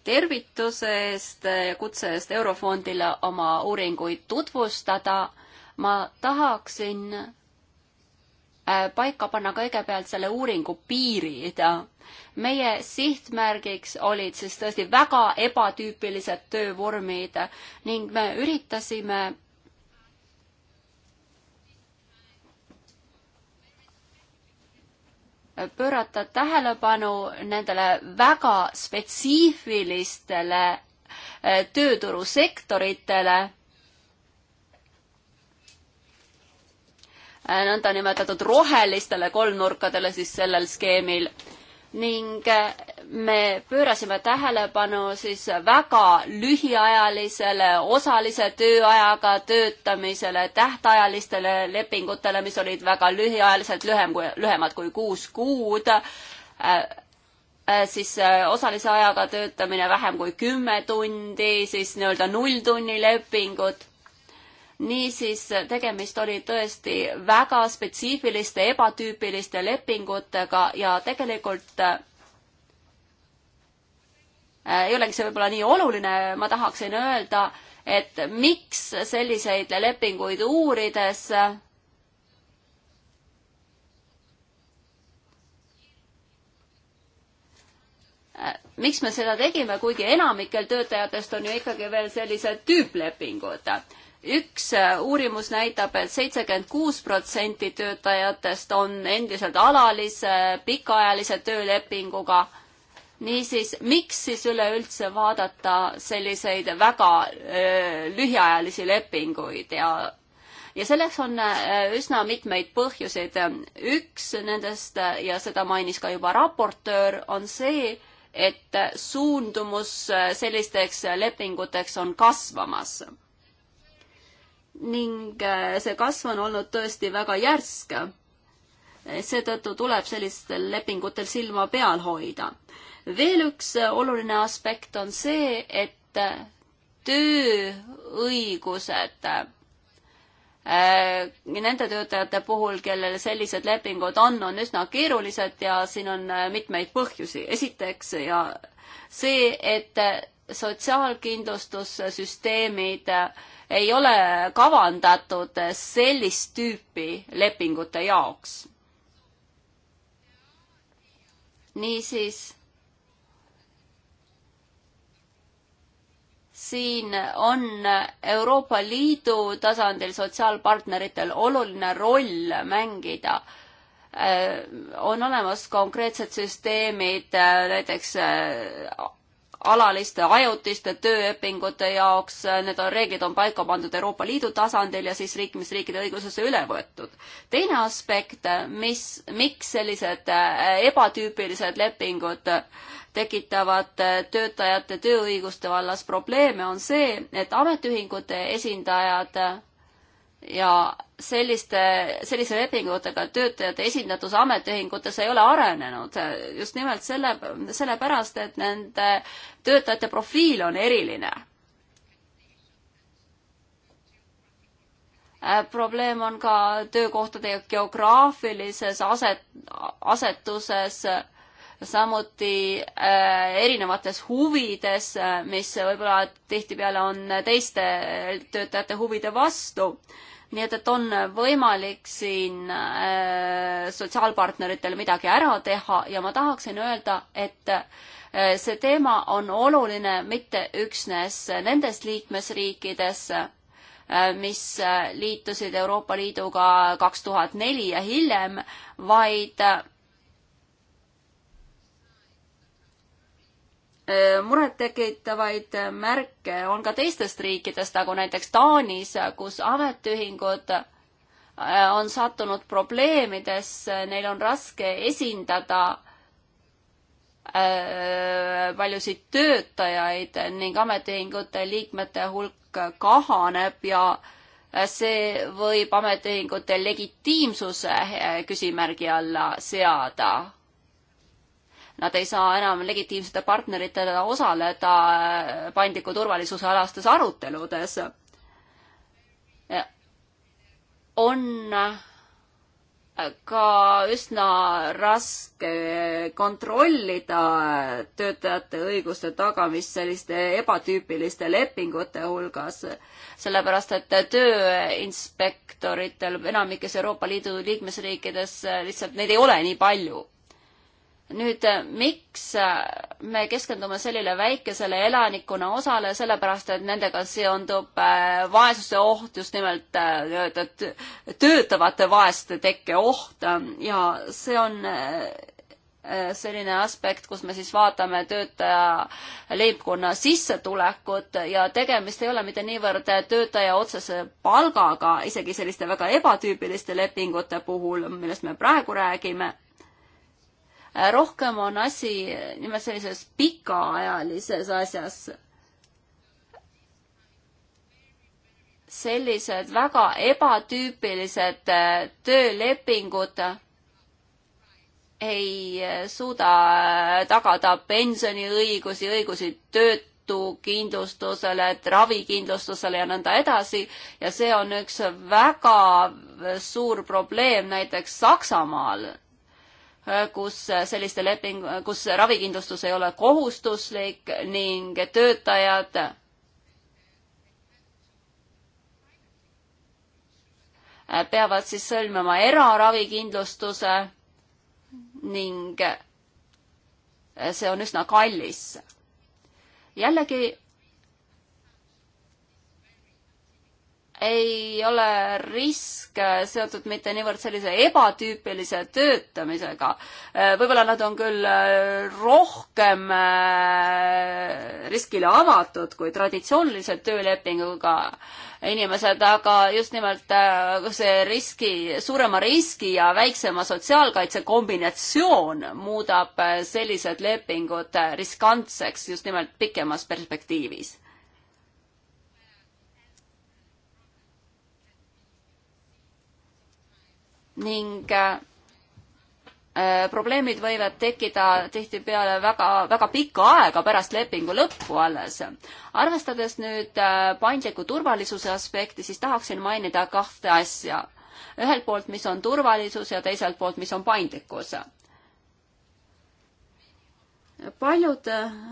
tervituse eest ja kutse eest Eurofondile oma uuringuid tutvustada. ma tahaksin Äh, paika panna kõigepealt selle uuringu piirid. meie sihtmärgiks olid siis tõesti väga ebatüüpilised töövormid ning me üritasime pöörata tähelepanu nendele väga spetsiifilistele äh, tööturusektoritele Äh, nõndanimetatud rohelistele kolmnurkadele siis sellel skeemil ning äh, me pöörasime tähelepanu siis väga lühiajalisele osalise tööajaga töötamisele, tähtajalistele lepingutele, mis olid väga lühiajaliselt lühem kui, lühemad kui kuus kuud äh,, äh siis osalise ajaga töötamine vähem kui kümme tundi, siis nii-öelda nulltunnilepingud niisiis, tegemist oli tõesti väga spetsiifiliste, ebatüüpiliste lepingutega ja tegelikult äh, ei olegi see võib-olla nii oluline, ma tahaksin öelda, et miks selliseid lepinguid uurides äh, miks me seda tegime, kuigi enamikel töötajatest on ju ikkagi veel sellised tüüplepingud üks äh, uurimus näitab et, et seitsekümmend kuus protsenti töötajatest on endiselt alalise pikaajalise töölepinguga. niisiis, miks siis üleüldse vaadata selliseid väga öö, äh, lühiajalisi lepinguid ja ja selleks on äh, üsna mitmeid põhjuseid. üks nendest ja seda mainis ka juba raportöör, on see, et suundumus sellisteks lepinguteks on kasvamas ning äh, see kasv on olnud tõesti väga järsk. seetõttu tuleb sellistel lepingutel silma peal hoida. veel üks äh, oluline aspekt on see, et äh, tööõigused nende töötajate puhul, kellel sellised lepingud on, on üsna keerulised ja siin on mitmeid põhjusi. esiteks ja see, et sotsiaalkindlustussüsteemid äh, ei ole kavandatud sellist tüüpi lepingute jaoks. niisiis, siin on Euroopa Liidu tasandil sotsiaalpartneritel oluline roll mängida äh, on olemas konkreetsed süsteemid, äh, näiteks äh, alaliste ajutiste töölepingute jaoks, need on, reeglid on paika pandud Euroopa Liidu tasandil ja siis liikmesriikide õigusesse üle võetud. teine aspekt, mis, miks sellised äh, ebatüüpilised lepingud tekitavad äh, töötajate tööõiguste vallas probleeme, on see, et ametiühingute esindajad ja selliste, sellise lepingutega töötajate esindatus ametiühingutes ei ole arenenud just nimelt selle, sellepärast, et nende töötajate profiil on eriline probleem on ka töökohtade geograafilises aset, asetuses samuti äh, erinevates huvides, äh, mis võib-olla tihtipeale on teiste töötajate huvide vastu nii et, et on võimalik siin äh, sotsiaalpartneritel midagi ära teha ja ma tahaksin öelda, et äh, see teema on oluline mitte üksnes nendes liikmesriikides äh,, mis äh, liitusid Euroopa Liiduga kaks tuhat neli ja hiljem, vaid äh, Äh, murettekitavaid märke on ka teistest riikidest, nagu näiteks Taanis, kus ametiühingud äh, on sattunud probleemidesse, neil on raske esindada äh, paljusid töötajaid ning ametiühingute liikmete hulk kahaneb ja see võib ametiühingute legitiimsuse küsimärgi alla seada nad ei saa enam legitiimsete partneritena osaleda paindliku turvalisuse alastes aruteludes. on ka üsna raske kontrollida töötajate õiguste tagamist selliste ebatüüpiliste lepingute hulgas, sellepärast et tööinspektoritel enamikes Euroopa Liidu liikmesriikides lihtsalt neid ei ole nii palju nüüd eh, miks eh, me keskendume sellele väikesele elanikkonna osale, sellepärast et nendega seondub eh, vaesuse oht, just nimelt nii-öelda töötavate vaeste tekke oht ja see on selline aspekt, kus me siis vaatame töötaja leibkonna sissetulekut ja tegemist ei ole mitte niivõrd töötaja otsese palgaga, isegi selliste väga ebatüüpiliste lepingute puhul, millest me praegu räägime Äh, rohkem on asi nimelt sellises pikaajalises asjas. sellised väga ebatüüpilised äh, töölepingud ei äh, suuda tagada pensioniõigusi, õigusi töötukindlustusele, ravikindlustusele ja nõnda edasi. ja see on üks väga suur probleem näiteks Saksamaal kus selliste leping, kus ravikindlustus ei ole kohustuslik ning töötajad peavad siis sõlmima eraravikindlustuse ning see on üsna kallis. jällegi ei ole risk äh, seotud mitte niivõrd sellise ebatüüpilise töötamisega. Äh, võib-olla nad on küll äh, rohkem riskile avatud kui traditsioonilised töölepinguga inimesed, aga just nimelt see riski, suurema riski ja väiksema sotsiaalkaitse kombinatsioon muudab sellised lepingud riskantseks just nimelt pikemas perspektiivis ning äh, äh, probleemid võivad tekkida tihtipeale väga, väga pikka aega pärast lepingu lõppu alles. arvestades nüüd äh, paindliku turvalisuse aspekti, siis tahaksin mainida kahte asja. ühelt poolt, mis on turvalisus ja teiselt poolt, mis on paindlikkus. paljud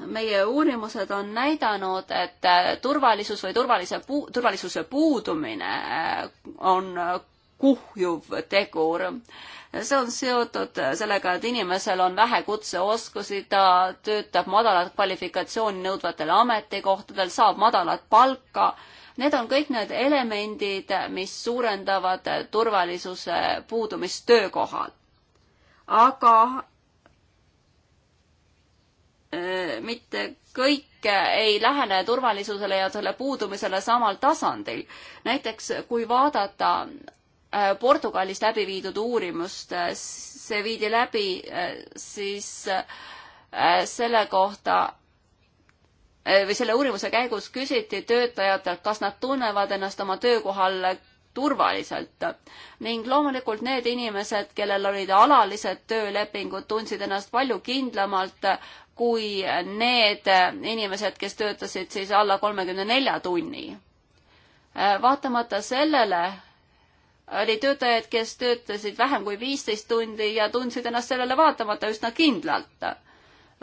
meie uurimused on näidanud, et turvalisus või turvalise puu, turvalisuse puudumine on kuhjuv tegur. see on seotud sellega, et inimesel on vähe kutseoskusi, ta töötab madalat kvalifikatsiooni nõudvatel ametikohtadel, saab madalat palka. Need on kõik need elemendid, mis suurendavad turvalisuse puudumist töökohal. aga e, mitte kõik ei lähene turvalisusele ja selle puudumisele samal tasandil. näiteks kui vaadata Äh, Portugalis läbi viidud uurimust, äh, see viidi läbi äh, siis selle kohta, või selle uurimuse käigus küsiti töötajatelt, kas nad tunnevad ennast oma töökohal turvaliselt ning loomulikult need inimesed, kellel olid alalised töölepingud, tundsid ennast palju kindlamalt kui need inimesed, kes töötasid siis alla kolmekümne nelja tunni. vaatamata sellele oli töötajaid, kes töötasid vähem kui viisteist tundi ja tundsid ennast sellele vaatamata üsna kindlalt.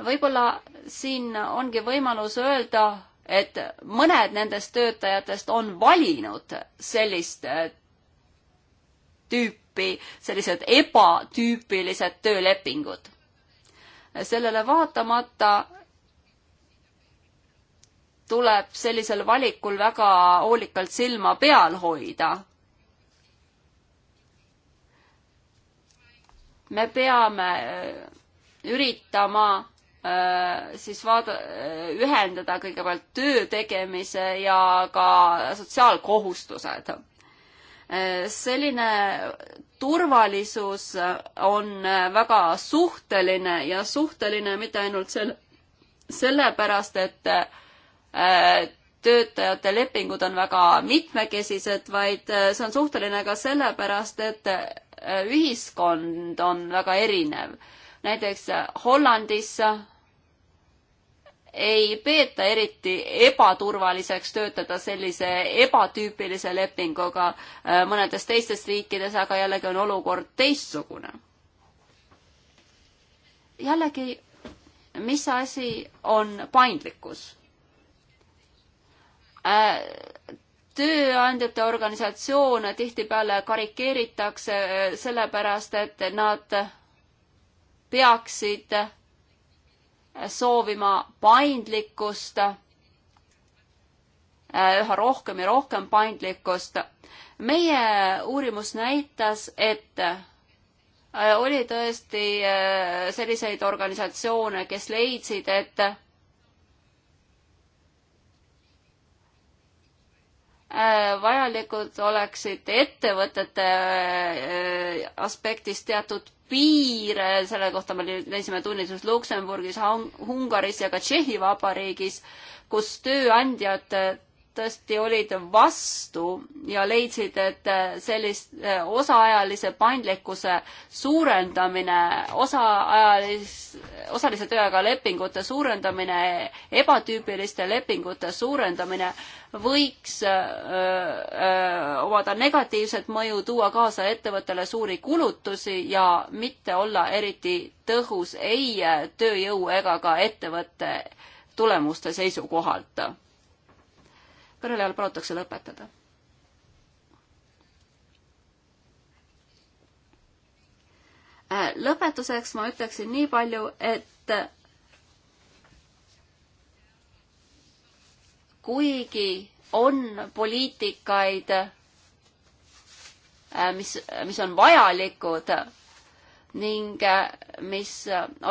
võib-olla siin ongi võimalus öelda, et mõned nendest töötajatest on valinud sellist äh, tüüpi, sellised ebatüüpilised töölepingud. sellele vaatamata tuleb sellisel valikul väga hoolikalt silma peal hoida me peame äh, üritama äh, siis vaada, äh, ühendada kõigepealt töö tegemise ja ka sotsiaalkohustused. selline turvalisus on väga suhteline ja suhteline mitte ainult sel-, sellepärast, et töötajate lepingud on väga mitmekesised, vaid see on suhteline ka sellepärast, et Äh, ühiskond on väga erinev. näiteks äh, Hollandis äh, ei peeta eriti ebaturvaliseks töötada sellise ebatüüpilise lepinguga, mõnedes teistes riikides aga jällegi on olukord teistsugune. jällegi, mis asi on paindlikkus? tööandjate organisatsioone tihtipeale karikeeritakse sellepärast, et nad peaksid soovima paindlikkust, üha rohkem ja rohkem paindlikkust. meie uurimus näitas, et äh, oli tõesti äh, selliseid organisatsioone, kes leidsid, et Äh, vajalikud oleksid ettevõtete äh, aspektist teatud piir, selle kohta me leidsime tunnistust Luksemburgis, Ungaris ja ka Tšehhi Vabariigis, kus tööandjad tõesti olid vastu ja leidsid, et äh, sellist äh, osaajalise paindlikkuse suurendamine, osaajalis-, osalise tööajaga lepingute suurendamine, ebatüüpiliste lepingute suurendamine võiks öö, äh, omada negatiivset mõju, tuua kaasa ettevõttele suuri kulutusi ja mitte olla eriti tõhus ei tööjõu ega ka ettevõtte tulemuste seisukohalt kõnelejal palutakse lõpetada. Äh, lõpetuseks ma ütleksin nii palju, et kuigi on poliitikaid, äh, mis, mis on vajalikud ning äh, mis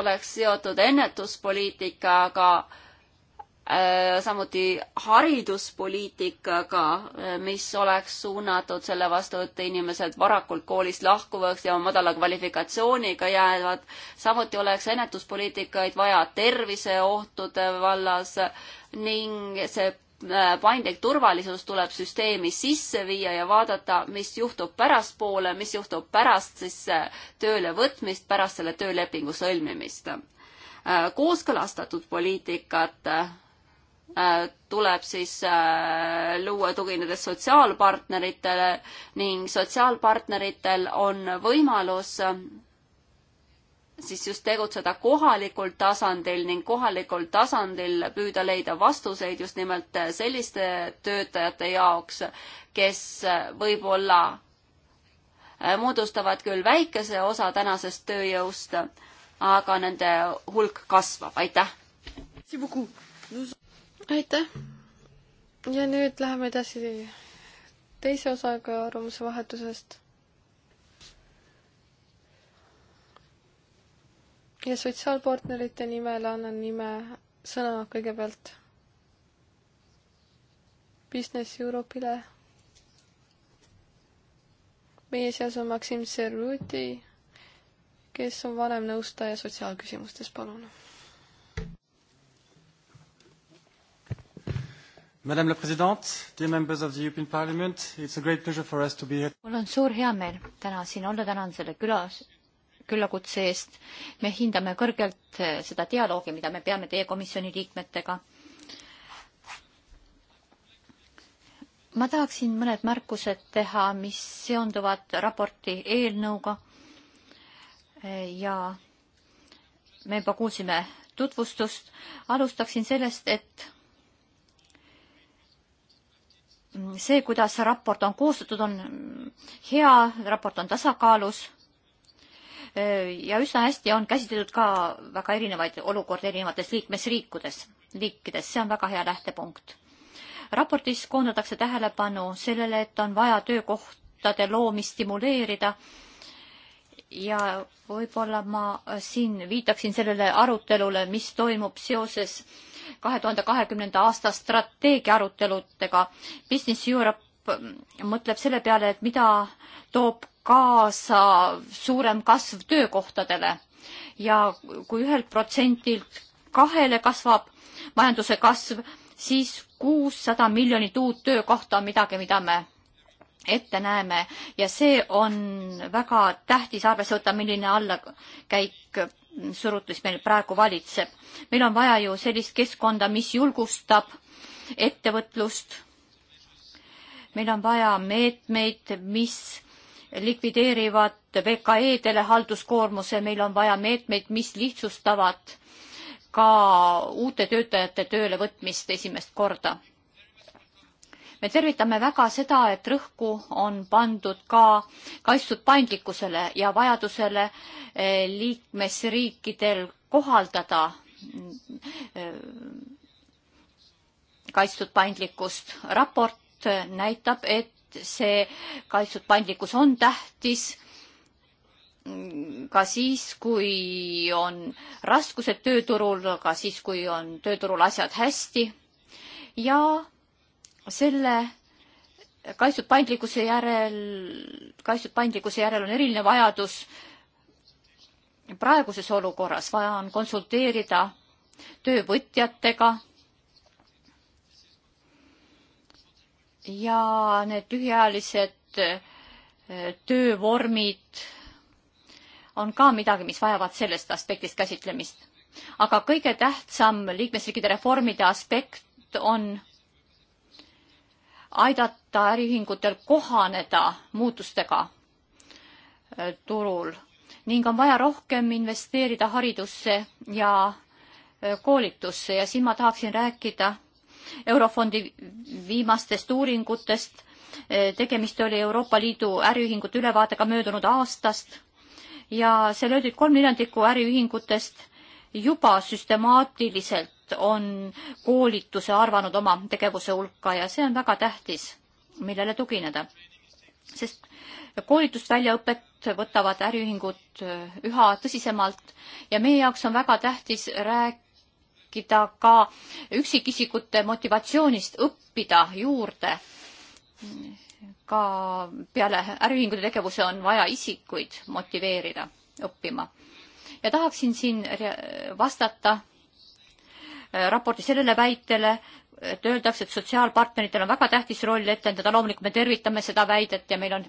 oleks seotud ennetuspoliitikaga, Äh, samuti hariduspoliitikaga, äh, mis oleks suunatud selle vastu, et inimesed varakult koolist lahkuvaks ja madala kvalifikatsiooniga jäävad. samuti oleks ennetuspoliitikaid vaja terviseohtude vallas ning see äh, paindlik turvalisus tuleb süsteemi sisse viia ja vaadata, mis juhtub pärastpoole, mis juhtub pärast siis tööle võtmist, pärast selle töölepingu sõlmimist kooskõlastatud poliitikat Äh, tuleb siis äh, luua tuginedes sotsiaalpartneritele ning sotsiaalpartneritel on võimalus äh, siis just tegutseda kohalikul tasandil ning kohalikul tasandil püüda leida vastuseid just nimelt selliste töötajate jaoks, kes võib-olla moodustavad küll väikese osa tänasest tööjõust, aga nende hulk kasvab, aitäh! aitäh! ja nüüd läheme edasi teise osaga arvamuse vahetusest. ja sotsiaalpartnerite nimel annan nime, sõna kõigepealt Business Europe'ile. meie seas on Maxim Serruti, kes on vanem nõustaja sotsiaalküsimustes, palun Madam la President, dear members of the European Parliament, it's a great pleasure for us to be here. mul on suur heameel täna siin olla, tänan selle külas, küllakutse eest. me hindame kõrgelt eh, seda dialoogi, mida me peame teie komisjoni liikmetega. ma tahaksin mõned märkused teha, mis seonduvad raporti eelnõuga eh, ja me juba kuulsime tutvustust. alustaksin sellest, et see, kuidas see raport on koostatud, on hea, raport on tasakaalus ja üsna hästi on käsitletud ka väga erinevaid olukordi erinevates liikmesriikides, liikides, see on väga hea lähtepunkt. raportis koondatakse tähelepanu sellele, et on vaja töökohtade loomist stimuleerida ja võib-olla ma siin viitaksin sellele arutelule, mis toimub seoses äh, kahe tuhande kahekümnenda aasta strateegia aruteludega. Business Europe mm, mõtleb selle peale, et mida toob kaasa suurem kasv töökohtadele ja kui ühelt protsendilt kahele kasvab majanduse kasv, siis kuussada miljonit uut töökohta on midagi, mida me ette näeme ja see on väga tähtis arvesse võtta, milline allakäik surutus meil praegu valitseb. meil on vaja ju sellist keskkonda, mis julgustab ettevõtlust. meil on vaja meetmeid, mis likvideerivad VKE-dele halduskoormuse, meil on vaja meetmeid, mis lihtsustavad ka uute töötajate tööle võtmist esimest korda me tervitame väga seda, et rõhku on pandud ka kaitstud paindlikkusele ja vajadusele eh, liikmesriikidel kohaldada eh, kaitstud paindlikkust. raport eh, näitab, et see kaitstud paindlikkus on tähtis ka siis, kui on raskused tööturul, ka siis, kui on tööturul asjad hästi ja selle kaitstud paindlikkuse järel, kaitstud paindlikkuse järel on eriline vajadus praeguses olukorras, vaja on konsulteerida töövõtjatega ja need lühiajalised eh, töövormid on ka midagi, mis vajavad sellest aspektist käsitlemist. aga kõige tähtsam liikmesriikide reformide aspekt on aidata äriühingutel kohaneda muutustega äh, turul ning on vaja rohkem investeerida haridusse ja äh, koolitusse ja siin ma tahaksin rääkida Eurofondi viimastest uuringutest. Äh, tegemist oli Euroopa Liidu äriühingute ülevaatega möödunud aastast ja seal öeldi, et kolm neljandikku äriühingutest juba süstemaatiliselt on koolituse arvanud oma tegevuse hulka ja see on väga tähtis, millele tugineda. sest koolitust, väljaõpet võtavad äriühingud äh, üha tõsisemalt ja meie jaoks on väga tähtis rääkida ka üksikisikute motivatsioonist õppida juurde. ka peale äriühingute tegevuse on vaja isikuid motiveerida õppima. ja tahaksin siin vastata Äh, raporti sellele väitele, et öeldakse, et sotsiaalpartneritel on väga tähtis roll etendada, loomulikult me tervitame seda väidet ja meil on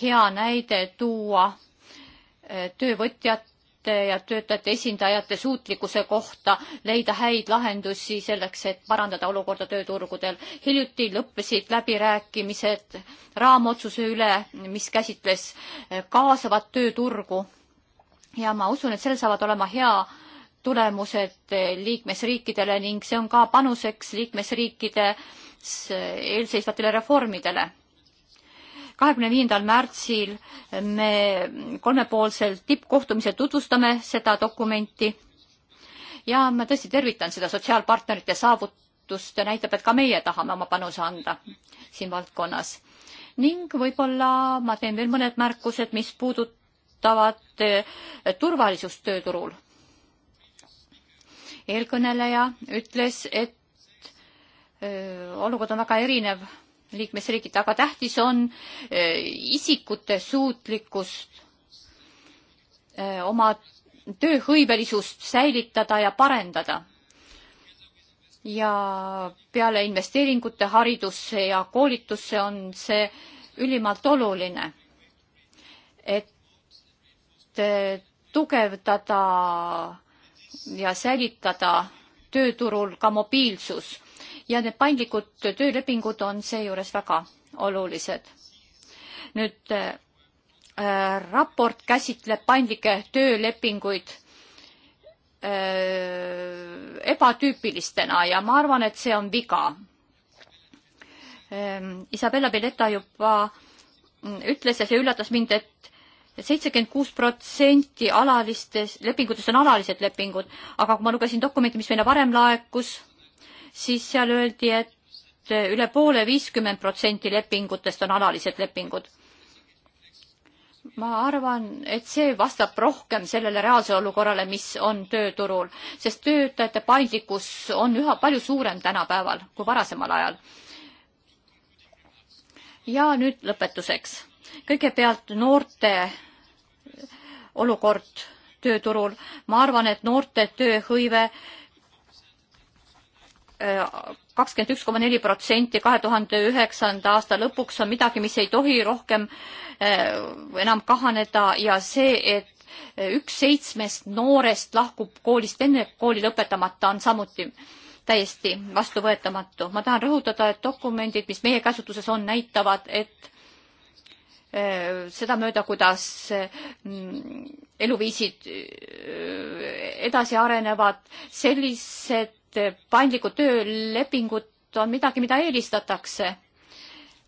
hea näide tuua äh, töövõtjate ja töötajate esindajate suutlikkuse kohta leida häid lahendusi selleks, et parandada olukorda tööturgudel. hiljuti lõppesid läbirääkimised raamotsuse üle, mis käsitles äh, kaasavat tööturgu ja ma usun, et sellel saavad olema hea tulemused liikmesriikidele ning see on ka panuseks liikmesriikides eelseisvatele reformidele. kahekümne viiendal märtsil me kolmepoolsel tippkohtumisel tutvustame seda dokumenti ja ma tõesti tervitan seda sotsiaalpartnerite saavutust ja näitab, et ka meie tahame oma panuse anda siin valdkonnas. ning võib-olla ma teen veel mõned märkused, mis puudutavad turvalisust tööturul eelkõneleja ütles, et olukord on väga erinev liikmesriigiti, aga tähtis on isikute suutlikkust oma tööhõivelisust säilitada ja parendada. ja peale investeeringute haridusse ja koolitusse on see ülimalt oluline, et tugevdada ja säilitada tööturul ka mobiilsus ja need paindlikud töölepingud on seejuures väga olulised. nüüd äh, raport käsitleb paindlikke töölepinguid äh, ebatüüpilistena ja ma arvan, et see on viga ähm,. Isabella Pileta juba ütles ja see üllatas mind, et seitsekümmend kuus protsenti alalistes lepingutest on alalised lepingud, aga kui ma lugesin dokumenti, mis meile varem laekus, siis seal öeldi, et üle poole, viiskümmend protsenti lepingutest on alalised lepingud. ma arvan, et see vastab rohkem sellele reaalsele olukorrale, mis on tööturul, sest töötajate paindlikkus on üha palju suurem tänapäeval kui varasemal ajal. ja nüüd lõpetuseks kõigepealt noorte olukord tööturul. ma arvan, et noorte tööhõive äh, kakskümmend üks koma neli protsenti kahe tuhande üheksanda aasta lõpuks on midagi, mis ei tohi rohkem äh, enam kahaneda ja see, et äh, üks seitsmest noorest lahkub koolist enne kooli lõpetamata, on samuti täiesti vastuvõetamatu. ma tahan rõhutada, et dokumendid, mis meie käsutuses on, näitavad, et Äh, sedamööda, kuidas äh, mm, eluviisid äh, edasi arenevad. sellised paindlikud töölepingud on midagi, mida eelistatakse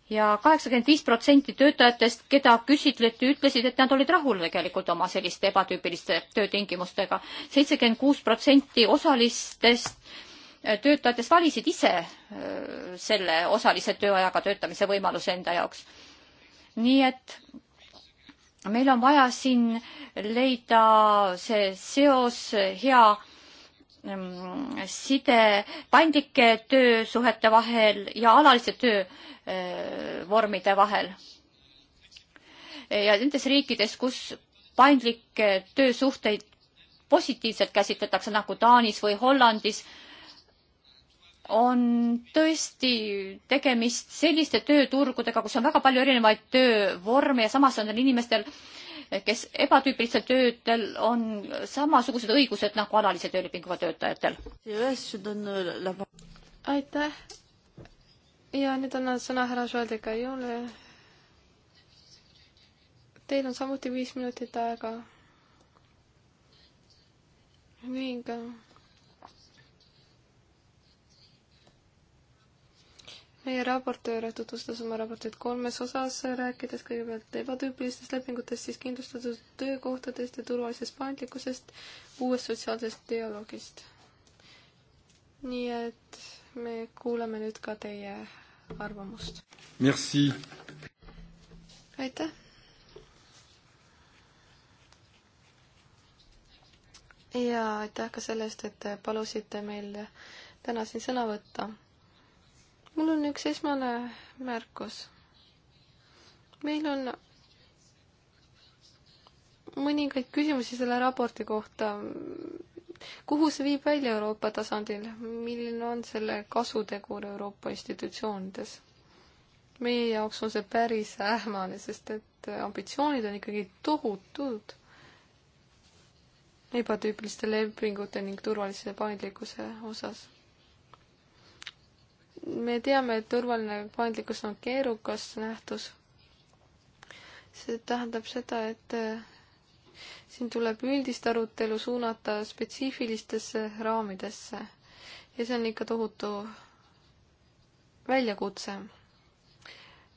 ja kaheksakümmend viis protsenti töötajatest, keda küsitleti, ütlesid, et nad olid rahul tegelikult oma selliste ebatüüpiliste töötingimustega. seitsekümmend kuus protsenti osalistest töötajatest valisid ise selle osalise tööajaga töötamise võimaluse enda jaoks nii et meil on vaja siin leida see seos hea mm, side paindlike töösuhete vahel ja alaliste töövormide vahel. ja nendes riikides, kus paindlikke töösuhteid positiivselt käsitletakse nagu Taanis või Hollandis, on tõesti tegemist selliste tööturgudega, kus on väga palju erinevaid töövorme ja samas on inimestel, kes ebatüüpilistel töötel on samasugused õigused nagu alalise töölepinguga töötajatel. aitäh. ja nüüd annan sõna härra Šoldikaiule. Teil on samuti viis minutit aega. ning meie raportöör tutvustas oma raportit kolmes osas, rääkides kõigepealt ebatüüpilistest lepingutest, siis kindlustatud töökohtadest ja turvalisest paindlikkusest, uuest sotsiaalsest dialoogist. nii et me kuulame nüüd ka teie arvamust. Merci! aitäh! ja aitäh ka selle eest, et palusite meil täna siin sõna võtta mul on üks esmane märkus. meil on mõningaid küsimusi selle raporti kohta. kuhu see viib välja Euroopa tasandil, milline on selle kasutegur Euroopa institutsioonides? meie jaoks on see päris ähmane, sest et ambitsioonid on ikkagi tohutud ebatüüpiliste lepingute ning turvalise paindlikkuse osas me teame, et turvaline paindlikkus on keerukas nähtus. see tähendab seda, et äh, siin tuleb üldist arutelu suunata spetsiifilistesse raamidesse ja see on ikka tohutu väljakutse.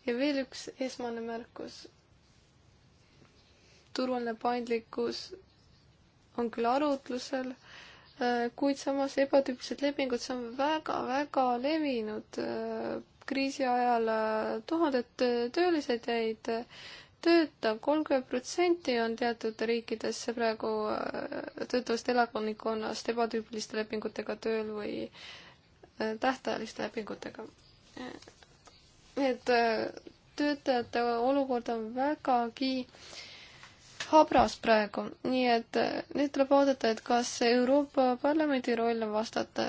ja veel üks esmane märkus. turvaline paindlikkus on küll arutlusel, Äh, kuid samas ebatüüpsed lepingud, see on väga-väga levinud. Äh, kriisi ajal äh, tuhanded töölised jäid tööta, kolmkümmend protsenti on teatud riikides praegu töötavast elanikkonnast ebatüüpiliste lepingutega tööl või tähtajaliste lepingutega. et töötajate olukord on vägagi äh, habras praegu, nii et eh, nüüd tuleb vaadata, et kas Euroopa Parlamendi roll on vastata.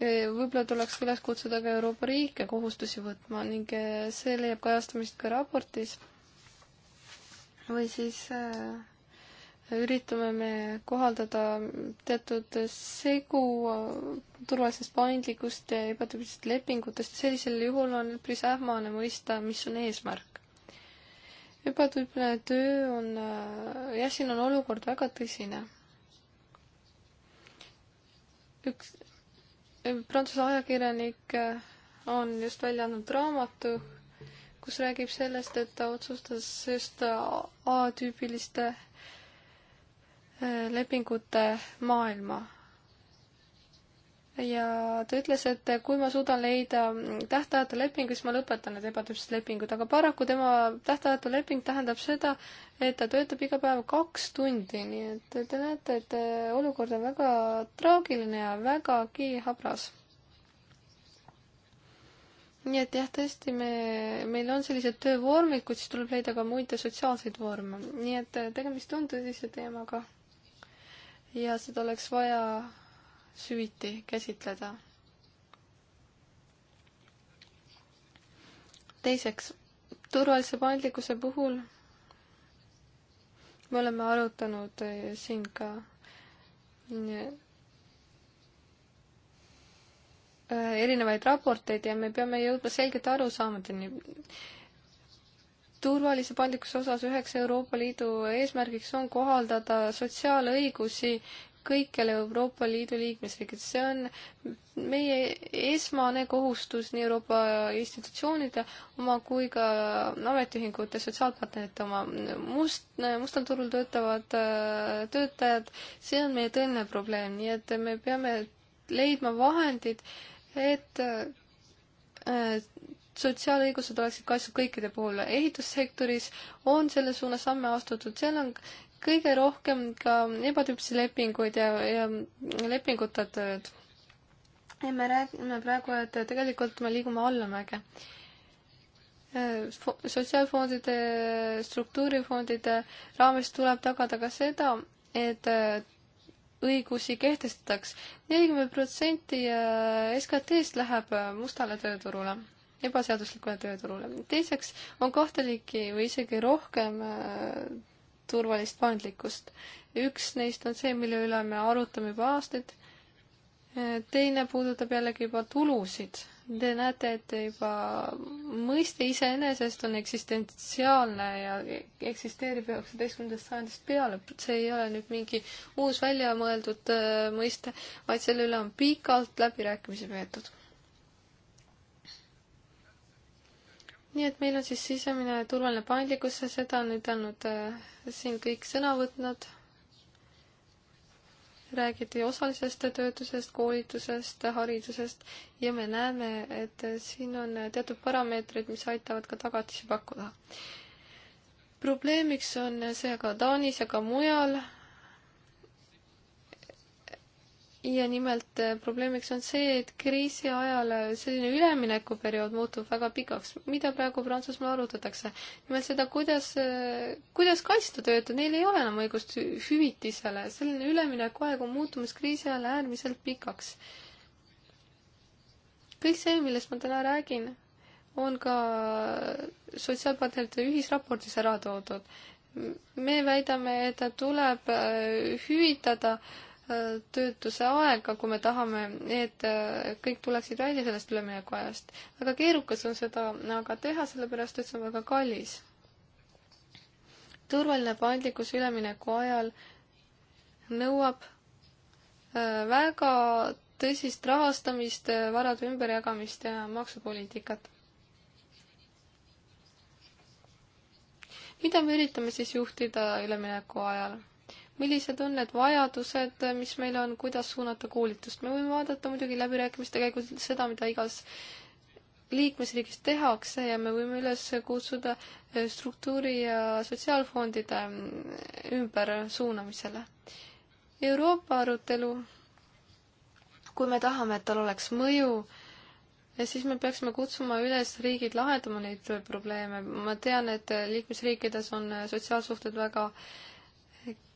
Eh, võib-olla tuleks üles kutsuda ka Euroopa riike kohustusi võtma ning eh, see leiab kajastamist ka raportis. või siis üritame me kohaldada teatud segu turvalisest paindlikkust ja ebatüüpilisest lepingutest, sellisel juhul on üpris ähmane mõista, mis on eesmärk ebatüüpiline töö on, äh, jah, siin on olukord väga tõsine. üks äh, Prantsuse ajakirjanik äh, on just välja andnud raamatu, kus räägib sellest, et ta otsustas just A-tüübiliste lepingute maailma ja ta ütles, et kui ma suudan leida tähtajatu lepingu, siis ma lõpetan need ebatüpsed lepingud, aga paraku tema tähtajatu leping tähendab seda, et ta töötab iga päev kaks tundi, nii et te näete, et olukord on väga traagiline ja vägagi habras. nii et jah, tõesti, me, meil on sellised töövormid, kuid siis tuleb leida ka muid sotsiaalseid vorme, nii et tegemist on tõsise teemaga. ja seda oleks vaja süviti käsitleda. teiseks, turvalise paindlikkuse puhul me oleme arutanud eh, siin ka eh, erinevaid raporteid ja me peame jõudma selgete arusaamadeni. turvalise paindlikkuse osas üheks Euroopa Liidu eesmärgiks on kohaldada sotsiaalõigusi kõikjal Euroopa Liidu liikmesriikides, see on meie esmane kohustus nii Euroopa institutsioonide oma kui ka ametiühingute sotsiaalpartnerite oma. must, mustal turul töötavad äh, töötajad, see on meie tõeline probleem, nii et me peame leidma vahendid, et äh, sotsiaalõigused oleksid kaitstud kõikide puhul. ehitussektoris on selle suunas samme astutud, seal on kõige rohkem ka ebatüüpsi lepinguid ja, ja lepinguta tööd. ja me räägime praegu, et tegelikult me liigume allamäge. sotsiaalfondide, struktuurifondide raames tuleb tagada ka seda, et õigusi kehtestataks. nelikümmend protsenti SKT-st läheb mustale tööturule, ebaseaduslikule tööturule. teiseks on kahte liiki või isegi rohkem turvalist paindlikkust. üks neist on see, mille üle me arutame juba aastaid. teine puudutab jällegi juba tulusid. Te näete, et juba mõiste iseenesest on eksistentsiaalne ja eksisteerib üheksateistkümnendast sajandist peale. see ei ole nüüd mingi uus väljamõeldud äh, mõiste, vaid selle üle on pikalt läbirääkimisi peetud nii et meil on siis sisemine turvaline paindlikkus ja seda on ütelnud äh, siin kõik sõna võtnud. räägiti osalisest töötusest, koolitusest, haridusest ja me näeme, et siin on teatud parameetrid, mis aitavad ka tagatisi pakkuda. probleemiks on see ka Taanis ja ka mujal ja nimelt äh, probleemiks on see, et kriisi ajal äh, selline üleminekuperiood muutub väga pikaks, mida praegu Prantsusmaal arutatakse. nimelt seda, kuidas, äh, kuidas kaitsta töötajaid, neil ei ole enam õigust hüvitisele, selline üleminekuaeg on muutumas kriisi ajal äärmiselt pikaks. kõik see, millest ma täna räägin, on ka sotsiaalpartnerite ühisraportis ära toodud. me väidame, et tuleb hüvitada äh, töötuse aega, kui me tahame, et äh, kõik tuleksid välja sellest üleminekuajast. väga keerukas on seda aga teha, sellepärast et see on väga kallis. turvaline paindlikkus ülemineku ajal nõuab äh, väga tõsist rahastamist, äh, varade ümberjagamist ja maksupoliitikat. mida me üritame siis juhtida ülemineku ajal? millised on need vajadused, mis meil on, kuidas suunata koolitust. me võime vaadata muidugi läbirääkimiste käigus seda, mida igas liikmesriigis tehakse ja me võime üles kutsuda eh, struktuuri- ja sotsiaalfondide mm, ümbersuunamisele. Euroopa arutelu, kui me tahame, et tal oleks mõju, ja siis me peaksime kutsuma üles riigid lahendama neid probleeme. ma tean, et liikmesriikides on eh, sotsiaalsuhted väga äh,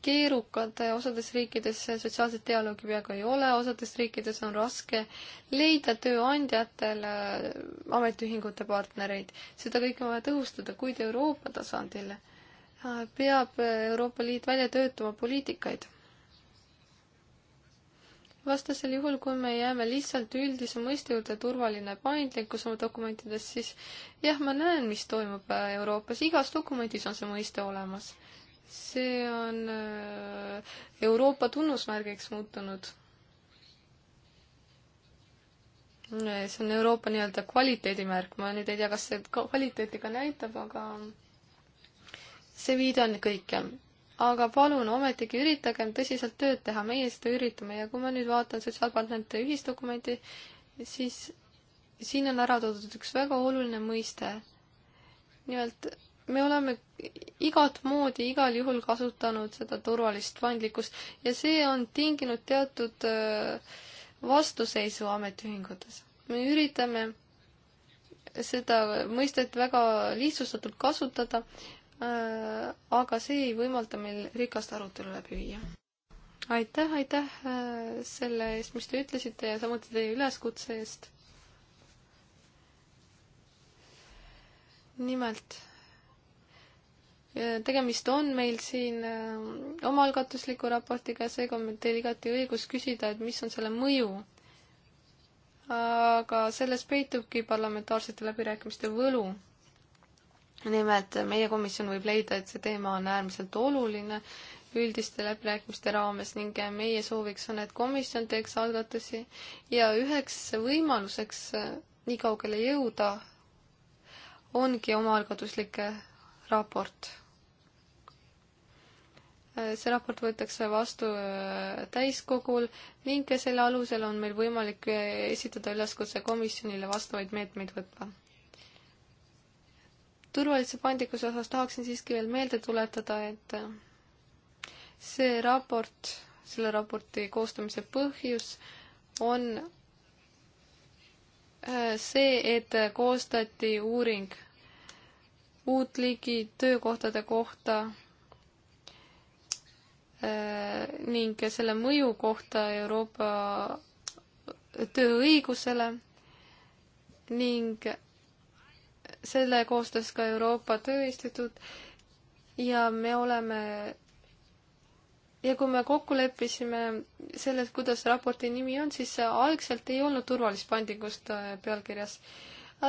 keerukad, osades riikides sotsiaalset dialoogi peaaegu ei ole, osades riikides on raske leida tööandjatel äh, ametiühingute partnereid. seda kõike on vaja tõhustada, kuid Euroopa tasandil äh, peab Euroopa Liit välja töötama poliitikaid. vastasel juhul, kui me jääme lihtsalt üldise mõiste juurde turvaline paindlikkus oma dokumentides, siis jah, ma näen, mis toimub äh, Euroopas, igas dokumendis on see mõiste olemas see on äh, Euroopa tunnusmärgiks muutunud. Äh, see on Euroopa nii-öelda kvaliteedimärk, ma nüüd ei tea, kas see kvaliteeti ka näitab, aga see viide on kõikjal aga palun ometigi üritagem tõsiselt tööd teha, meie seda üritame ja kui ma nüüd vaatan sotsiaalpartnerite ühisdokumenti, siis siin on ära toodud üks väga oluline mõiste. nimelt me oleme igat moodi igal juhul kasutanud seda turvalist paindlikkust ja see on tinginud teatud äh, vastuseisu ametiühingutes. me üritame seda mõistet väga lihtsustatult kasutada, äh, aga see ei võimalda meil rikast arutelu läbi viia. aitäh, aitäh äh, selle eest, mis te ütlesite ja samuti teie üleskutse eest. nimelt tegemist on meil siin äh, omaalgatusliku raportiga, seega on meil teil igati õigus küsida, et mis on selle mõju. aga selles peitubki parlamentaarsete läbirääkimiste võlu. nimelt meie komisjon võib leida, et see teema on äärmiselt oluline üldiste läbirääkimiste raames ning meie sooviks on, et komisjon teeks algatusi ja üheks võimaluseks äh, nii kaugele jõuda ongi omaalgatuslik äh, raport Äh, see raport võetakse vastu äh, täiskogul ning selle alusel on meil võimalik äh, esitada üleskutse komisjonile vastavaid meetmeid võtma. turvalise paindlikkuse osas tahaksin siiski veel meelde tuletada, et see raport, selle raporti koostamise põhjus on see, et koostati uuring uut liigi töökohtade kohta ning selle mõju kohta Euroopa tööõigusele ning selle koostas ka Euroopa Tööinstituut ja me oleme ja kui me kokku leppisime selles, kuidas raporti nimi on, siis algselt ei olnud turvalist pandingust äh, pealkirjas.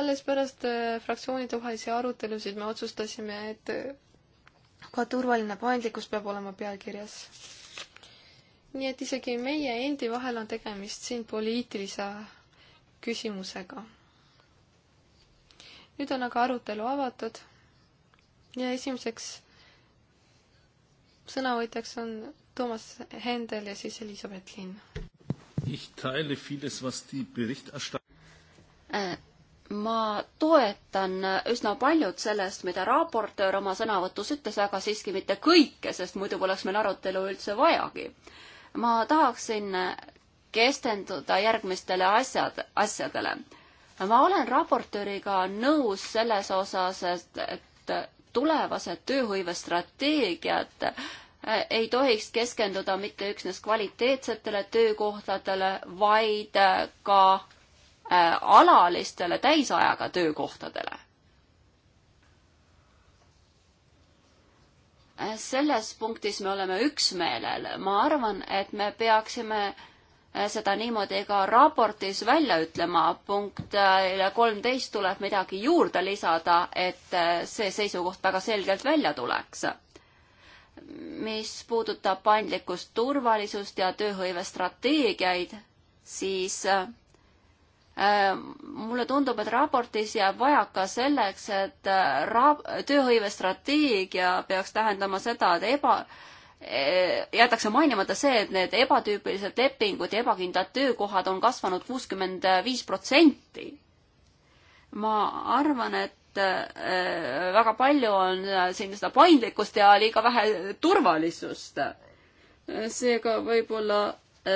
alles pärast äh, fraktsioonide vahelisi arutelusid me otsustasime, et ka turvaline paindlikkus peab olema pealkirjas. nii et isegi meie endi vahel on tegemist siin poliitilise küsimusega. nüüd on aga arutelu avatud ja esimeseks sõnavõtjaks on Toomas Hendel ja siis Elizabeth Linn. Ich teile vieles, was die Berichterstatter äh, ma toetan üsna paljut sellest, mida raportöör oma sõnavõtus ütles, aga siiski mitte kõike, sest muidu poleks meil arutelu üldse vajagi. ma tahaksin keskenduda järgmistele asjad, asjadele. ma olen raportööriga nõus selles osas, et, et tulevased tööhõivestrateegiad äh, ei tohiks keskenduda mitte üksnes kvaliteetsetele töökohtadele, vaid äh, ka Äh, alalistele täisajaga töökohtadele. Äh, selles punktis me oleme üksmeelel, ma arvan, et me peaksime äh, seda niimoodi ka raportis välja ütlema, punktile kolmteist tuleb midagi juurde lisada, et see seisukoht väga selgelt välja tuleks. mis puudutab paindlikkust, turvalisust ja tööhõivestrateegiaid, siis Äh, mulle tundub, et raportis jääb vajaka selleks, et äh, raab-, tööhõivestrateegia peaks tähendama seda, et eba, äh, jäetakse mainimata see, et need ebatüüpilised lepingud ja ebakindlad töökohad on kasvanud kuuskümmend viis protsenti. ma arvan, et väga palju on siin seda paindlikkust ja liiga vähe turvalisust. seega võib-olla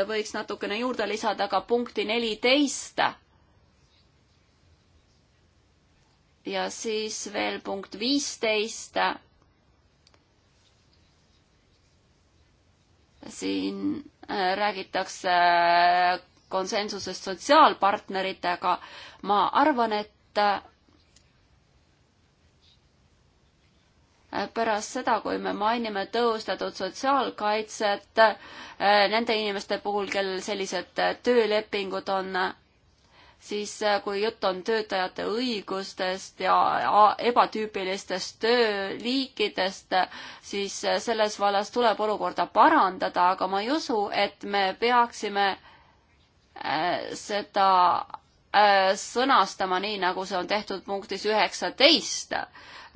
võiks natukene juurde lisada ka punkti neliteist ja siis veel punkt viisteist. siin äh, räägitakse äh, konsensusest sotsiaalpartneritega. ma arvan, et äh, pärast seda, kui me mainime tõhustatud sotsiaalkaitset nende inimeste puhul, kellel sellised töölepingud on siis äh, kui jutt on töötajate õigustest ja ebatüüpilistest tööliikidest, siis äh, selles vallas tuleb olukorda parandada, aga ma ei usu, et me peaksime äh, seda sõnastama nii, nagu see on tehtud punktis üheksateist.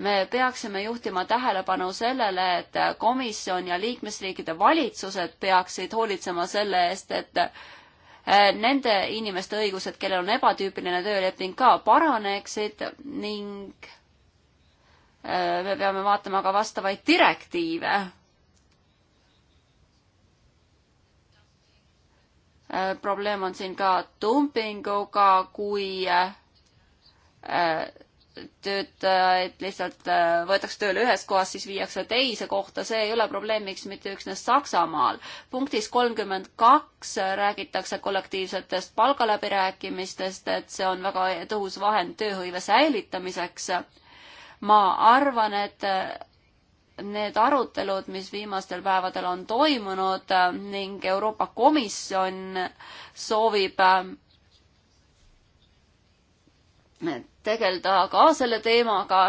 me peaksime juhtima tähelepanu sellele, et komisjon ja liikmesriikide valitsused peaksid hoolitsema selle eest, et Äh, nende inimeste õigused, kellel on ebatüüpiline tööleping ka paraneksid ning äh, me peame vaatama ka vastavaid direktiive. Äh, probleem on siin ka dumpinguga, kui töötajaid lihtsalt äh, võetakse tööle ühes kohas, siis viiakse teise kohta, see ei ole probleemiks mitte üksnes Saksamaal. punktis kolmkümmend kaks räägitakse kollektiivsetest palgaläbirääkimistest, et see on väga tõhus vahend tööhõive säilitamiseks. ma arvan, et äh, need arutelud, mis viimastel päevadel on toimunud äh, ning Euroopa Komisjon soovib tegeleda ka selle teemaga.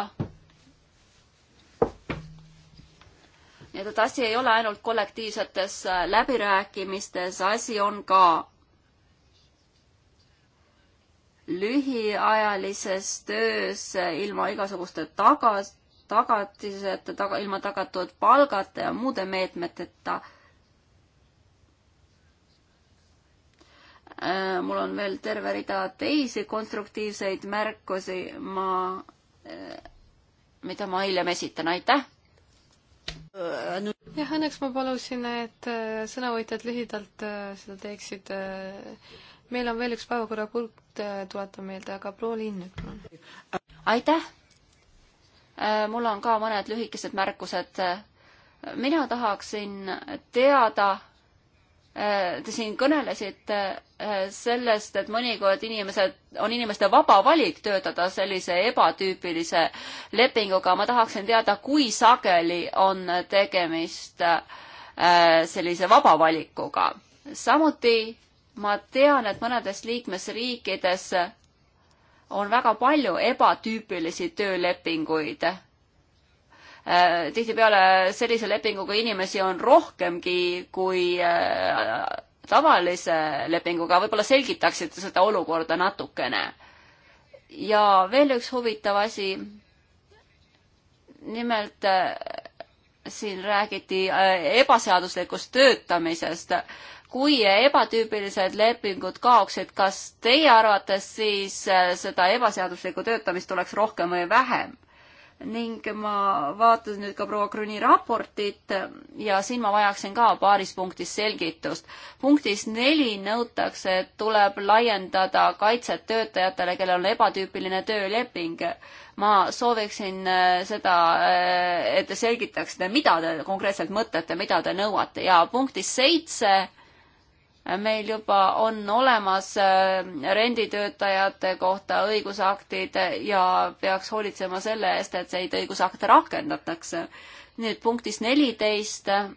nii et, et asi ei ole ainult kollektiivsetes äh, läbirääkimistes, asi on ka lühiajalises töös äh, ilma igasuguste tagas-, tagatiseta, taga, ilma tagatud palgata ja muude meetmeteta Äh, mul on veel terve rida teisi konstruktiivseid märkusi, ma, äh, mida ma hiljem esitan, aitäh! jah, õnneks ma palusin, et äh, sõnavõtjad lühidalt seda teeksid. meil on veel üks päevakorrapunkt, tuletan meelde, aga proua Linn nüüd palun. aitäh! mul on ka mõned lühikesed märkused. mina tahaksin teada, Äh, te siin kõnelesite äh, sellest, et mõnikord inimesed, on inimeste vaba valik töötada sellise ebatüüpilise lepinguga. ma tahaksin teada, kui sageli on tegemist äh, sellise vaba valikuga. samuti ma tean, et mõnedes liikmesriikides on väga palju ebatüüpilisi töölepinguid Äh, tihtipeale sellise lepinguga inimesi on rohkemgi kui äh, tavalise lepinguga, võib-olla selgitaksite seda olukorda natukene. ja veel üks huvitav asi. nimelt äh, siin räägiti ebaseaduslikust töötamisest. kui ebatüüpilised lepingud kaoksid, kas teie arvates siis seda ebaseaduslikku töötamist oleks rohkem või vähem? ning ma vaatan nüüd ka proua Krüni raportit ja siin ma vajaksin ka paaris punktis selgitust. punktis neli nõutakse, et tuleb laiendada kaitset töötajatele, kellel on ebatüüpiline tööleping. ma sooviksin äh, seda, äh, et te selgitaksite, mida te konkreetselt mõtlete, mida te nõuate ja punktis seitse 7 meil juba on olemas äh, renditöötajate kohta õigusaktid ja peaks hoolitsema selle eest, et neid õigusakte rakendatakse. nüüd punktis neliteist, äh,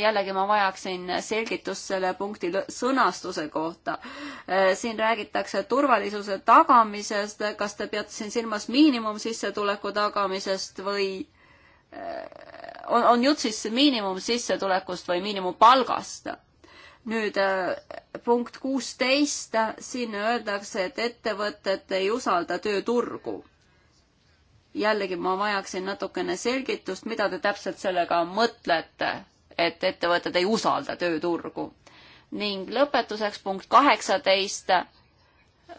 jällegi ma vajaksin selgitust selle punkti sõnastuse kohta. Äh, siin räägitakse turvalisuse tagamisest, kas te peate siin silmas miinimumsissetuleku tagamisest või on, on jutt siis miinimumsissetulekust või miinimumpalgast? nüüd äh, punkt kuusteist, siin öeldakse, et ettevõtted ei usalda tööturgu. jällegi ma vajaksin natukene selgitust, mida te täpselt sellega mõtlete, et ettevõtted ei usalda tööturgu. ning lõpetuseks punkt kaheksateist.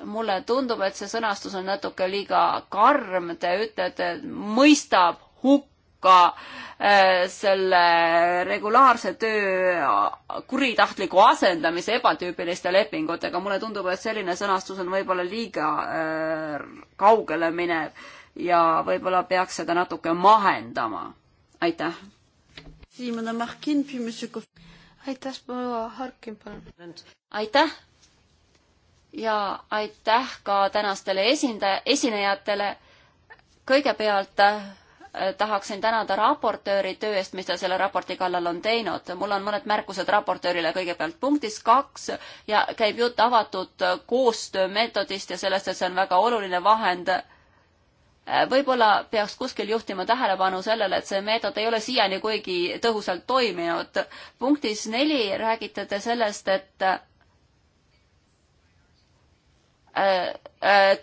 mulle tundub, et see sõnastus on natuke liiga karm, te ütlete, mõistab hukka hukka äh, selle regulaarse töö kuritahtliku asendamise ebatüüpiliste lepingutega. mulle tundub, et selline sõnastus on võib-olla liiga äh, kaugele minev ja võib-olla peaks seda natuke mahendama. aitäh. aitäh, proua Harkin, palun. aitäh ja aitäh ka tänastele esindaja, esinejatele. kõigepealt äh, Äh, tahaksin tänada raportööri töö eest, mis ta selle raporti kallal on teinud. mul on mõned märkused raportöörile kõigepealt. punktis kaks ja käib jutt avatud koostöömeetodist ja sellest, et see on väga oluline vahend äh, võib-olla peaks kuskil juhtima tähelepanu sellele, et see meetod ei ole siiani kuigi tõhusalt toiminud. punktis neli räägite te sellest, et äh,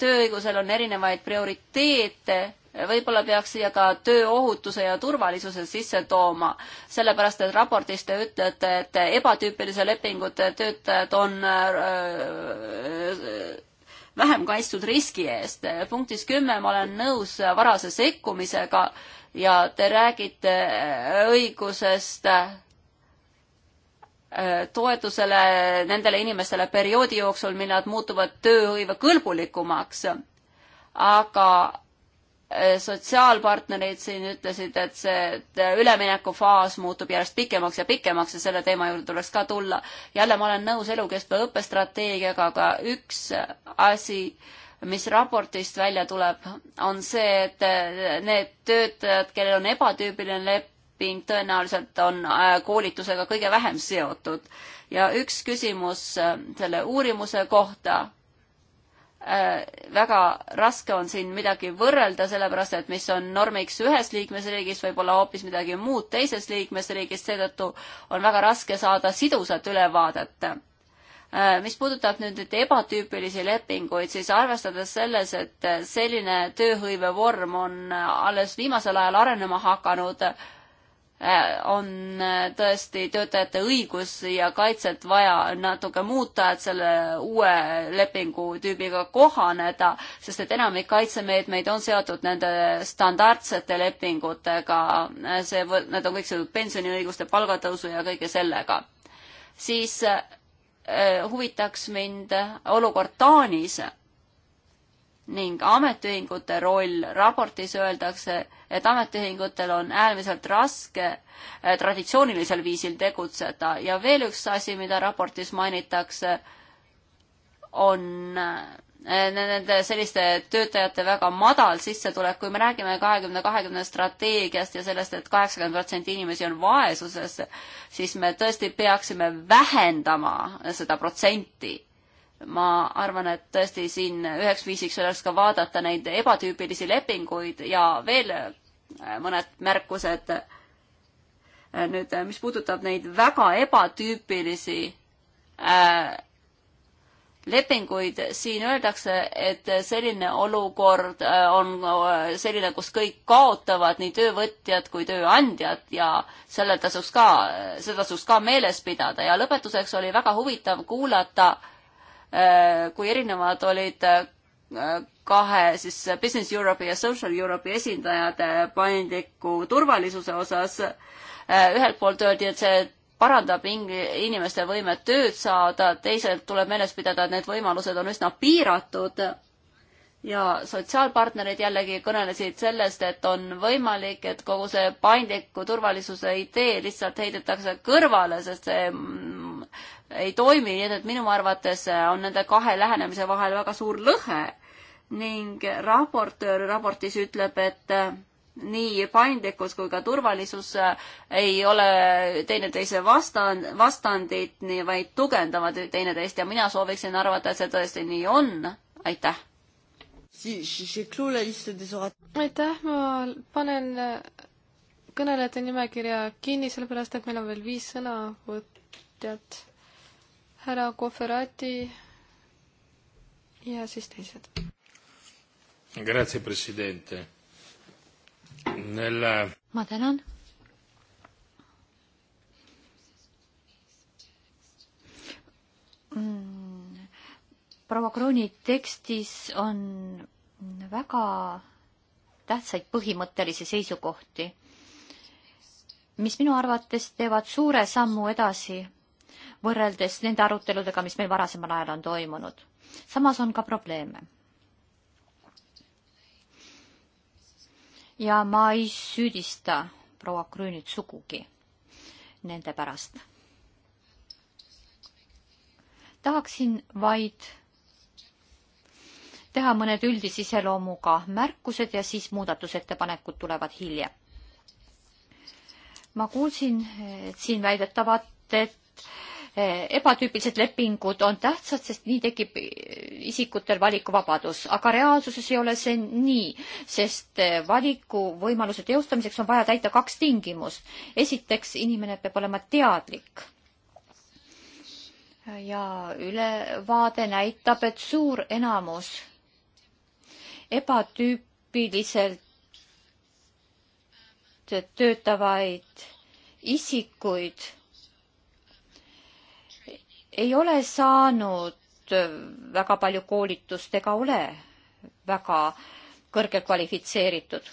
tööõigusel on erinevaid prioriteete võib-olla peaks siia ka tööohutuse ja turvalisuse sisse tooma, sellepärast et raportis te ütlete, et ebatüüpilise lepingute töötajad on äh, vähem kaitstud riski eest. punktis kümme ma olen nõus varase sekkumisega ja te räägite äh, õigusest äh, toetusele nendele inimestele perioodi jooksul, mil nad muutuvad tööhõive kõlbulikumaks. aga Äh, sotsiaalpartnerid siin ütlesid, et see üleminekufaas muutub järjest pikemaks ja pikemaks ja selle teema juurde tuleks ka tulla. jälle ma olen nõus elukestva õppestrateegiaga, aga üks asi, mis raportist välja tuleb, on see, et äh, need töötajad, kellel on ebatüüpiline leping, tõenäoliselt on äh, koolitusega kõige vähem seotud. ja üks küsimus selle uurimuse kohta Äh, väga raske on siin midagi võrrelda, sellepärast et mis on normiks ühes liikmesriigis, võib olla hoopis midagi muud teises liikmesriigis, seetõttu on väga raske saada sidusat ülevaadet. Äh, mis puudutab nüüd neid ebatüüpilisi lepinguid, siis arvestades selles, et selline tööhõivevorm on alles viimasel ajal arenema hakanud, Äh, on äh, tõesti töötajate õigusi ja kaitset vaja natuke muuta, et selle uue lepingutüübiga kohaneda, sest et enamik kaitsemeetmeid on seotud nende standardsete lepingutega, äh, see, need on kõik seotud pensioniõiguste, palgatõusu ja kõige sellega. siis huvitaks mind olukord Taanis ning ametiühingute roll. raportis öeldakse, et ametiühingutel on äärmiselt raske eh, traditsioonilisel viisil tegutseda ja veel üks asi, mida raportis mainitakse, on eh, nende selliste töötajate väga madal sissetulek, kui me räägime kahekümne kahekümne strateegiast ja sellest et, et kaheksakümmend protsenti inimesi on vaesuses, siis me tõesti peaksime vähendama seda protsenti ma arvan, et tõesti siin üheks viisiks oleks ka vaadata neid ebatüüpilisi lepinguid ja veel äh, mõned märkused. Äh, nüüd, äh, mis puudutab neid väga ebatüüpilisi äh, lepinguid, siin öeldakse, et selline olukord on selline, kus kõik kaotavad, nii töövõtjad kui tööandjad ja selle tasuks ka, seda tasuks ka meeles pidada ja lõpetuseks oli väga huvitav kuulata äh, Äh, kui erinevad olid äh, kahe siis Business Europe'i ja Social Europe'i esindajad äh, paindliku turvalisuse osas. ühelt poolt öeldi, et see parandab inimeste võimet tööd saada, teisalt tuleb meeles pidada, et need võimalused on üsna piiratud ja sotsiaalpartnerid jällegi kõnelesid sellest, et on võimalik, et kogu see paindliku turvalisuse idee lihtsalt heidetakse kõrvale, sest see ei toimi, nii et minu arvates äh, on nende kahe lähenemise vahel väga suur lõhe ning raportöör raportis ütleb, et äh, nii paindlikkus kui ka turvalisus äh, ei ole teineteise vastand, vastandid, nii vaid tugevdavad teineteist ja mina sooviksin arvata, et see tõesti nii on. aitäh. aitäh, ma panen kõnelejate nimekirja kinni, sellepärast et meil on veel viis sõnavõtjat härra Koferati ja siis teised. Grazie, president. Nella... ma tänan. Mm, proua Krooni tekstis on väga tähtsaid põhimõttelisi seisukohti, mis minu arvates teevad suure sammu edasi võrreldes nende aruteludega, mis meil varasemal ajal on toimunud. samas on ka probleeme. ja ma ei süüdista proua Krüünit sugugi nende pärast. tahaksin vaid teha mõned üldise iseloomuga märkused ja siis muudatusettepanekud tulevad hiljem. ma kuulsin, et siin väidetavat, et Eh, ebatüüpilised lepingud on tähtsad, sest nii tekib eh, isikutel valikuvabadus, aga reaalsuses ei ole see nii, sest eh, valikuvõimaluse teostamiseks on vaja täita kaks tingimust. esiteks, inimene peab olema teadlik ja ülevaade näitab, et suur enamus ebatüüpiliselt töötavaid isikuid ei ole saanud väga palju koolitust ega ole väga kõrge kvalifitseeritud.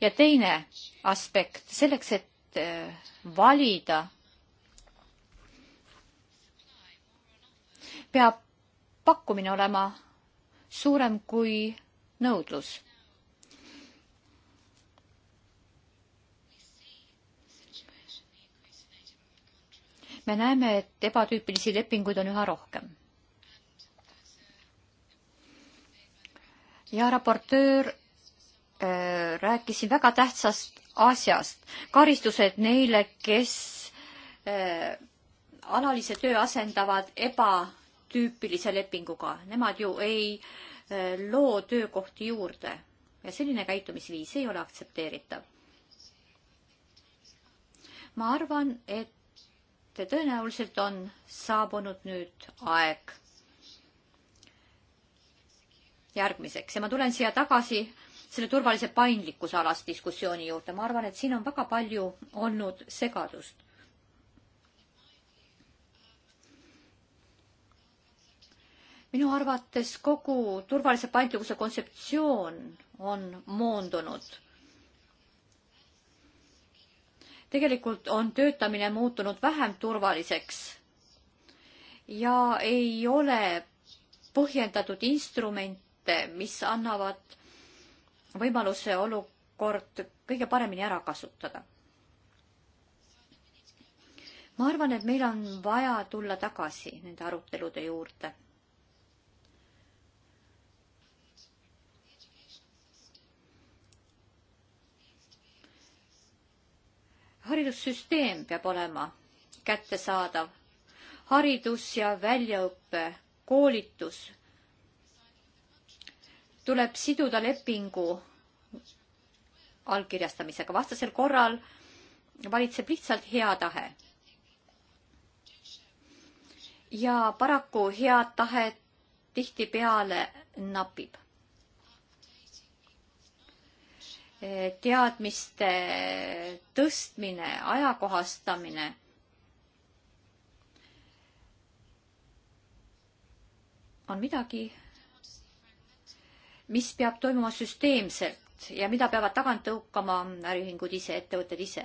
ja teine aspekt, selleks, et äh, valida, peab pakkumine olema suurem kui nõudlus me näeme, et ebatüüpilisi lepinguid on üha rohkem. ja raportöör äh, rääkis siin väga tähtsast asjast, karistused neile, kes äh, alalise töö asendavad ebatüüpilise lepinguga, nemad ju ei äh, loo töökohti juurde ja selline käitumisviis ei ole aktsepteeritav. ma arvan, et et tõenäoliselt on saabunud nüüd aeg järgmiseks ja ma tulen siia tagasi selle turvalise paindlikkuse alast diskussiooni juurde. ma arvan, et siin on väga palju olnud segadust. minu arvates kogu turvalise paindlikkuse kontseptsioon on moondunud tegelikult on töötamine muutunud vähem turvaliseks ja ei ole põhjendatud instrumente, mis annavad võimaluse olukord kõige paremini ära kasutada. ma arvan, et meil on vaja tulla tagasi nende arutelude juurde haridussüsteem peab olema kättesaadav. haridus ja väljaõpe, koolitus tuleb siduda lepingu allkirjastamisega, vastasel korral valitseb lihtsalt hea tahe. ja paraku head tahet tihtipeale napib teadmiste tõstmine, ajakohastamine. on midagi, mis peab toimuma süsteemselt ja mida peavad tagant tõukama äriühingud ise, ettevõtted ise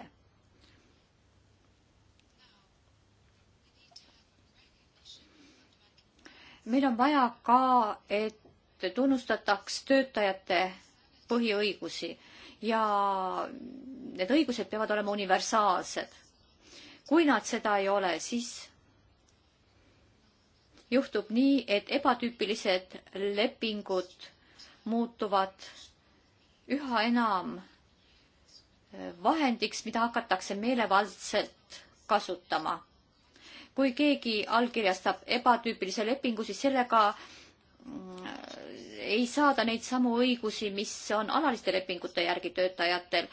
meil on vaja ka, et tunnustataks töötajate põhiõigusi ja need õigused peavad olema universaalsed. kui nad seda ei ole, siis juhtub nii, et ebatüüpilised lepingud muutuvad üha enam eh, vahendiks, mida hakatakse meelevaldselt kasutama. kui keegi allkirjastab ebatüüpilise lepingu, siis sellega mm, ei saada neid samu õigusi, mis on alaliste lepingute järgi töötajatel.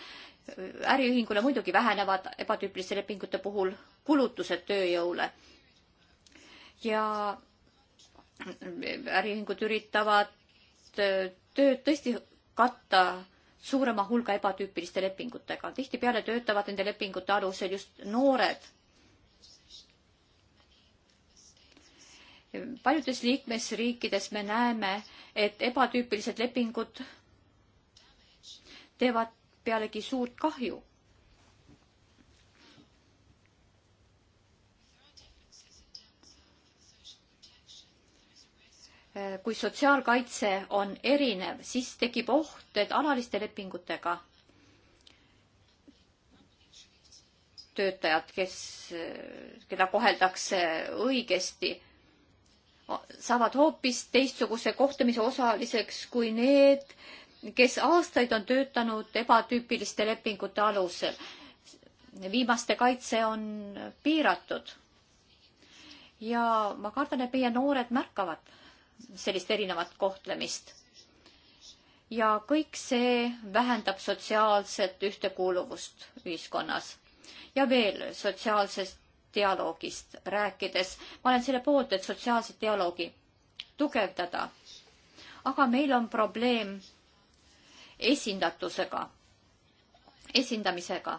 äriühingule muidugi vähenevad ebatüüpiliste lepingute puhul kulutused tööjõule. ja äriühingud üritavad äh, tööd tõesti katta suurema hulga ebatüüpiliste lepingutega. tihtipeale töötavad nende lepingute alusel just noored paljudes liikmesriikides me näeme, et ebatüüpilised lepingud teevad pealegi suurt kahju. kui sotsiaalkaitse on erinev, siis tekib oht, et alaliste lepingutega töötajad, kes, keda koheldakse õigesti saavad hoopis teistsuguse kohtlemise osaliseks kui need, kes aastaid on töötanud ebatüüpiliste lepingute alusel. viimaste kaitse on piiratud. ja ma kardan, et meie noored märkavad sellist erinevat kohtlemist. ja kõik see vähendab sotsiaalset ühtekuuluvust ühiskonnas. ja veel sotsiaalsest dialoogist rääkides. ma olen selle poolt, et sotsiaalset dialoogi tugevdada. aga meil on probleem esindatusega, esindamisega.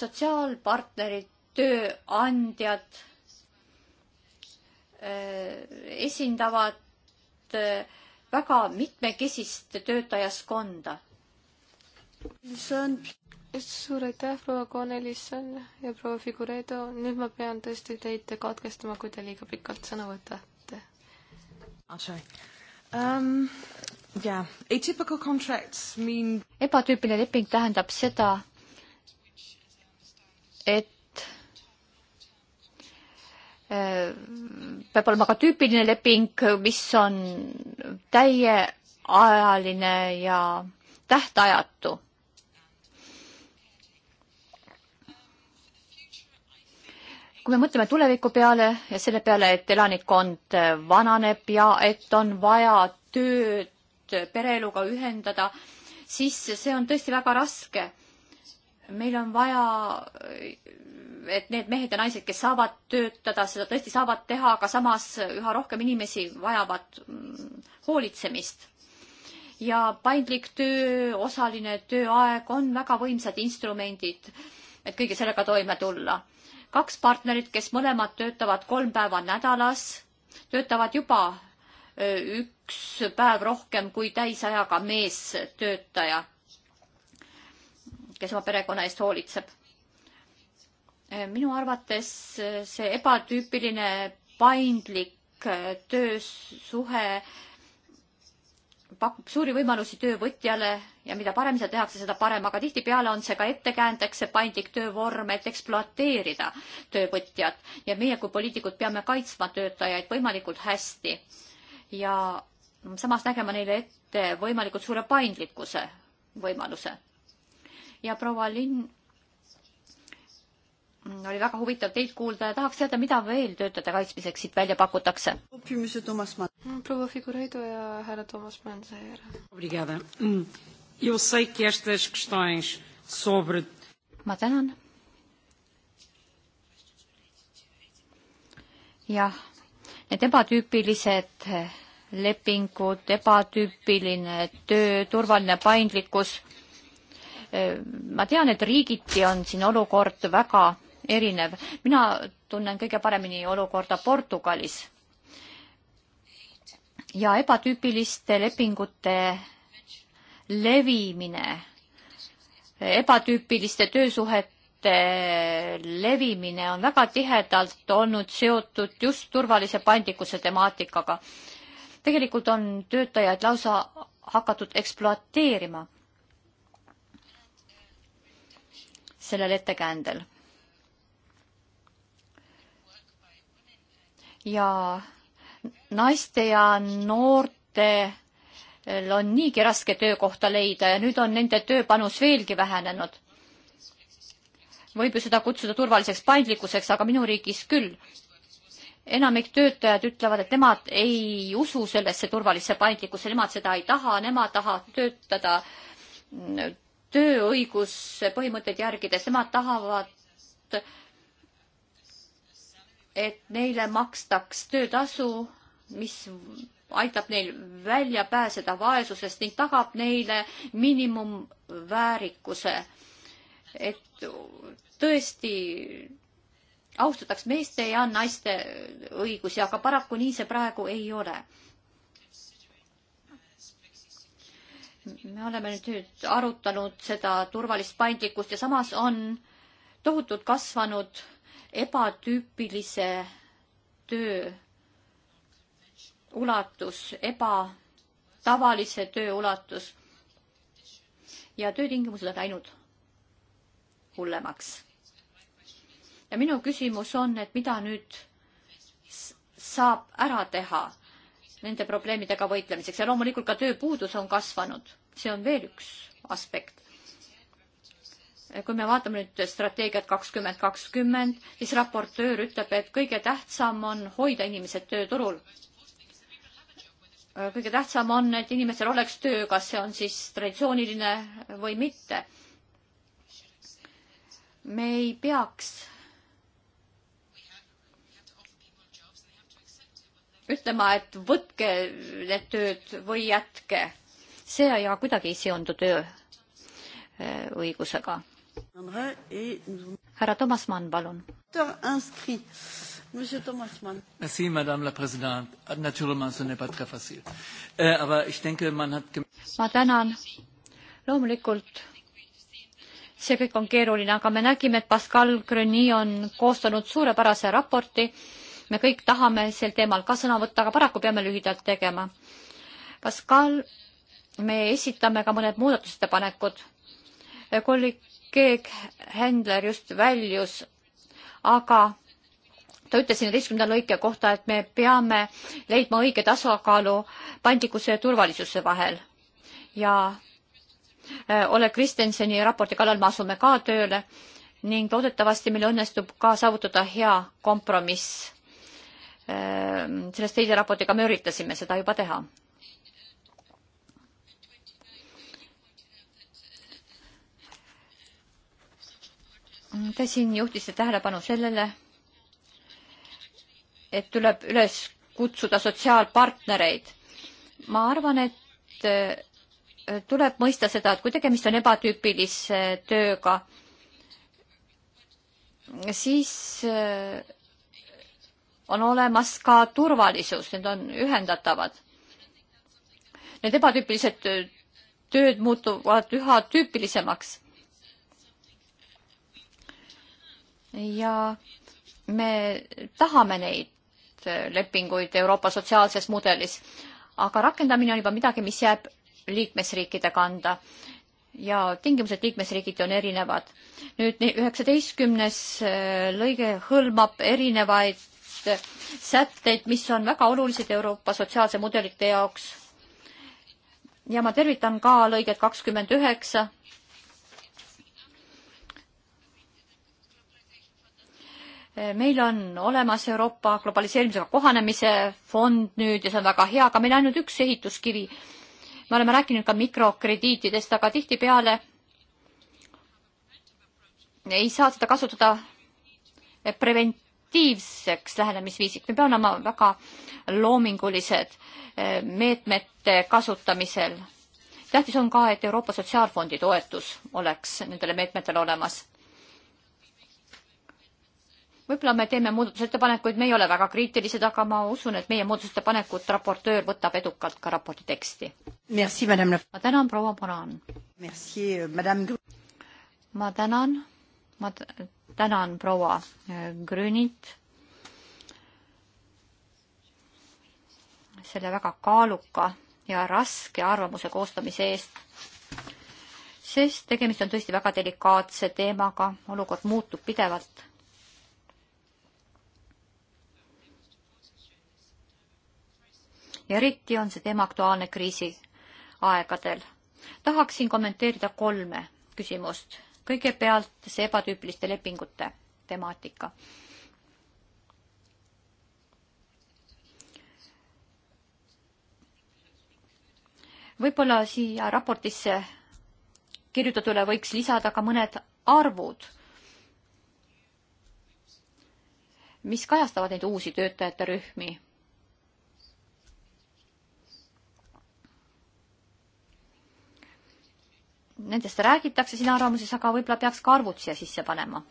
sotsiaalpartnerid, tööandjad eh, esindavad eh, väga mitmekesist töötajaskonda suur aitäh, proua Konelisson ja proua Figuredo, nüüd ma pean tõesti teid katkestama, kui te liiga pikalt sõna võtate. Ah, um, yeah. mean... ebatüüpiline leping tähendab seda, et äh, peab olema ka tüüpiline leping, mis on täieajaline ja tähtajatu kui me mõtleme tuleviku peale ja selle peale, et elanikkond vananeb ja et on vaja tööd pereeluga ühendada, siis see on tõesti väga raske. meil on vaja, et need mehed ja naised, kes saavad töötada, seda tõesti saavad teha, aga samas üha rohkem inimesi vajavad mm, hoolitsemist. ja paindlik töö, osaline tööaeg on väga võimsad instrumendid, et kõige sellega toime tulla kaks partnerit, kes mõlemad töötavad kolm päeva nädalas, töötavad juba üks päev rohkem kui täisajaga meestöötaja, kes oma perekonna eest hoolitseb. minu arvates see ebatüüpiline paindlik töösuhe pakub suuri võimalusi töövõtjale ja mida parem seda tehakse, seda parem, aga tihtipeale on see ka ettekäändeks, see paindlik töövorm, et ekspluateerida töövõtjat ja meie kui poliitikud peame kaitsma töötajaid võimalikult hästi ja samas nägema neile ette võimalikult suure paindlikkuse võimaluse. ja proua Linn oli väga huvitav teid kuulda ja tahaks teada, mida veel töötajate kaitsmiseks siit välja pakutakse. Mm, proua Figureido ja härra Toomas Mann mm, seejärel. ma tänan. jah, need ebatüüpilised lepingud, ebatüüpiline töö, turvaline paindlikkus äh, ma tean, et riigiti on siin olukord väga erinev. mina tunnen kõige paremini olukorda Portugalis. ja ebatüüpiliste lepingute levimine, ebatüüpiliste töösuhete levimine on väga tihedalt olnud seotud just turvalise paindlikkuse temaatikaga. tegelikult on töötajaid lausa hakatud ekspluateerima sellel ettekäändel. ja naiste ja noortel on niigi raske töökohta leida ja nüüd on nende tööpanus veelgi vähenenud. võib ju seda kutsuda turvaliseks paindlikkuseks, aga minu riigis küll. enamik töötajad ütlevad, et nemad ei usu sellesse turvalisse paindlikkusse, nemad seda ei taha, nemad tahavad töötada mm, tööõiguse põhimõtteid järgides, nemad tahavad et neile makstaks töötasu, mis aitab neil välja pääseda vaesusest ning tagab neile miinimumväärikuse. et tõesti austataks meeste ja naiste õigusi, aga paraku nii see praegu ei ole. me oleme nüüd arutanud seda turvalist paindlikkust ja samas on tohutult kasvanud äh, ebatüüpilise töö ulatus, ebatavalise töö ulatus ja töötingimused on läinud hullemaks. ja minu küsimus on, et mida nüüd saab ära teha nende probleemidega võitlemiseks ja loomulikult ka tööpuudus on kasvanud, see on veel üks aspekt kui me vaatame nüüd strateegiat kakskümmend kakskümmend, siis raportöör ütleb, et kõige tähtsam on hoida inimesed tööturul. kõige tähtsam on, et inimesel oleks töö, kas see on siis traditsiooniline või mitte. me ei peaks ütlema, et võtke need tööd või jätke. see ja kuidagi ei seondu töö äh, õigusega härra Toomas Mann, palun. Monsieur Thomas Mann. Merci, Madame la Présidente. Naturellement, ce n'est pas très facile. Euh, aber ich denke, man hat... Ma tänan. Loomulikult see kõik on keeruline, aga me nägime, et Pascal Gröni on koostanud suurepärase raporti. Me kõik tahame sel teemal ka sõna võtta, aga paraku peame lühidalt tegema. Pascal, me esitame ka mõned muudatustepanekud. Kollik Keeg Händler just väljus, aga ta ütles neljateistkümnenda lõike kohta, et me peame leidma õige tasakaalu paindlikkuse ja turvalisuse vahel. ja äh, Ole Kristenseni raporti kallal me asume ka tööle ning loodetavasti meil õnnestub ka saavutada hea kompromiss. Äh, sellest teise raportiga me üritasime seda juba teha Te siin juhtisite tähelepanu sellele, et tuleb üles kutsuda sotsiaalpartnereid. ma arvan, et äh, tuleb mõista seda, et kui tegemist on ebatüüpilise tööga, siis äh, on olemas ka turvalisus, need on ühendatavad. Need ebatüüpilised äh, tööd muutuvad üha tüüpilisemaks ja me tahame neid äh, lepinguid Euroopa sotsiaalses mudelis, aga rakendamine on juba midagi, mis jääb liikmesriikide kanda ja tingimused liikmesriigiti on erinevad. nüüd üheksateistkümnes äh, lõige hõlmab erinevaid äh, sätteid, mis on väga olulised Euroopa sotsiaalse mudelite jaoks. ja ma tervitan ka lõiget kakskümmend üheksa meil on olemas Euroopa globaliseerimisega kohanemise fond nüüd ja see on väga hea, aga meil on ainult üks ehituskivi. me oleme rääkinud ka mikrokrediitidest, aga tihtipeale ei saa seda kasutada preventiivseks lähenemisviisiks, me peame olema väga loomingulised eh, meetmete kasutamisel. tähtis on ka, et Euroopa Sotsiaalfondi toetus oleks nendele meetmetele olemas võib-olla me teeme muudatusettepanekuid, me ei ole väga kriitilised, aga ma usun, et meie muudatusettepanekut raportöör võtab edukalt ka raporti teksti. ma tänan, proua Moran. Euh, ma tänan, ma tänan proua äh, Grünit selle väga kaaluka ja raske arvamuse koostamise eest, sest tegemist on tõesti väga delikaatse teemaga, olukord muutub pidevalt eriti on see teema aktuaalne kriisiaegadel. tahaksin kommenteerida kolme küsimust. kõigepealt see ebatüüpiliste lepingute temaatika. võib-olla siia raportisse kirjutatule võiks lisada ka mõned arvud, mis kajastavad neid uusi töötajate rühmi nendest räägitakse siin arvamuses, aga võib-olla peaks ka arvud siia sisse panema.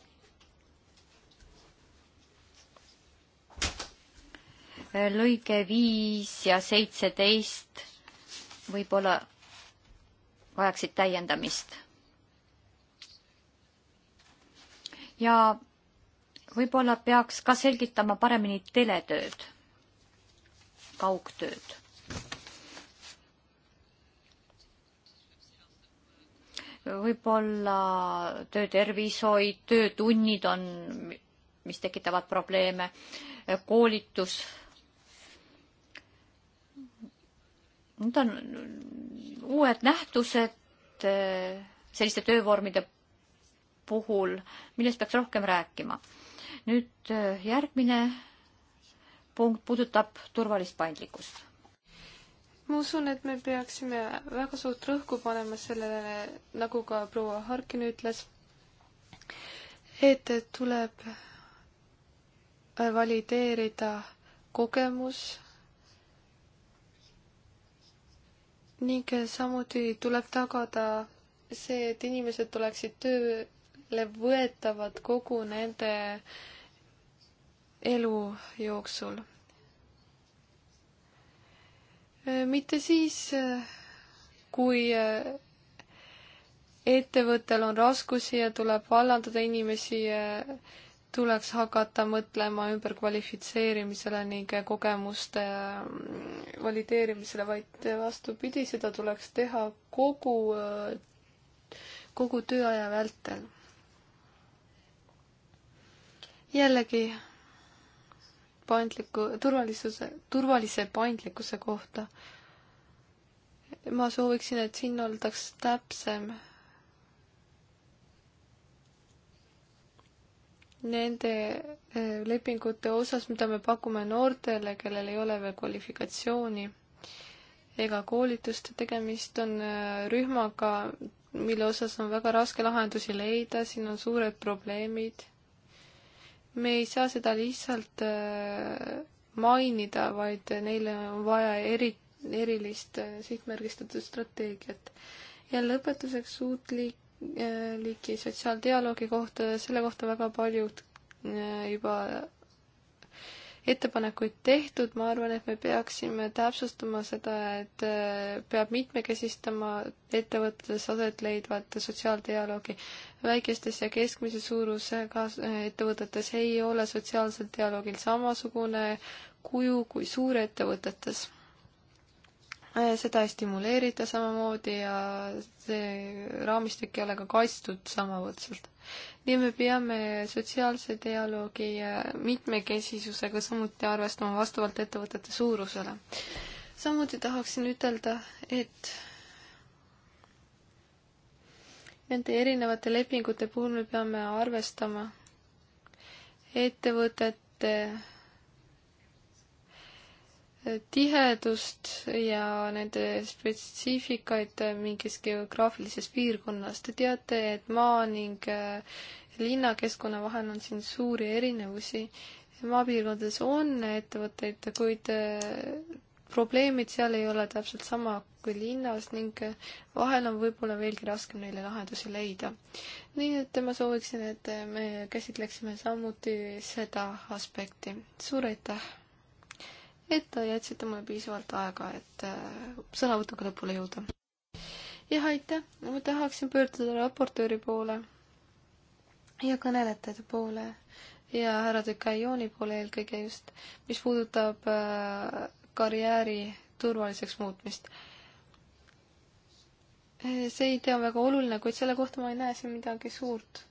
lõige viis ja seitseteist võib-olla vajaksid täiendamist. ja võib-olla peaks ka selgitama paremini teletööd, kaugtööd võib-olla töötervishoid, töötunnid on, mis tekitavad probleeme, koolitus. Need on uued nähtused eh, selliste töövormide puhul, millest peaks rohkem rääkima. nüüd eh, järgmine punkt puudutab turvalist paindlikkust ma usun, et me peaksime väga suurt rõhku panema sellele, nagu ka proua Harkin ütles, et tuleb valideerida kogemus ning samuti tuleb tagada see, et inimesed oleksid tööle võetavad kogu nende elu jooksul. Äh, mitte siis, äh, kui äh, ettevõttel on raskusi ja tuleb vallandada inimesi, tuleks hakata mõtlema ümberkvalifitseerimisele ning kogemuste valideerimisele, vaid vastupidi, seda tuleks teha kogu, kogu tööaja vältel. jällegi paindliku, turvalisuse, turvalise paindlikkuse kohta. ma sooviksin, et siin oldaks täpsem. Nende eh, lepingute osas, mida me pakume noortele, kellel ei ole veel kvalifikatsiooni ega koolitust, tegemist on eh, rühmaga, mille osas on väga raske lahendusi leida, siin on suured probleemid me ei saa seda lihtsalt äh, mainida, vaid neile on vaja eri, erilist äh, sihtmärgistatud strateegiat. ja lõpetuseks uut liik-, äh, liiki sotsiaaldialoogi kohta, selle kohta väga paljud juba ettepanekuid tehtud, ma arvan, et me peaksime täpsustama seda, et äh, peab mitmekesistama ettevõttes aset leidvat sotsiaaldialoogi. väikestes ja keskmise suurusega äh, ettevõtetes ei ole sotsiaalsel dialoogil samasugune kuju kui suurettevõtetes Äh, seda ei stimuleerita samamoodi ja see raamistik ei ole ka kaitstud samavõrdselt. nii me peame sotsiaalse dialoogi mitmekesisusega samuti arvestama vastavalt ettevõtete suurusele. samuti tahaksin ütelda, et nende erinevate lepingute puhul me peame arvestama ettevõtete tihedust ja nende spetsiifikaid mingis geograafilises piirkonnas. Te teate, et maa ning äh, linnakeskkonna vahel on siin suuri erinevusi. maapiirkondades on ettevõtteid, kuid äh, probleemid seal ei ole täpselt sama kui linnas ning äh, vahel on võib-olla veelgi raskem neile lahendusi leida. nii et ma sooviksin, et me käsitleksime samuti seda aspekti. suur aitäh! et te jätsite mulle piisavalt aega, et äh, sõnavõtuga lõpule jõuda. jah, aitäh, ma tahaksin pöörduda raportööri poole ja kõneletajate poole ja härra Tükaioni poole eelkõige just, mis puudutab äh, karjääri turvaliseks muutmist. Äh, see idee on väga oluline, kuid selle kohta ma ei näe siin midagi suurt.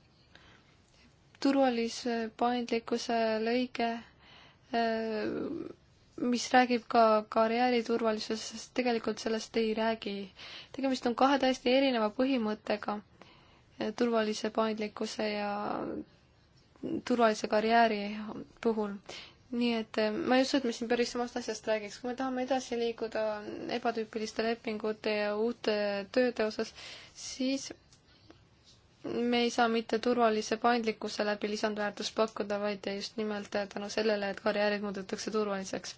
turvalise paindlikkuse lõige mis räägib ka karjääri turvalisusest, tegelikult sellest ei räägi. tegemist on kahe täiesti erineva põhimõttega, eh, turvalise paindlikkuse ja turvalise karjääri puhul. nii et eh, ma ei usu, et me siin päris samast asjast räägiks, kui me tahame edasi liikuda ebatüüpiliste lepingute ja uute tööde osas, siis me ei saa mitte turvalise paindlikkuse läbi lisandväärtust pakkuda, vaid just nimelt tänu sellele, et karjäärid muudetakse turvaliseks.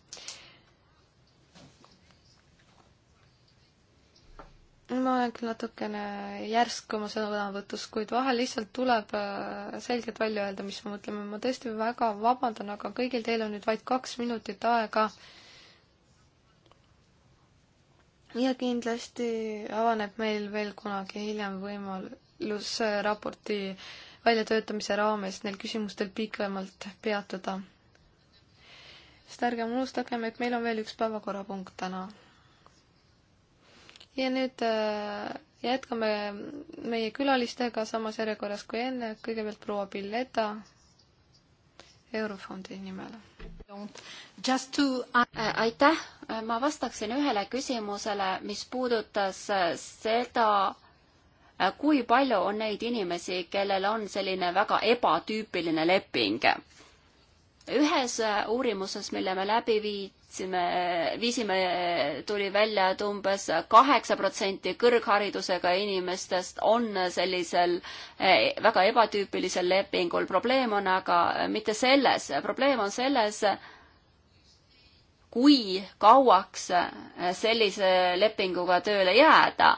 ma olen küll natukene järsk oma sõnavõtus, kuid vahel lihtsalt tuleb äh, selgelt välja öelda, mis me mõtleme. ma tõesti väga vabandan, aga kõigil teil on nüüd vaid kaks minutit aega ja kindlasti avaneb meil veel kunagi hiljem võimalus partnerlusraporti väljatöötamise raames neil küsimustel pikemalt peatuda. sest ärgem unustagem, et meil on veel üks päevakorrapunkt täna. ja nüüd äh, jätkame meie külalistega samas järjekorras kui enne, kõigepealt proua Pilleta Eurofondi nimel. To... Äh, aitäh, äh, ma vastaksin ühele küsimusele, mis puudutas seda, Äh, kui palju on neid inimesi, kellel on selline väga ebatüüpiline leping. ühes äh, uurimuses, mille me läbi viitsime, viisime, tuli välja, et umbes kaheksa protsenti kõrgharidusega inimestest on sellisel äh, väga ebatüüpilisel lepingul. probleem on aga mitte selles, probleem on selles, kui kauaks sellise lepinguga tööle jääda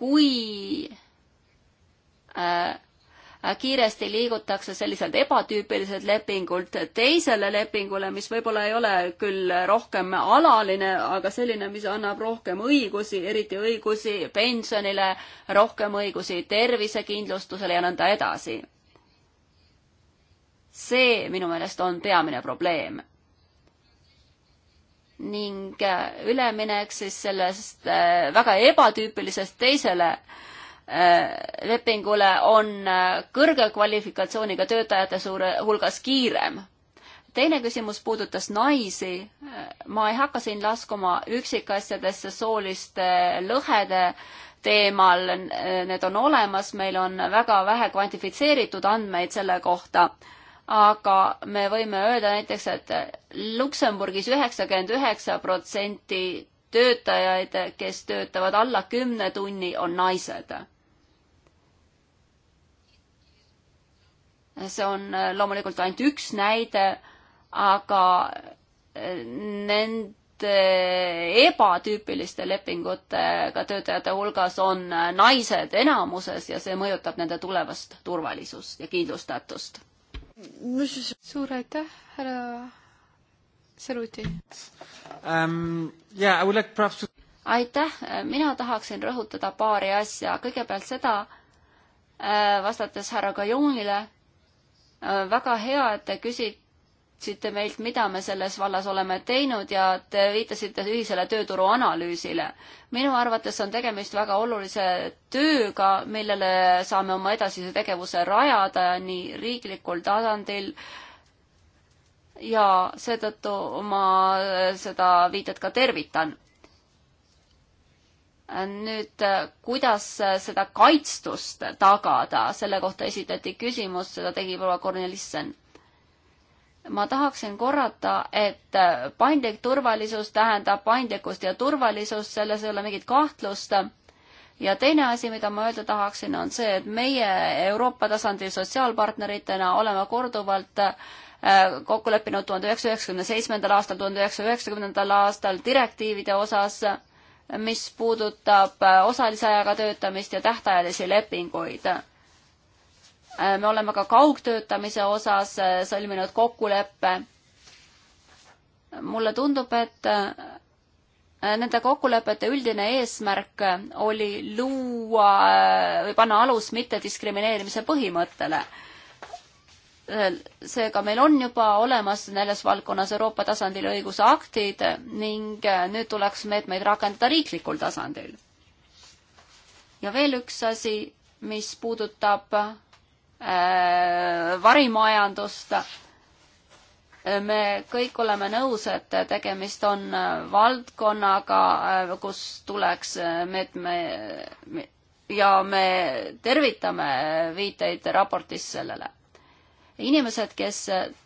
kui äh, kiiresti liigutakse selliselt ebatüüpiliselt lepingult teisele lepingule, mis võib-olla ei ole küll rohkem alaline, aga selline, mis annab rohkem õigusi, eriti õigusi pensionile, rohkem õigusi tervisekindlustusele ja nõnda edasi. see minu meelest on peamine probleem ning äh, üleminek siis sellest äh, väga ebatüüpilisest teisele äh, lepingule on kõrge kvalifikatsiooniga töötajate suure hulgas kiirem. teine küsimus puudutas naisi. ma ei hakka siin laskuma üksikasjadesse sooliste lõhede teemal, need on olemas, meil on väga vähe kvantifitseeritud andmeid selle kohta aga me võime öelda näiteks et, et Luksemburgis üheksakümmend üheksa protsenti töötajaid, kes töötavad alla kümne tunni, on naised. see on äh, loomulikult ainult üks näide, aga äh, nende ebatüüpiliste lepingutega töötajate hulgas on naised enamuses ja see mõjutab nende tulevast turvalisust ja kindlustatust suur aitäh, härra Sõruti um,. Yeah, like to... aitäh, mina tahaksin rõhutada paari asja, kõigepealt seda, äh, vastates härra Kajonile, äh, väga hea, et te küsite, küsisite meilt, mida me selles vallas oleme teinud ja te viitasite ühisele tööturu analüüsile. minu arvates on tegemist väga olulise tööga, millele saame oma edasise tegevuse rajada nii riiklikul tasandil ja seetõttu ma seda viidet ka tervitan nüüd, kuidas seda kaitstust tagada, selle kohta esitati küsimus, seda tegi proua Kornelissen ma tahaksin korrata, et äh, paindlik turvalisus tähendab paindlikkust ja turvalisust, selles ei ole mingit kahtlust. ja teine asi, mida ma öelda tahaksin, on see, et meie Euroopa tasandil sotsiaalpartneritena oleme korduvalt äh, kokku leppinud tuhande üheksasaja üheksakümne seitsmendal aastal, tuhande üheksasaja üheksakümnendal aastal direktiivide osas, mis puudutab äh, osalise ajaga töötamist ja tähtajalisi lepinguid me oleme ka kaugtöötamise osas äh, sõlminud kokkuleppe. mulle tundub, et äh, nende kokkulepete üldine eesmärk oli luua äh, või panna alus mittediskrimineerimise põhimõttele seega meil on juba olemas selles valdkonnas Euroopa tasandil õigusaktid ning nüüd tuleks meetmeid rakendada riiklikul tasandil. ja veel üks asi, mis puudutab Äh, varimajandust. me kõik oleme nõus, et tegemist on äh, valdkonnaga, äh, kus tuleks meetme me, ja me tervitame viiteid raportis sellele. inimesed, kes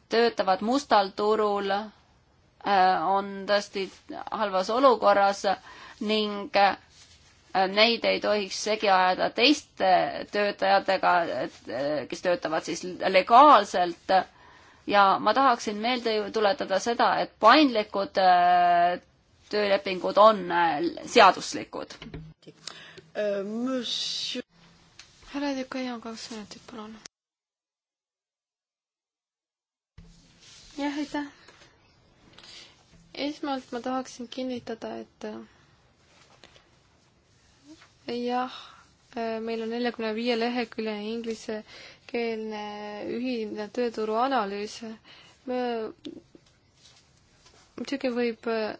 töötavad mustal turul, on tõesti halvas olukorras ning Äh, neid ei tohiks segi ajada teiste töötajatega, äh, kes töötavad siis legaalselt. ja ma tahaksin meelde tuletada seda, et paindlikud äh, töölepingud on seaduslikud. härra Tükaja, kaks minutit, palun. jah, aitäh. esmalt ma tahaksin kinnitada, et jah, äh, meil on neljakümne viie lehekülje inglisekeelne ühine tööturu analüüs. me, muidugi võib äh,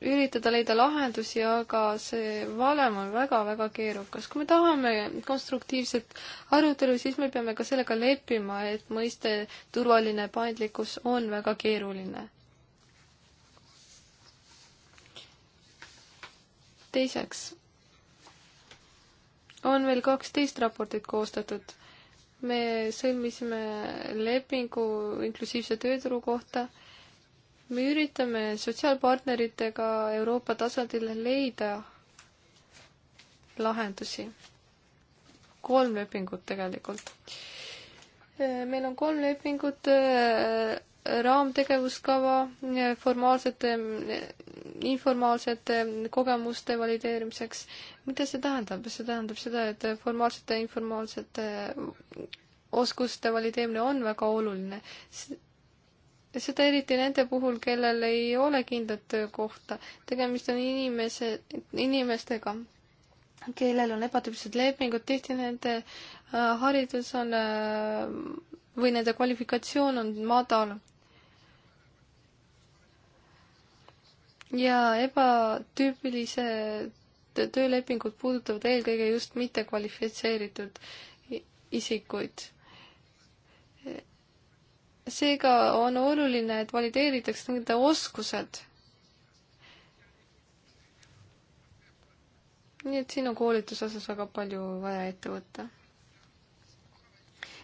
üritada leida lahendusi, aga see valem on väga-väga keerukas. kui me tahame konstruktiivset arutelu, siis me peame ka sellega leppima, et mõiste turvaline paindlikkus on väga keeruline. teiseks on veel kaksteist raportit koostatud. me sõlmisime lepingu inklusiivse tööturu kohta. me üritame sotsiaalpartneritega Euroopa tasandil leida lahendusi. kolm lepingut tegelikult. meil on kolm lepingut raamtegevuskava formaalsete, informaalsete kogemuste valideerimiseks. mida see tähendab? see tähendab seda, et formaalsete, informaalsete oskuste valideerimine on väga oluline. seda eriti nende puhul, kellel ei ole kindlat töökohta. tegemist on inimese, inimestega, kellel on ebatüüpsed lepingud, tihti nende äh, haridus on äh, või nende kvalifikatsioon on madal. ja ebatüüpilised töölepingud puudutavad eelkõige just mittekvalifitseeritud isikuid. seega on oluline, et valideeritaks nende oskused. nii et siin on koolituse osas väga palju vaja ette võtta.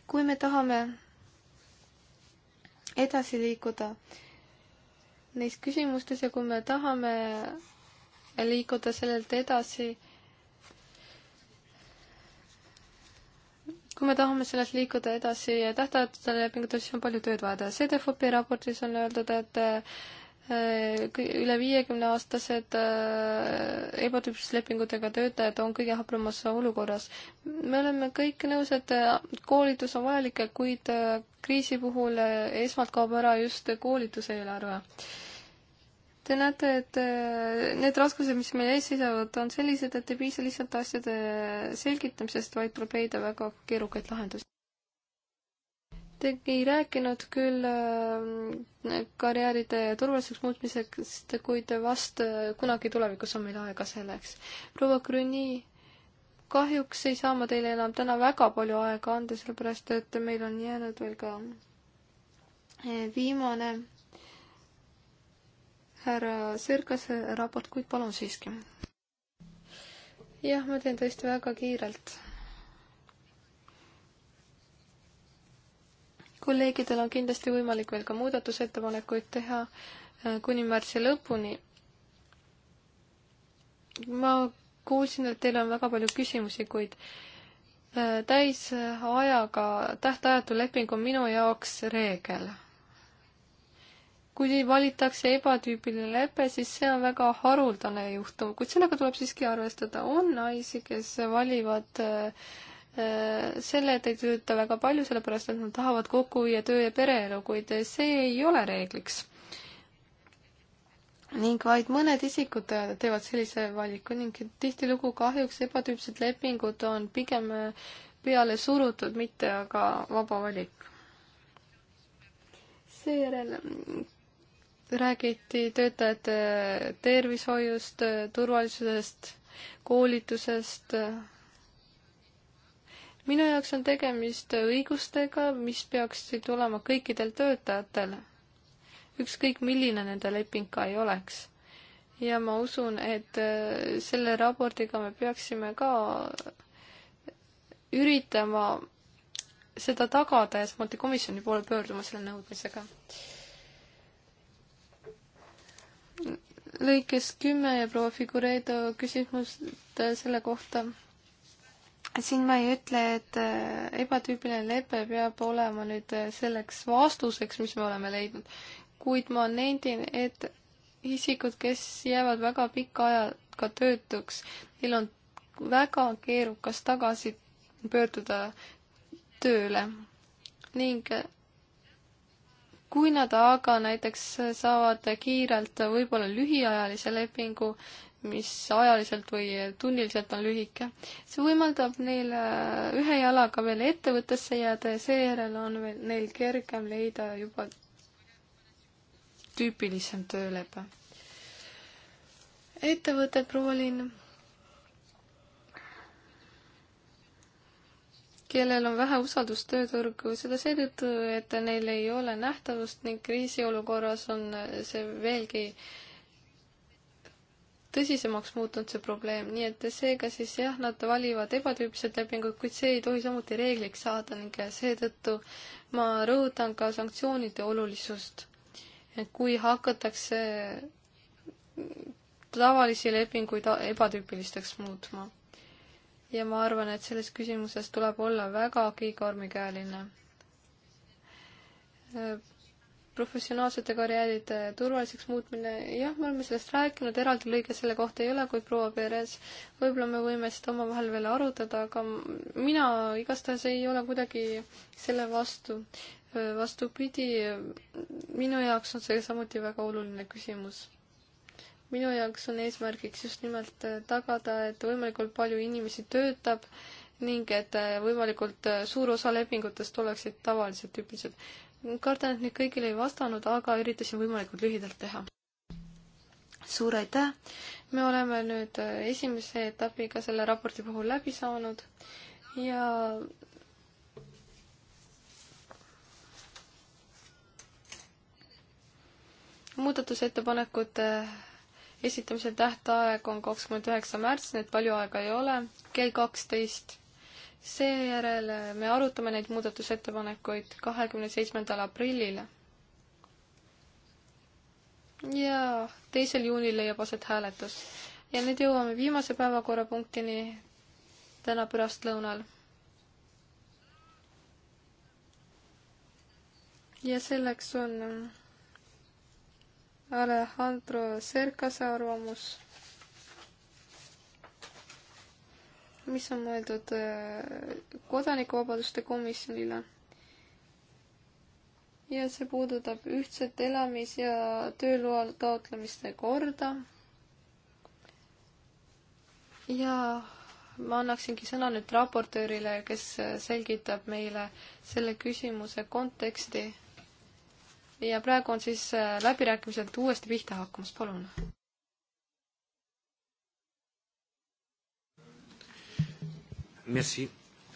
kui me tahame edasi liikuda neis küsimustes ja kui me tahame liikuda sellelt edasi, kui me tahame sellest liikuda edasi tähtajatute lepingutesse, siis on palju tööd vaja teha. CDFOP-i raportis on öeldud, et Äh, üle viiekümne aastased äh, ebatüüpsuslepingutega töötajad on kõige hapramas olukorras. me oleme kõik nõus, et äh, koolitus on vajalik, kuid kriisi puhul esmalt kaob ära just koolituse eelarve. Te näete, et need raskused, mis meie ees seisavad, on sellised, et ei piisa lihtsalt asjade selgitamisest, vaid tuleb leida väga keerukaid lahendusi tegi, rääkinud küll äh, karjääride turvaliseks muutmisest, kuid vast äh, kunagi tulevikus on meil aega selleks. proua Grüni, kahjuks ei saa ma teile enam täna väga palju aega anda, sellepärast et meil on jäänud veel ka äh, viimane härra Sõrgase raport, kuid palun siiski. jah, ma teen tõesti väga kiirelt kolleegidel on kindlasti võimalik veel ka muudatusettepanekuid teha äh, kuni märtsi lõpuni. ma kuulsin, et teil on väga palju küsimusi, kuid äh, täisajaga tähtajatu leping on minu jaoks reegel. kui valitakse ebatüüpiline lepe, siis see on väga haruldane juhtum, kuid sellega tuleb siiski arvestada, on naisi, kes valivad äh, Äh, selle ei tööta väga palju, sellepärast et nad tahavad kokku viia töö ja pereelu, kuid see ei ole reegliks. ning vaid mõned isikud teevad sellise valiku ning tihtilugu kahjuks ebatüüpsed lepingud on pigem peale surutud, mitte aga vaba valik. seejärel räägiti töötajate tervishoiust, turvalisusest, koolitusest minu jaoks on tegemist õigustega, mis peaksid olema kõikidel töötajatel, ükskõik milline nende leping ka ei oleks. ja ma usun, et äh, selle raportiga me peaksime ka üritama seda tagada ja samuti komisjoni poole pöörduma selle nõudmisega. lõikes kümme ja proua Figureido küsimus äh, selle kohta siin ma ei ütle, et äh, ebatüüpiline lepe peab olema nüüd äh, selleks vastuseks, mis me oleme leidnud, kuid ma nendin, et isikud, kes jäävad väga pika ajaga töötuks, neil on väga keerukas tagasi pöörduda tööle ning äh, kui nad aga näiteks saavad kiirelt võib-olla lühiajalise lepingu, mis ajaliselt või tunniliselt on lühike. see võimaldab neil äh, ühe jalaga veel ettevõttesse jääda ja seejärel on veel neil kergem leida juba tüüpilisem töölepe. ettevõte Proolin, kellel on vähe usaldust tööturgu, seda seetõttu, et neil ei ole nähtavust ning kriisiolukorras on see veelgi äh, tõsisemaks muutunud see probleem, nii et seega siis jah, nad valivad ebatüüpsed lepingud, kuid see ei tohi samuti reegliks saada ning seetõttu ma rõhutan ka sanktsioonide olulisust. kui hakatakse tavalisi lepinguid ebatüüpilisteks muutma. ja ma arvan, et selles küsimuses tuleb olla vägagi karmikäeline professionaalsete karjääride turvaliseks muutmine, jah, me oleme sellest rääkinud, eraldi lõige selle kohta ei ole, kuid proua Perez, võib-olla me võime seda omavahel veel arutada, aga mina igastahes ei ole kuidagi selle vastu. vastupidi, minu jaoks on see samuti väga oluline küsimus. minu jaoks on eesmärgiks just nimelt tagada, et võimalikult palju inimesi töötab ning et võimalikult suur osa lepingutest oleksid tavaliselt tüüpilised kardan, et nüüd kõigile ei vastanud, aga üritasin võimalikult lühidalt teha. suur aitäh! me oleme nüüd äh, esimese etapiga selle raporti puhul läbi saanud ja muudatusettepanekute äh, esitamise tähtaeg on kakskümmend üheksa märts, nii et palju aega ei ole, kell kaksteist seejärel me arutame neid muudatusettepanekuid kahekümne seitsmendal aprillil. ja teisel juunil leiab aset hääletus. ja nüüd jõuame viimase päevakorrapunktini täna pärastlõunal. ja selleks on Alejandro Cercase arvamus mis on mõeldud äh, kodanikuvabaduste komisjonile. ja see puudutab ühtset elamis- ja tööloa taotlemiste korda. ja ma annaksingi sõna nüüd raportöörile, kes äh, selgitab meile selle küsimuse konteksti. ja praegu on siis äh, läbirääkimised uuesti pihta hakkamas, palun. Merci.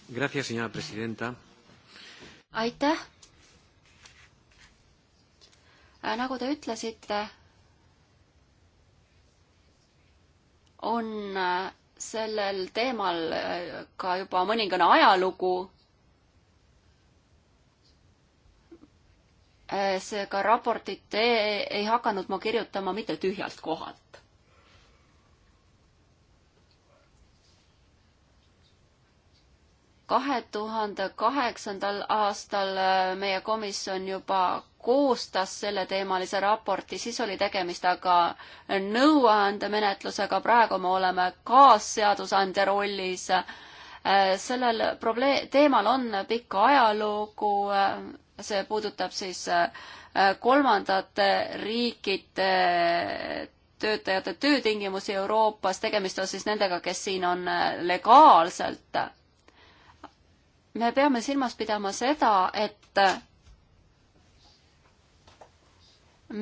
Gracias, señora presidenta. aitäh. Äh, nagu te ütlesite, on äh, sellel teemal äh, ka juba mõningane ajalugu. seega raportit ei hakanud ma kirjutama mitte tühjalt kohalt. kahe tuhande kaheksandal aastal äh, meie komisjon juba koostas selleteemalise raporti, siis oli tegemist aga nõuandemenetlusega, praegu me oleme kaasseadusandja rollis. Äh, sellel probleem, teemal on pikka ajalugu, äh, see puudutab siis kolmandate riikide töötajate töötingimusi Euroopas, tegemist on siis nendega, kes siin on legaalselt me peame silmas pidama seda, et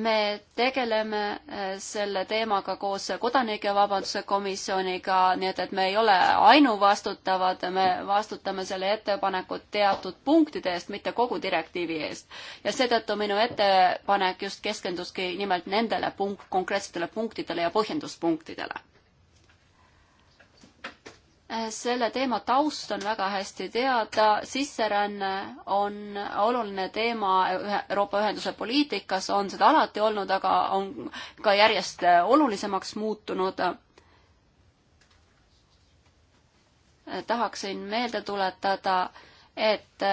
me tegeleme eh, selle teemaga koos Kodanike Vabaduse Komisjoniga, nii et, et me ei ole ainuvastutavad, me vastutame selle ettepaneku teatud punktide eest, mitte kogu direktiivi eest. ja seetõttu minu ettepanek just keskenduski nimelt nendele punkt, konkreetsetele punktidele ja põhjenduspunktidele Äh, selle teema taust on väga hästi teada, sisseränne on oluline teema Euroopa Ühenduse poliitikas, on seda alati olnud, aga on ka järjest olulisemaks muutunud. Äh, tahaksin meelde tuletada, et äh,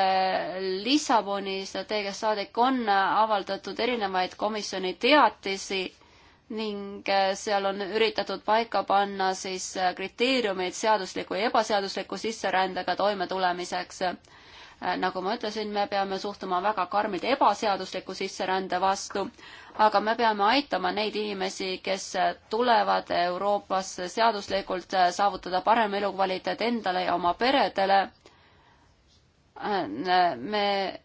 Lissaboni strateegiast saadik on avaldatud erinevaid komisjoni teatisi ning äh, seal on üritatud paika panna siis äh, kriteeriumid seadusliku ja ebaseadusliku sisserändega toimetulemiseks. Äh, nagu ma ütlesin, me peame suhtuma väga karmilt ebaseadusliku sisserände vastu, aga me peame aitama neid inimesi, kes tulevad Euroopasse seaduslikult, saavutada parem elukvaliteet endale ja oma peredele. me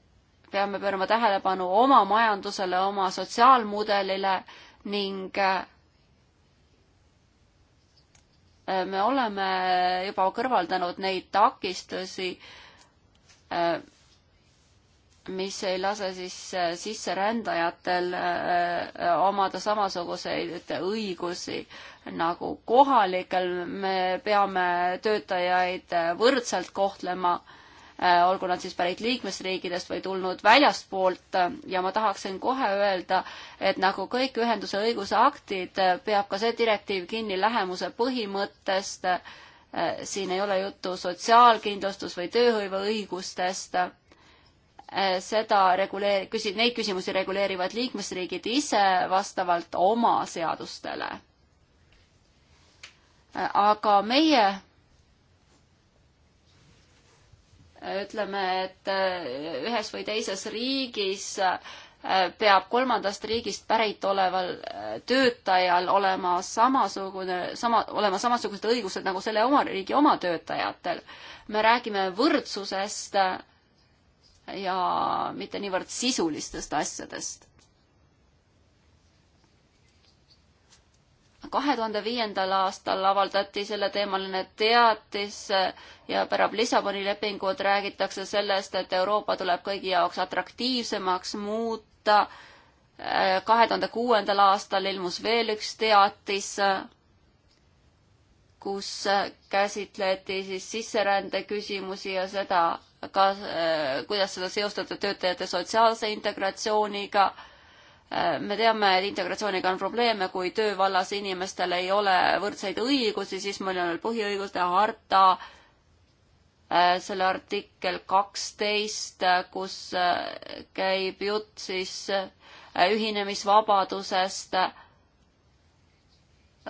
peame pöörama tähelepanu oma majandusele, oma sotsiaalmudelile ning äh, me oleme juba kõrvaldanud neid takistusi, äh, mis ei lase siis äh, sisserändajatel omada samasuguseid õigusi nagu kohalikel. me peame töötajaid võrdselt kohtlema Äh, olgu nad siis pärit liikmesriikidest või tulnud väljastpoolt äh, ja ma tahaksin kohe öelda, et nagu kõik ühenduse õigusaktid, äh, peab ka see direktiiv kinni lähemuse põhimõttest. siin ei ole juttu sotsiaalkindlustus või tööhõiveõigustest. seda reguleer-, küsi-, neid küsimusi reguleerivad liikmesriigid ise vastavalt oma seadustele. aga meie ütleme, et äh, ühes või teises riigis äh, peab kolmandast riigist pärit oleval äh, töötajal olema samasugune, sama, olema samasugused õigused nagu selle oma riigi oma töötajatel. me räägime võrdsusest ja mitte niivõrd sisulistest asjadest. kahe tuhande viiendal aastal avaldati selleteemaline teatis ja pärast Lissaboni lepingut räägitakse sellest, et Euroopa tuleb kõigi jaoks atraktiivsemaks muuta. kahe tuhande kuuendal aastal ilmus veel üks teatis, kus käsitleti siis sisserände küsimusi ja seda, kas, kuidas seda seostada töötajate sotsiaalse integratsiooniga Äh, me teame, et integratsiooniga on probleeme, kui töö vallas inimestel ei ole võrdseid õigusi, siis meil on põhiõiguste harta, äh, selle artikkel kaksteist, äh, kus käib jutt siis ühinemisvabadusest,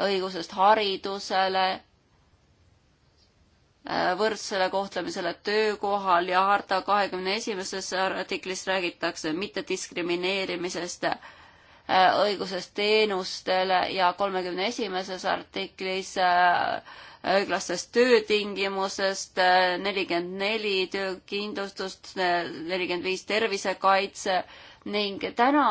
õigusest haridusele Äh, võrdsele kohtlemisele töökohal ja harta kahekümne esimeses artiklis räägitakse mittediskrimineerimisest, äh, õigusest teenustele ja kolmekümne esimeses artiklis äh, õiglastest töötingimusest, nelikümmend neli töökindlustust, nelikümmend viis tervisekaitse ning täna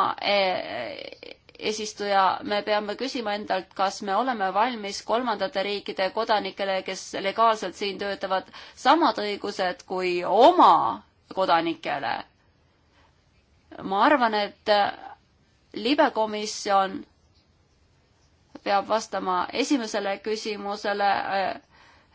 eesistuja, me peame küsima endalt, kas me oleme valmis kolmandate riikide kodanikele, kes legaalselt siin töötavad, samad õigused kui oma kodanikele. ma arvan, et libekomisjon peab vastama esimesele küsimusele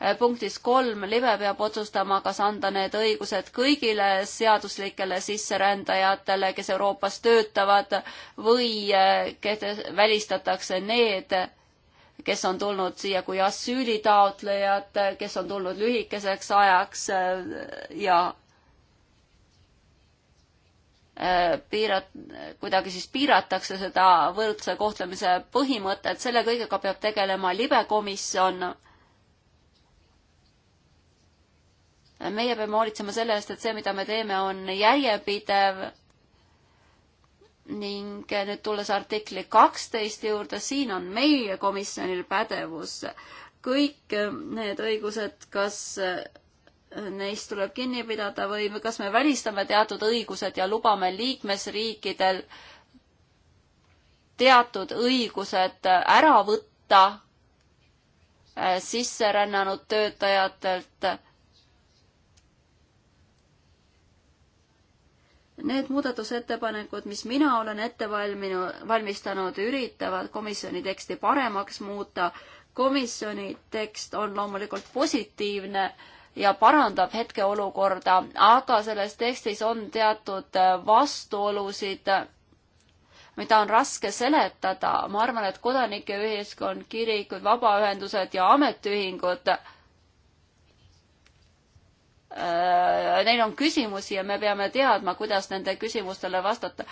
Äh, punktis kolm libe peab otsustama, kas anda need õigused kõigile seaduslikele sisserändajatele, kes Euroopas töötavad või äh, välistatakse need, kes on tulnud siia kui asüülitaotlejad, kes on tulnud lühikeseks ajaks äh, ja piirat-, kuidagi siis piiratakse seda võrdse kohtlemise põhimõtet, selle kõigega peab tegelema libekomisjon meie peame hoolitsema selle eest, et see, mida me teeme, on järjepidev. ning nüüd tulles artikli kaksteist juurde, siin on meie komisjonil pädevus kõik need õigused, kas neist tuleb kinni pidada või kas me välistame teatud õigused ja lubame liikmesriikidel teatud õigused ära võtta eh, sisserännanud töötajatelt Need muudatusettepanekud, mis mina olen ette valminu, valmistanud, üritavad komisjoni teksti paremaks muuta. komisjoni tekst on loomulikult positiivne ja parandab hetkeolukorda, aga selles tekstis on teatud äh, vastuolusid, mida on raske seletada. ma arvan, et kodanike ühiskond, kirikud, vabaühendused ja ametiühingud äh, Äh, neil on küsimusi ja me peame teadma, kuidas nende küsimustele vastata.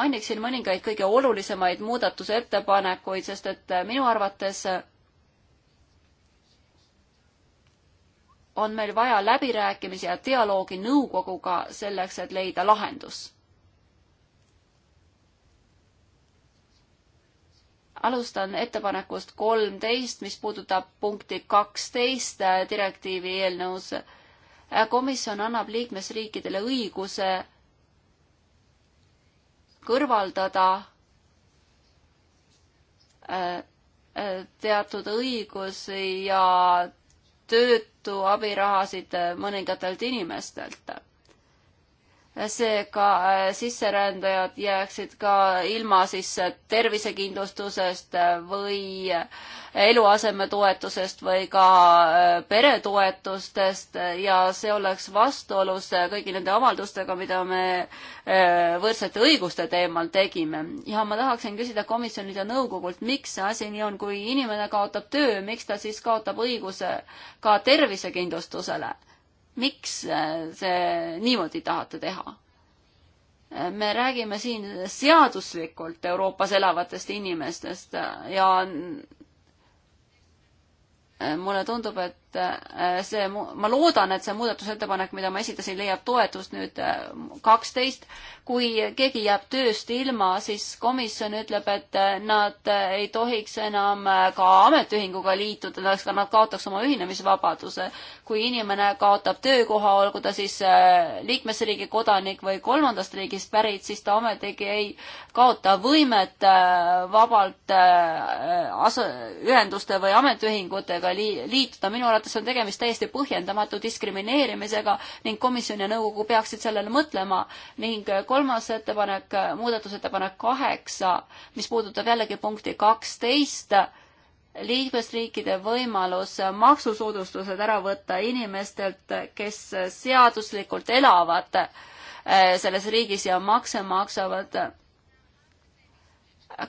mainiksin mõningaid kõige olulisemaid muudatusettepanekuid, sest et äh, minu arvates äh, on meil vaja läbirääkimisi ja dialoogi nõukoguga selleks, et leida lahendus. alustan ettepanekust kolmteist, mis puudutab punkti kaksteist direktiivi eelnõus komisjon annab liikmesriikidele õiguse kõrvaldada äh, äh, teatud õigusi ja töötu abirahasid äh, mõningatelt inimestelt seega äh, sisserändajad jääksid ka ilma siis tervisekindlustusest või äh, eluasemetoetusest või ka äh, peretoetustest ja see oleks vastuolus kõigi nende avaldustega, mida me võrdsete õiguste teemal tegime. ja ma tahaksin küsida komisjonilt ja nõukogult, miks see asi nii on, kui inimene kaotab töö, miks ta siis kaotab õiguse ka tervisekindlustusele miks see äh, niimoodi tahate teha? Äh, me räägime siin seaduslikult Euroopas elavatest inimestest äh, ja mulle tundub, et et äh, see, ma loodan, et see muudatusettepanek, mida ma esitasin, leiab toetust nüüd äh, kaksteist. kui keegi jääb tööst ilma, siis komisjon ütleb, et äh, nad ei tohiks enam ka ametiühinguga liituda, nad kaotaks oma ühinemisvabaduse. kui inimene kaotab töökoha, olgu ta siis liikmesriigi kodanik või kolmandast riigist pärit, siis ta ometigi ei kaota võimet vabalt asu-, ühenduste või ametiühingutega liituda. minu arvates arvates on tegemist täiesti põhjendamatu diskrimineerimisega ning komisjon ja nõukogu peaksid sellele mõtlema. ning äh, kolmas ettepanek, äh, muudatusettepanek kaheksa, mis puudutab jällegi punkti kaksteist, liikmesriikide võimalus maksusoodustused ära võtta inimestelt, kes seaduslikult elavad äh, selles riigis ja makse maksavad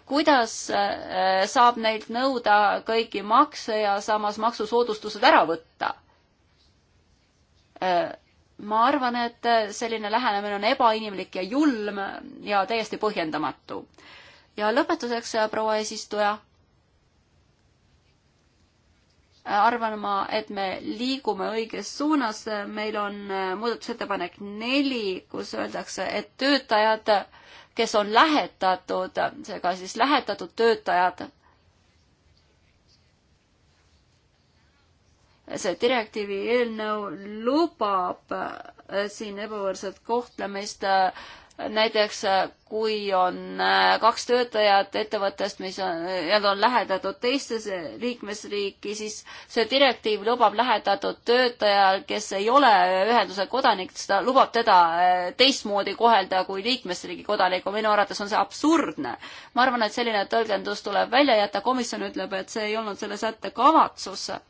kuidas äh, saab neilt nõuda kõiki makse ja samas maksusoodustused ära võtta? Äh, ma arvan, et äh, selline lähenemine on ebainimlik ja julm ja täiesti põhjendamatu. ja lõpetuseks, proua eesistuja, arvan ma, et me liigume õiges suunas, meil on muudatusettepanek neli, kus öeldakse, et töötajad kes on lähetatud, seega siis lähetatud töötajad. see direktiivi eelnõu lubab äh, siin ebavõrdset kohtlemist äh, näiteks äh, kui on äh, kaks töötajat ettevõttest, mis on, nad on lähedatud teistesse liikmesriiki, siis see direktiiv lubab lähedatud töötajal, kes ei ole ühenduse kodanik, seda lubab teda äh, teistmoodi kohelda kui liikmesriigi kodanikku. minu arvates on see absurdne. ma arvan, et selline tõlgendus tuleb välja jätta. komisjon ütleb, et see ei olnud selle sätte kavatsus ka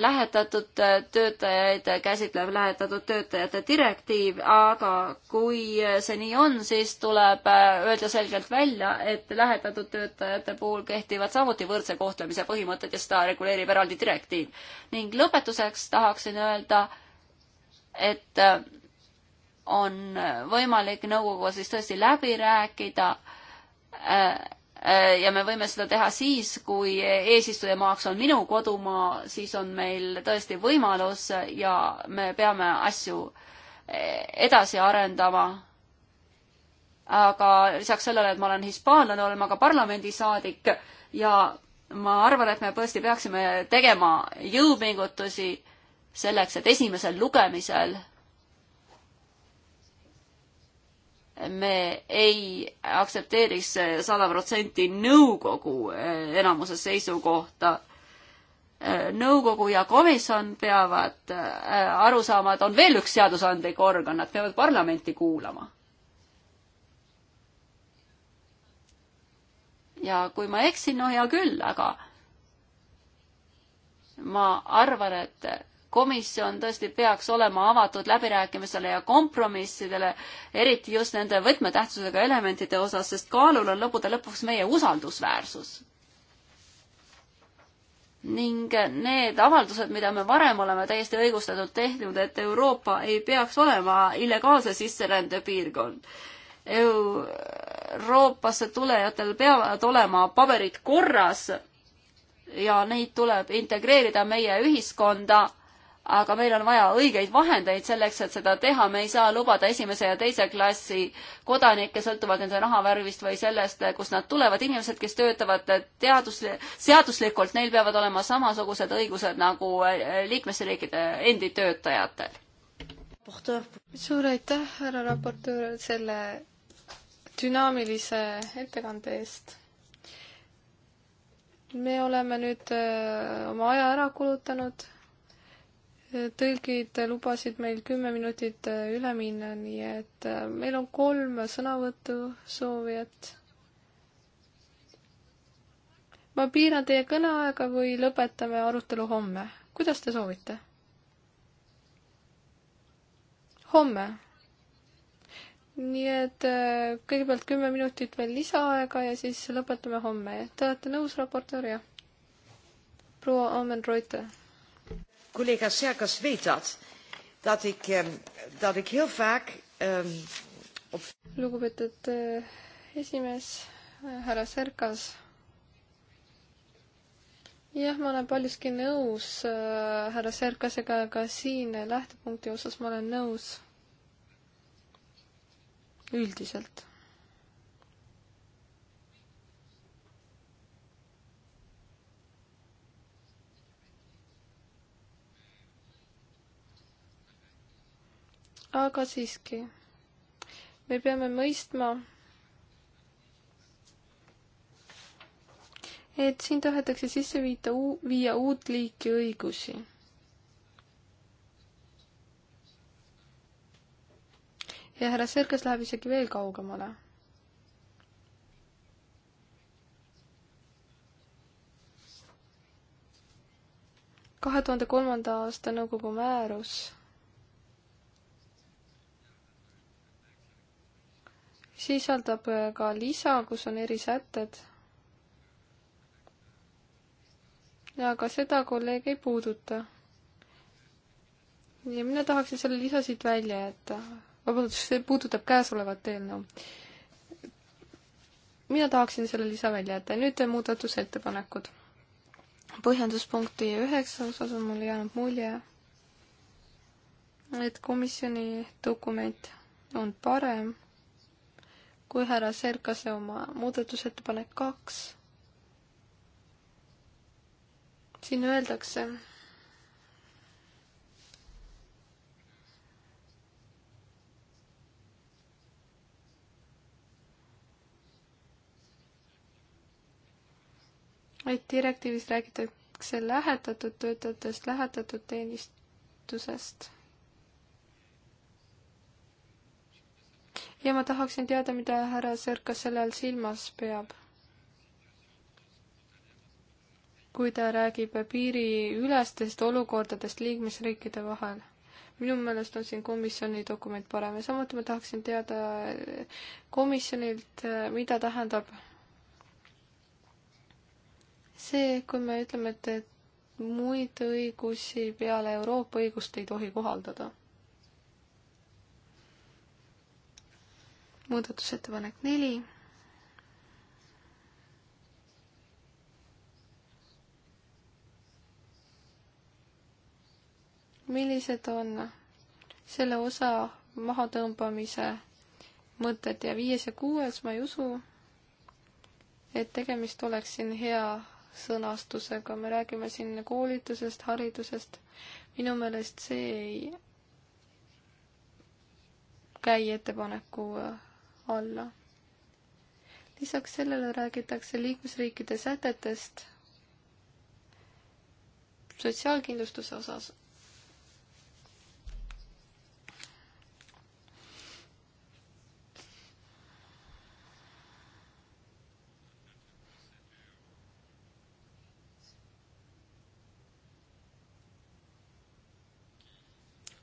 lähetatud töötajaid käsitlev lähetatud töötajate direktiiv, aga kui see nii on, siis tuleb öelda selgelt välja, et lähetatud töötajate puhul kehtivad samuti võrdse kohtlemise põhimõtted ja seda reguleerib eraldi direktiiv. ning lõpetuseks tahaksin öelda, et on võimalik nõukoguga siis tõesti läbi rääkida äh, Äh, ja me võime seda teha siis, kui eesistujamaaks on minu kodumaa, siis on meil tõesti võimalus ja me peame asju äh, edasi arendama. aga lisaks sellele, et ma olen hispaanlane, olen ma ka parlamendisaadik ja ma arvan, et me tõesti peaksime tegema jõupingutusi selleks, et esimesel lugemisel me ei aktsepteeriks sada protsenti nõukogu eh, enamuse seisukohta. Eh, nõukogu ja komisjon peavad eh, aru saama, et on veel üks seadusandlik organ, nad peavad parlamenti kuulama. ja kui ma eksin, no hea küll, aga ma arvan, et komisjon tõesti peaks olema avatud läbirääkimisele ja kompromissidele, eriti just nende võtmetähtsusega elementide osas, sest kaalul on lõppude lõpuks meie usaldusväärsus. ning need avaldused, mida me varem oleme täiesti õigustatult teinud, et Euroopa ei peaks olema illegaalse sisserände piirkond Euroopasse tulejatel peavad olema paberid korras ja neid tuleb integreerida meie ühiskonda aga meil on vaja õigeid vahendeid selleks, et seda teha, me ei saa lubada esimese ja teise klassi kodanikke, sõltuvalt nende nahavärvist või sellest, kust nad tulevad, inimesed, kes töötavad teadus, seaduslikult, neil peavad olema samasugused õigused nagu äh, liikmesriikide endi töötajatel. suur aitäh, härra raportöör, selle dünaamilise ettekande eest me oleme nüüd äh, oma aja ära kulutanud tõlgid lubasid meil kümme minutit äh, üle minna, nii et äh, meil on kolm sõnavõtu soovijat. ma piiran teie kõneaega või lõpetame arutelu homme, kuidas te soovite? homme. nii et äh, kõigepealt kümme minutit veel lisaaega ja siis lõpetame homme. Te olete nõus, raportöör, jah? proua Amen Reuter collega Serkas weet dat, dat ik, ehm, dat ik heel vaak um, op... Lugupeetud eh, esimees, eh, härra Serkas. jah, ma olen paljuski nõus eh, härra Serkasega, aga siin lähtepunkti osas ma olen nõus üldiselt aga siiski, me peame mõistma, et siin tahetakse sisse viita, viia uut liiki õigusi. ja härra Sergas läheb isegi veel kaugemale. kahe tuhande kolmanda aasta nõukogu määrus sisaldab äh, ka lisa, kus on erisätted. aga seda kolleeg ei puuduta. ja mina tahaksin selle lisa siit välja jätta. vabandust, see puudutab käesolevat eelnõu. mina tahaksin selle lisa välja jätta. nüüd muudatusettepanekud. põhjenduspunkti üheksa osas on mulle jäänud mulje, et komisjoni dokument on parem kui härra Serkase oma muudatusettepanek kaks. siin öeldakse vaid direktiivis räägitakse lähetatud töötajatest, lähetatud teenistusest. ja ma tahaksin teada, mida härra Serkas selle all silmas peab. kui ta räägib piiriülestest olukordadest liikmesriikide vahel. minu meelest on siin komisjoni dokument parem ja samuti ma tahaksin teada komisjonilt, mida tähendab see, kui me ütleme, et, et muid õigusi peale Euroopa õigust ei tohi kohaldada muudatusettepanek neli. millised on selle osa mahatõmbamise mõtted ja viies ja kuues ma ei usu, et tegemist oleks siin hea sõnastusega, me räägime siin koolitusest, haridusest. minu meelest see ei käi ettepaneku alla. lisaks sellele räägitakse liikmesriikide sätetest sotsiaalkindlustuse osas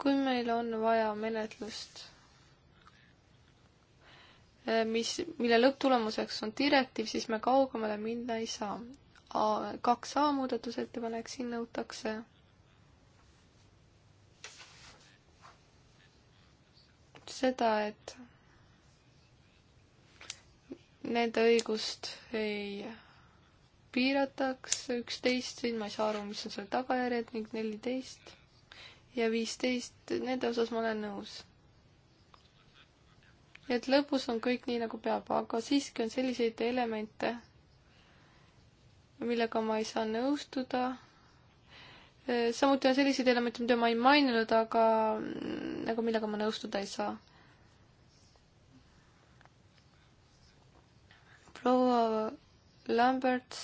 kui meil on vaja menetlust Äh, mis, mille lõpptulemuseks on direktiiv, siis me kaugemale minna ei saa. kaks A muudatusettepanek, siin nõutakse seda, et nende õigust ei piirataks, üksteist, siin ma ei saa aru, mis on selle tagajärjed ning neliteist ja viisteist, nende osas ma olen nõus et lõpus on kõik nii, nagu peab, aga siiski on selliseid elemente, millega ma ei saa nõustuda. samuti on selliseid elemente, mida ma ei maininud, aga, aga nagu millega ma nõustuda ei saa. proua Lambert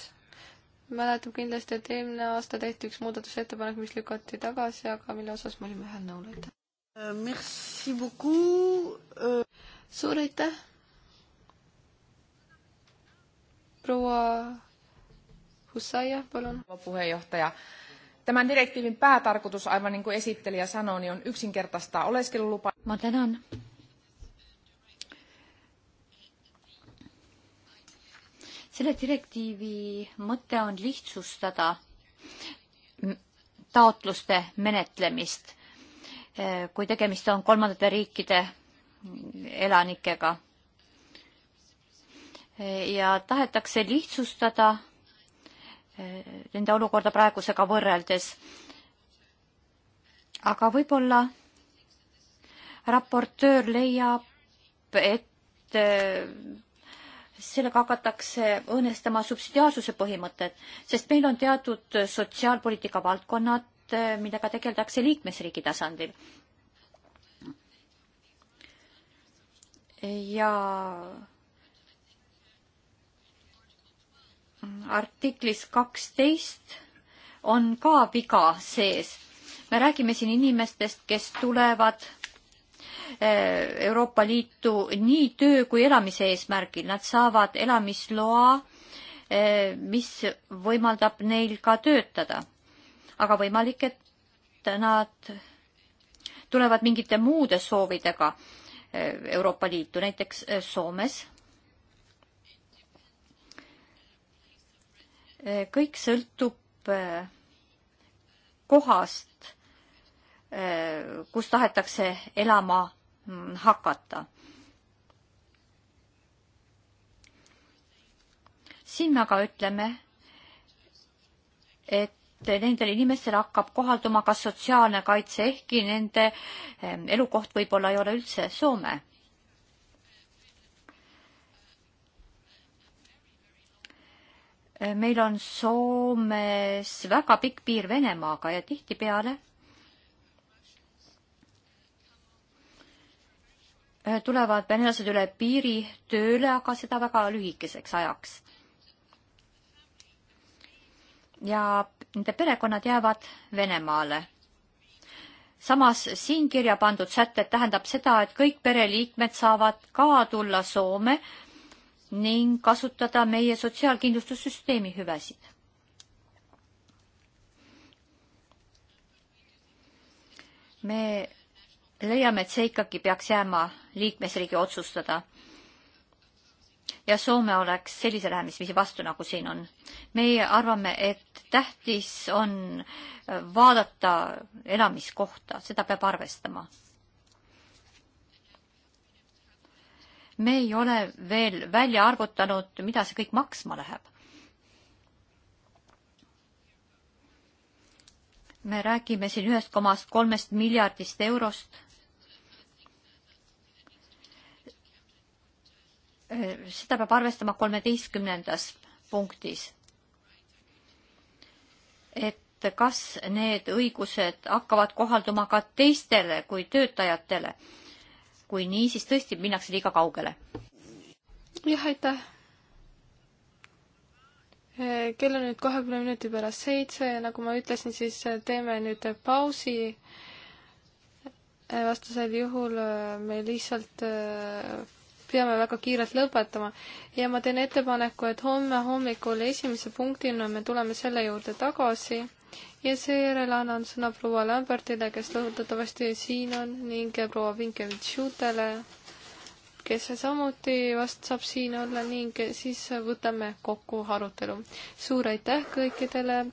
mäletab kindlasti, et eelmine aasta tehti üks muudatusettepanek, mis lükati tagasi, aga mille osas me olime ühel nõul, aitäh. Äh, merci beaucoup. Äh, suur aitäh, proua Hussaia, palun. puheenjohtaja. Tämän direktiivin päätarkoitus, aivan niin kuin esittelijä sanoi, niin on yksinkertaistaa oleskelulupa. Ma tänan. selle direktiivi mõte on lihtsustada taotluste menetlemist, kui tegemist on kolmandate riikide elanikega. ja tahetakse lihtsustada eh, nende olukorda praegusega võrreldes. aga võib-olla raportöör leiab, et eh, sellega hakatakse õõnestama subsidiaarsuse põhimõtet, sest meil on teatud sotsiaalpoliitika valdkonnad, eh, millega tegeldakse liikmesriigi tasandil ja artiklis kaksteist on ka viga sees. me räägime siin inimestest, kes tulevad eh, Euroopa Liitu nii töö kui elamise eesmärgil, nad saavad elamisloa, eh, mis võimaldab neil ka töötada. aga võimalik, et nad tulevad mingite muude soovidega Euroopa Liitu, näiteks eh, Soomes. Eh, kõik sõltub eh, kohast, kus tahetakse elama mm, hakata. siin me aga ütleme, et nendele inimestele hakkab kohalduma ka sotsiaalne kaitse, ehkki nende elukoht võib-olla ei ole üldse Soome. meil on Soomes väga pikk piir Venemaaga ja tihtipeale tulevad venelased üle piiri tööle, aga seda väga lühikeseks ajaks. ja nende perekonnad jäävad Venemaale. samas siin kirja pandud sätted tähendab seda, et kõik pereliikmed saavad ka tulla Soome ning kasutada meie sotsiaalkindlustussüsteemi hüvesid. me leiame, et see ikkagi peaks jääma liikmesriigi otsustada ja Soome oleks sellise lähemisviisi vastu, nagu siin on. meie arvame, et tähtis on vaadata elamiskohta, seda peab arvestama. me ei ole veel välja arvutanud, mida see kõik maksma läheb. me räägime siin ühest komast kolmest miljardist eurost seda peab arvestama kolmeteistkümnendas punktis. et kas need õigused hakkavad kohalduma ka teistele kui töötajatele. kui nii, siis tõesti minnakse liiga kaugele. jah, aitäh. kell on nüüd kahekümne minuti pärast seitse ja nagu ma ütlesin, siis teeme nüüd pausi. vastasel juhul me lihtsalt peame väga kiirelt lõpetama ja ma teen ettepaneku, et homme hommikul esimese punktina me tuleme selle juurde tagasi ja seejärel annan sõna proua Lambertile, kes loodetavasti siin on ning proua Vinkevitš-Jutele, kes samuti vast saab siin olla ning siis võtame kokku arutelu. suur aitäh kõikidele!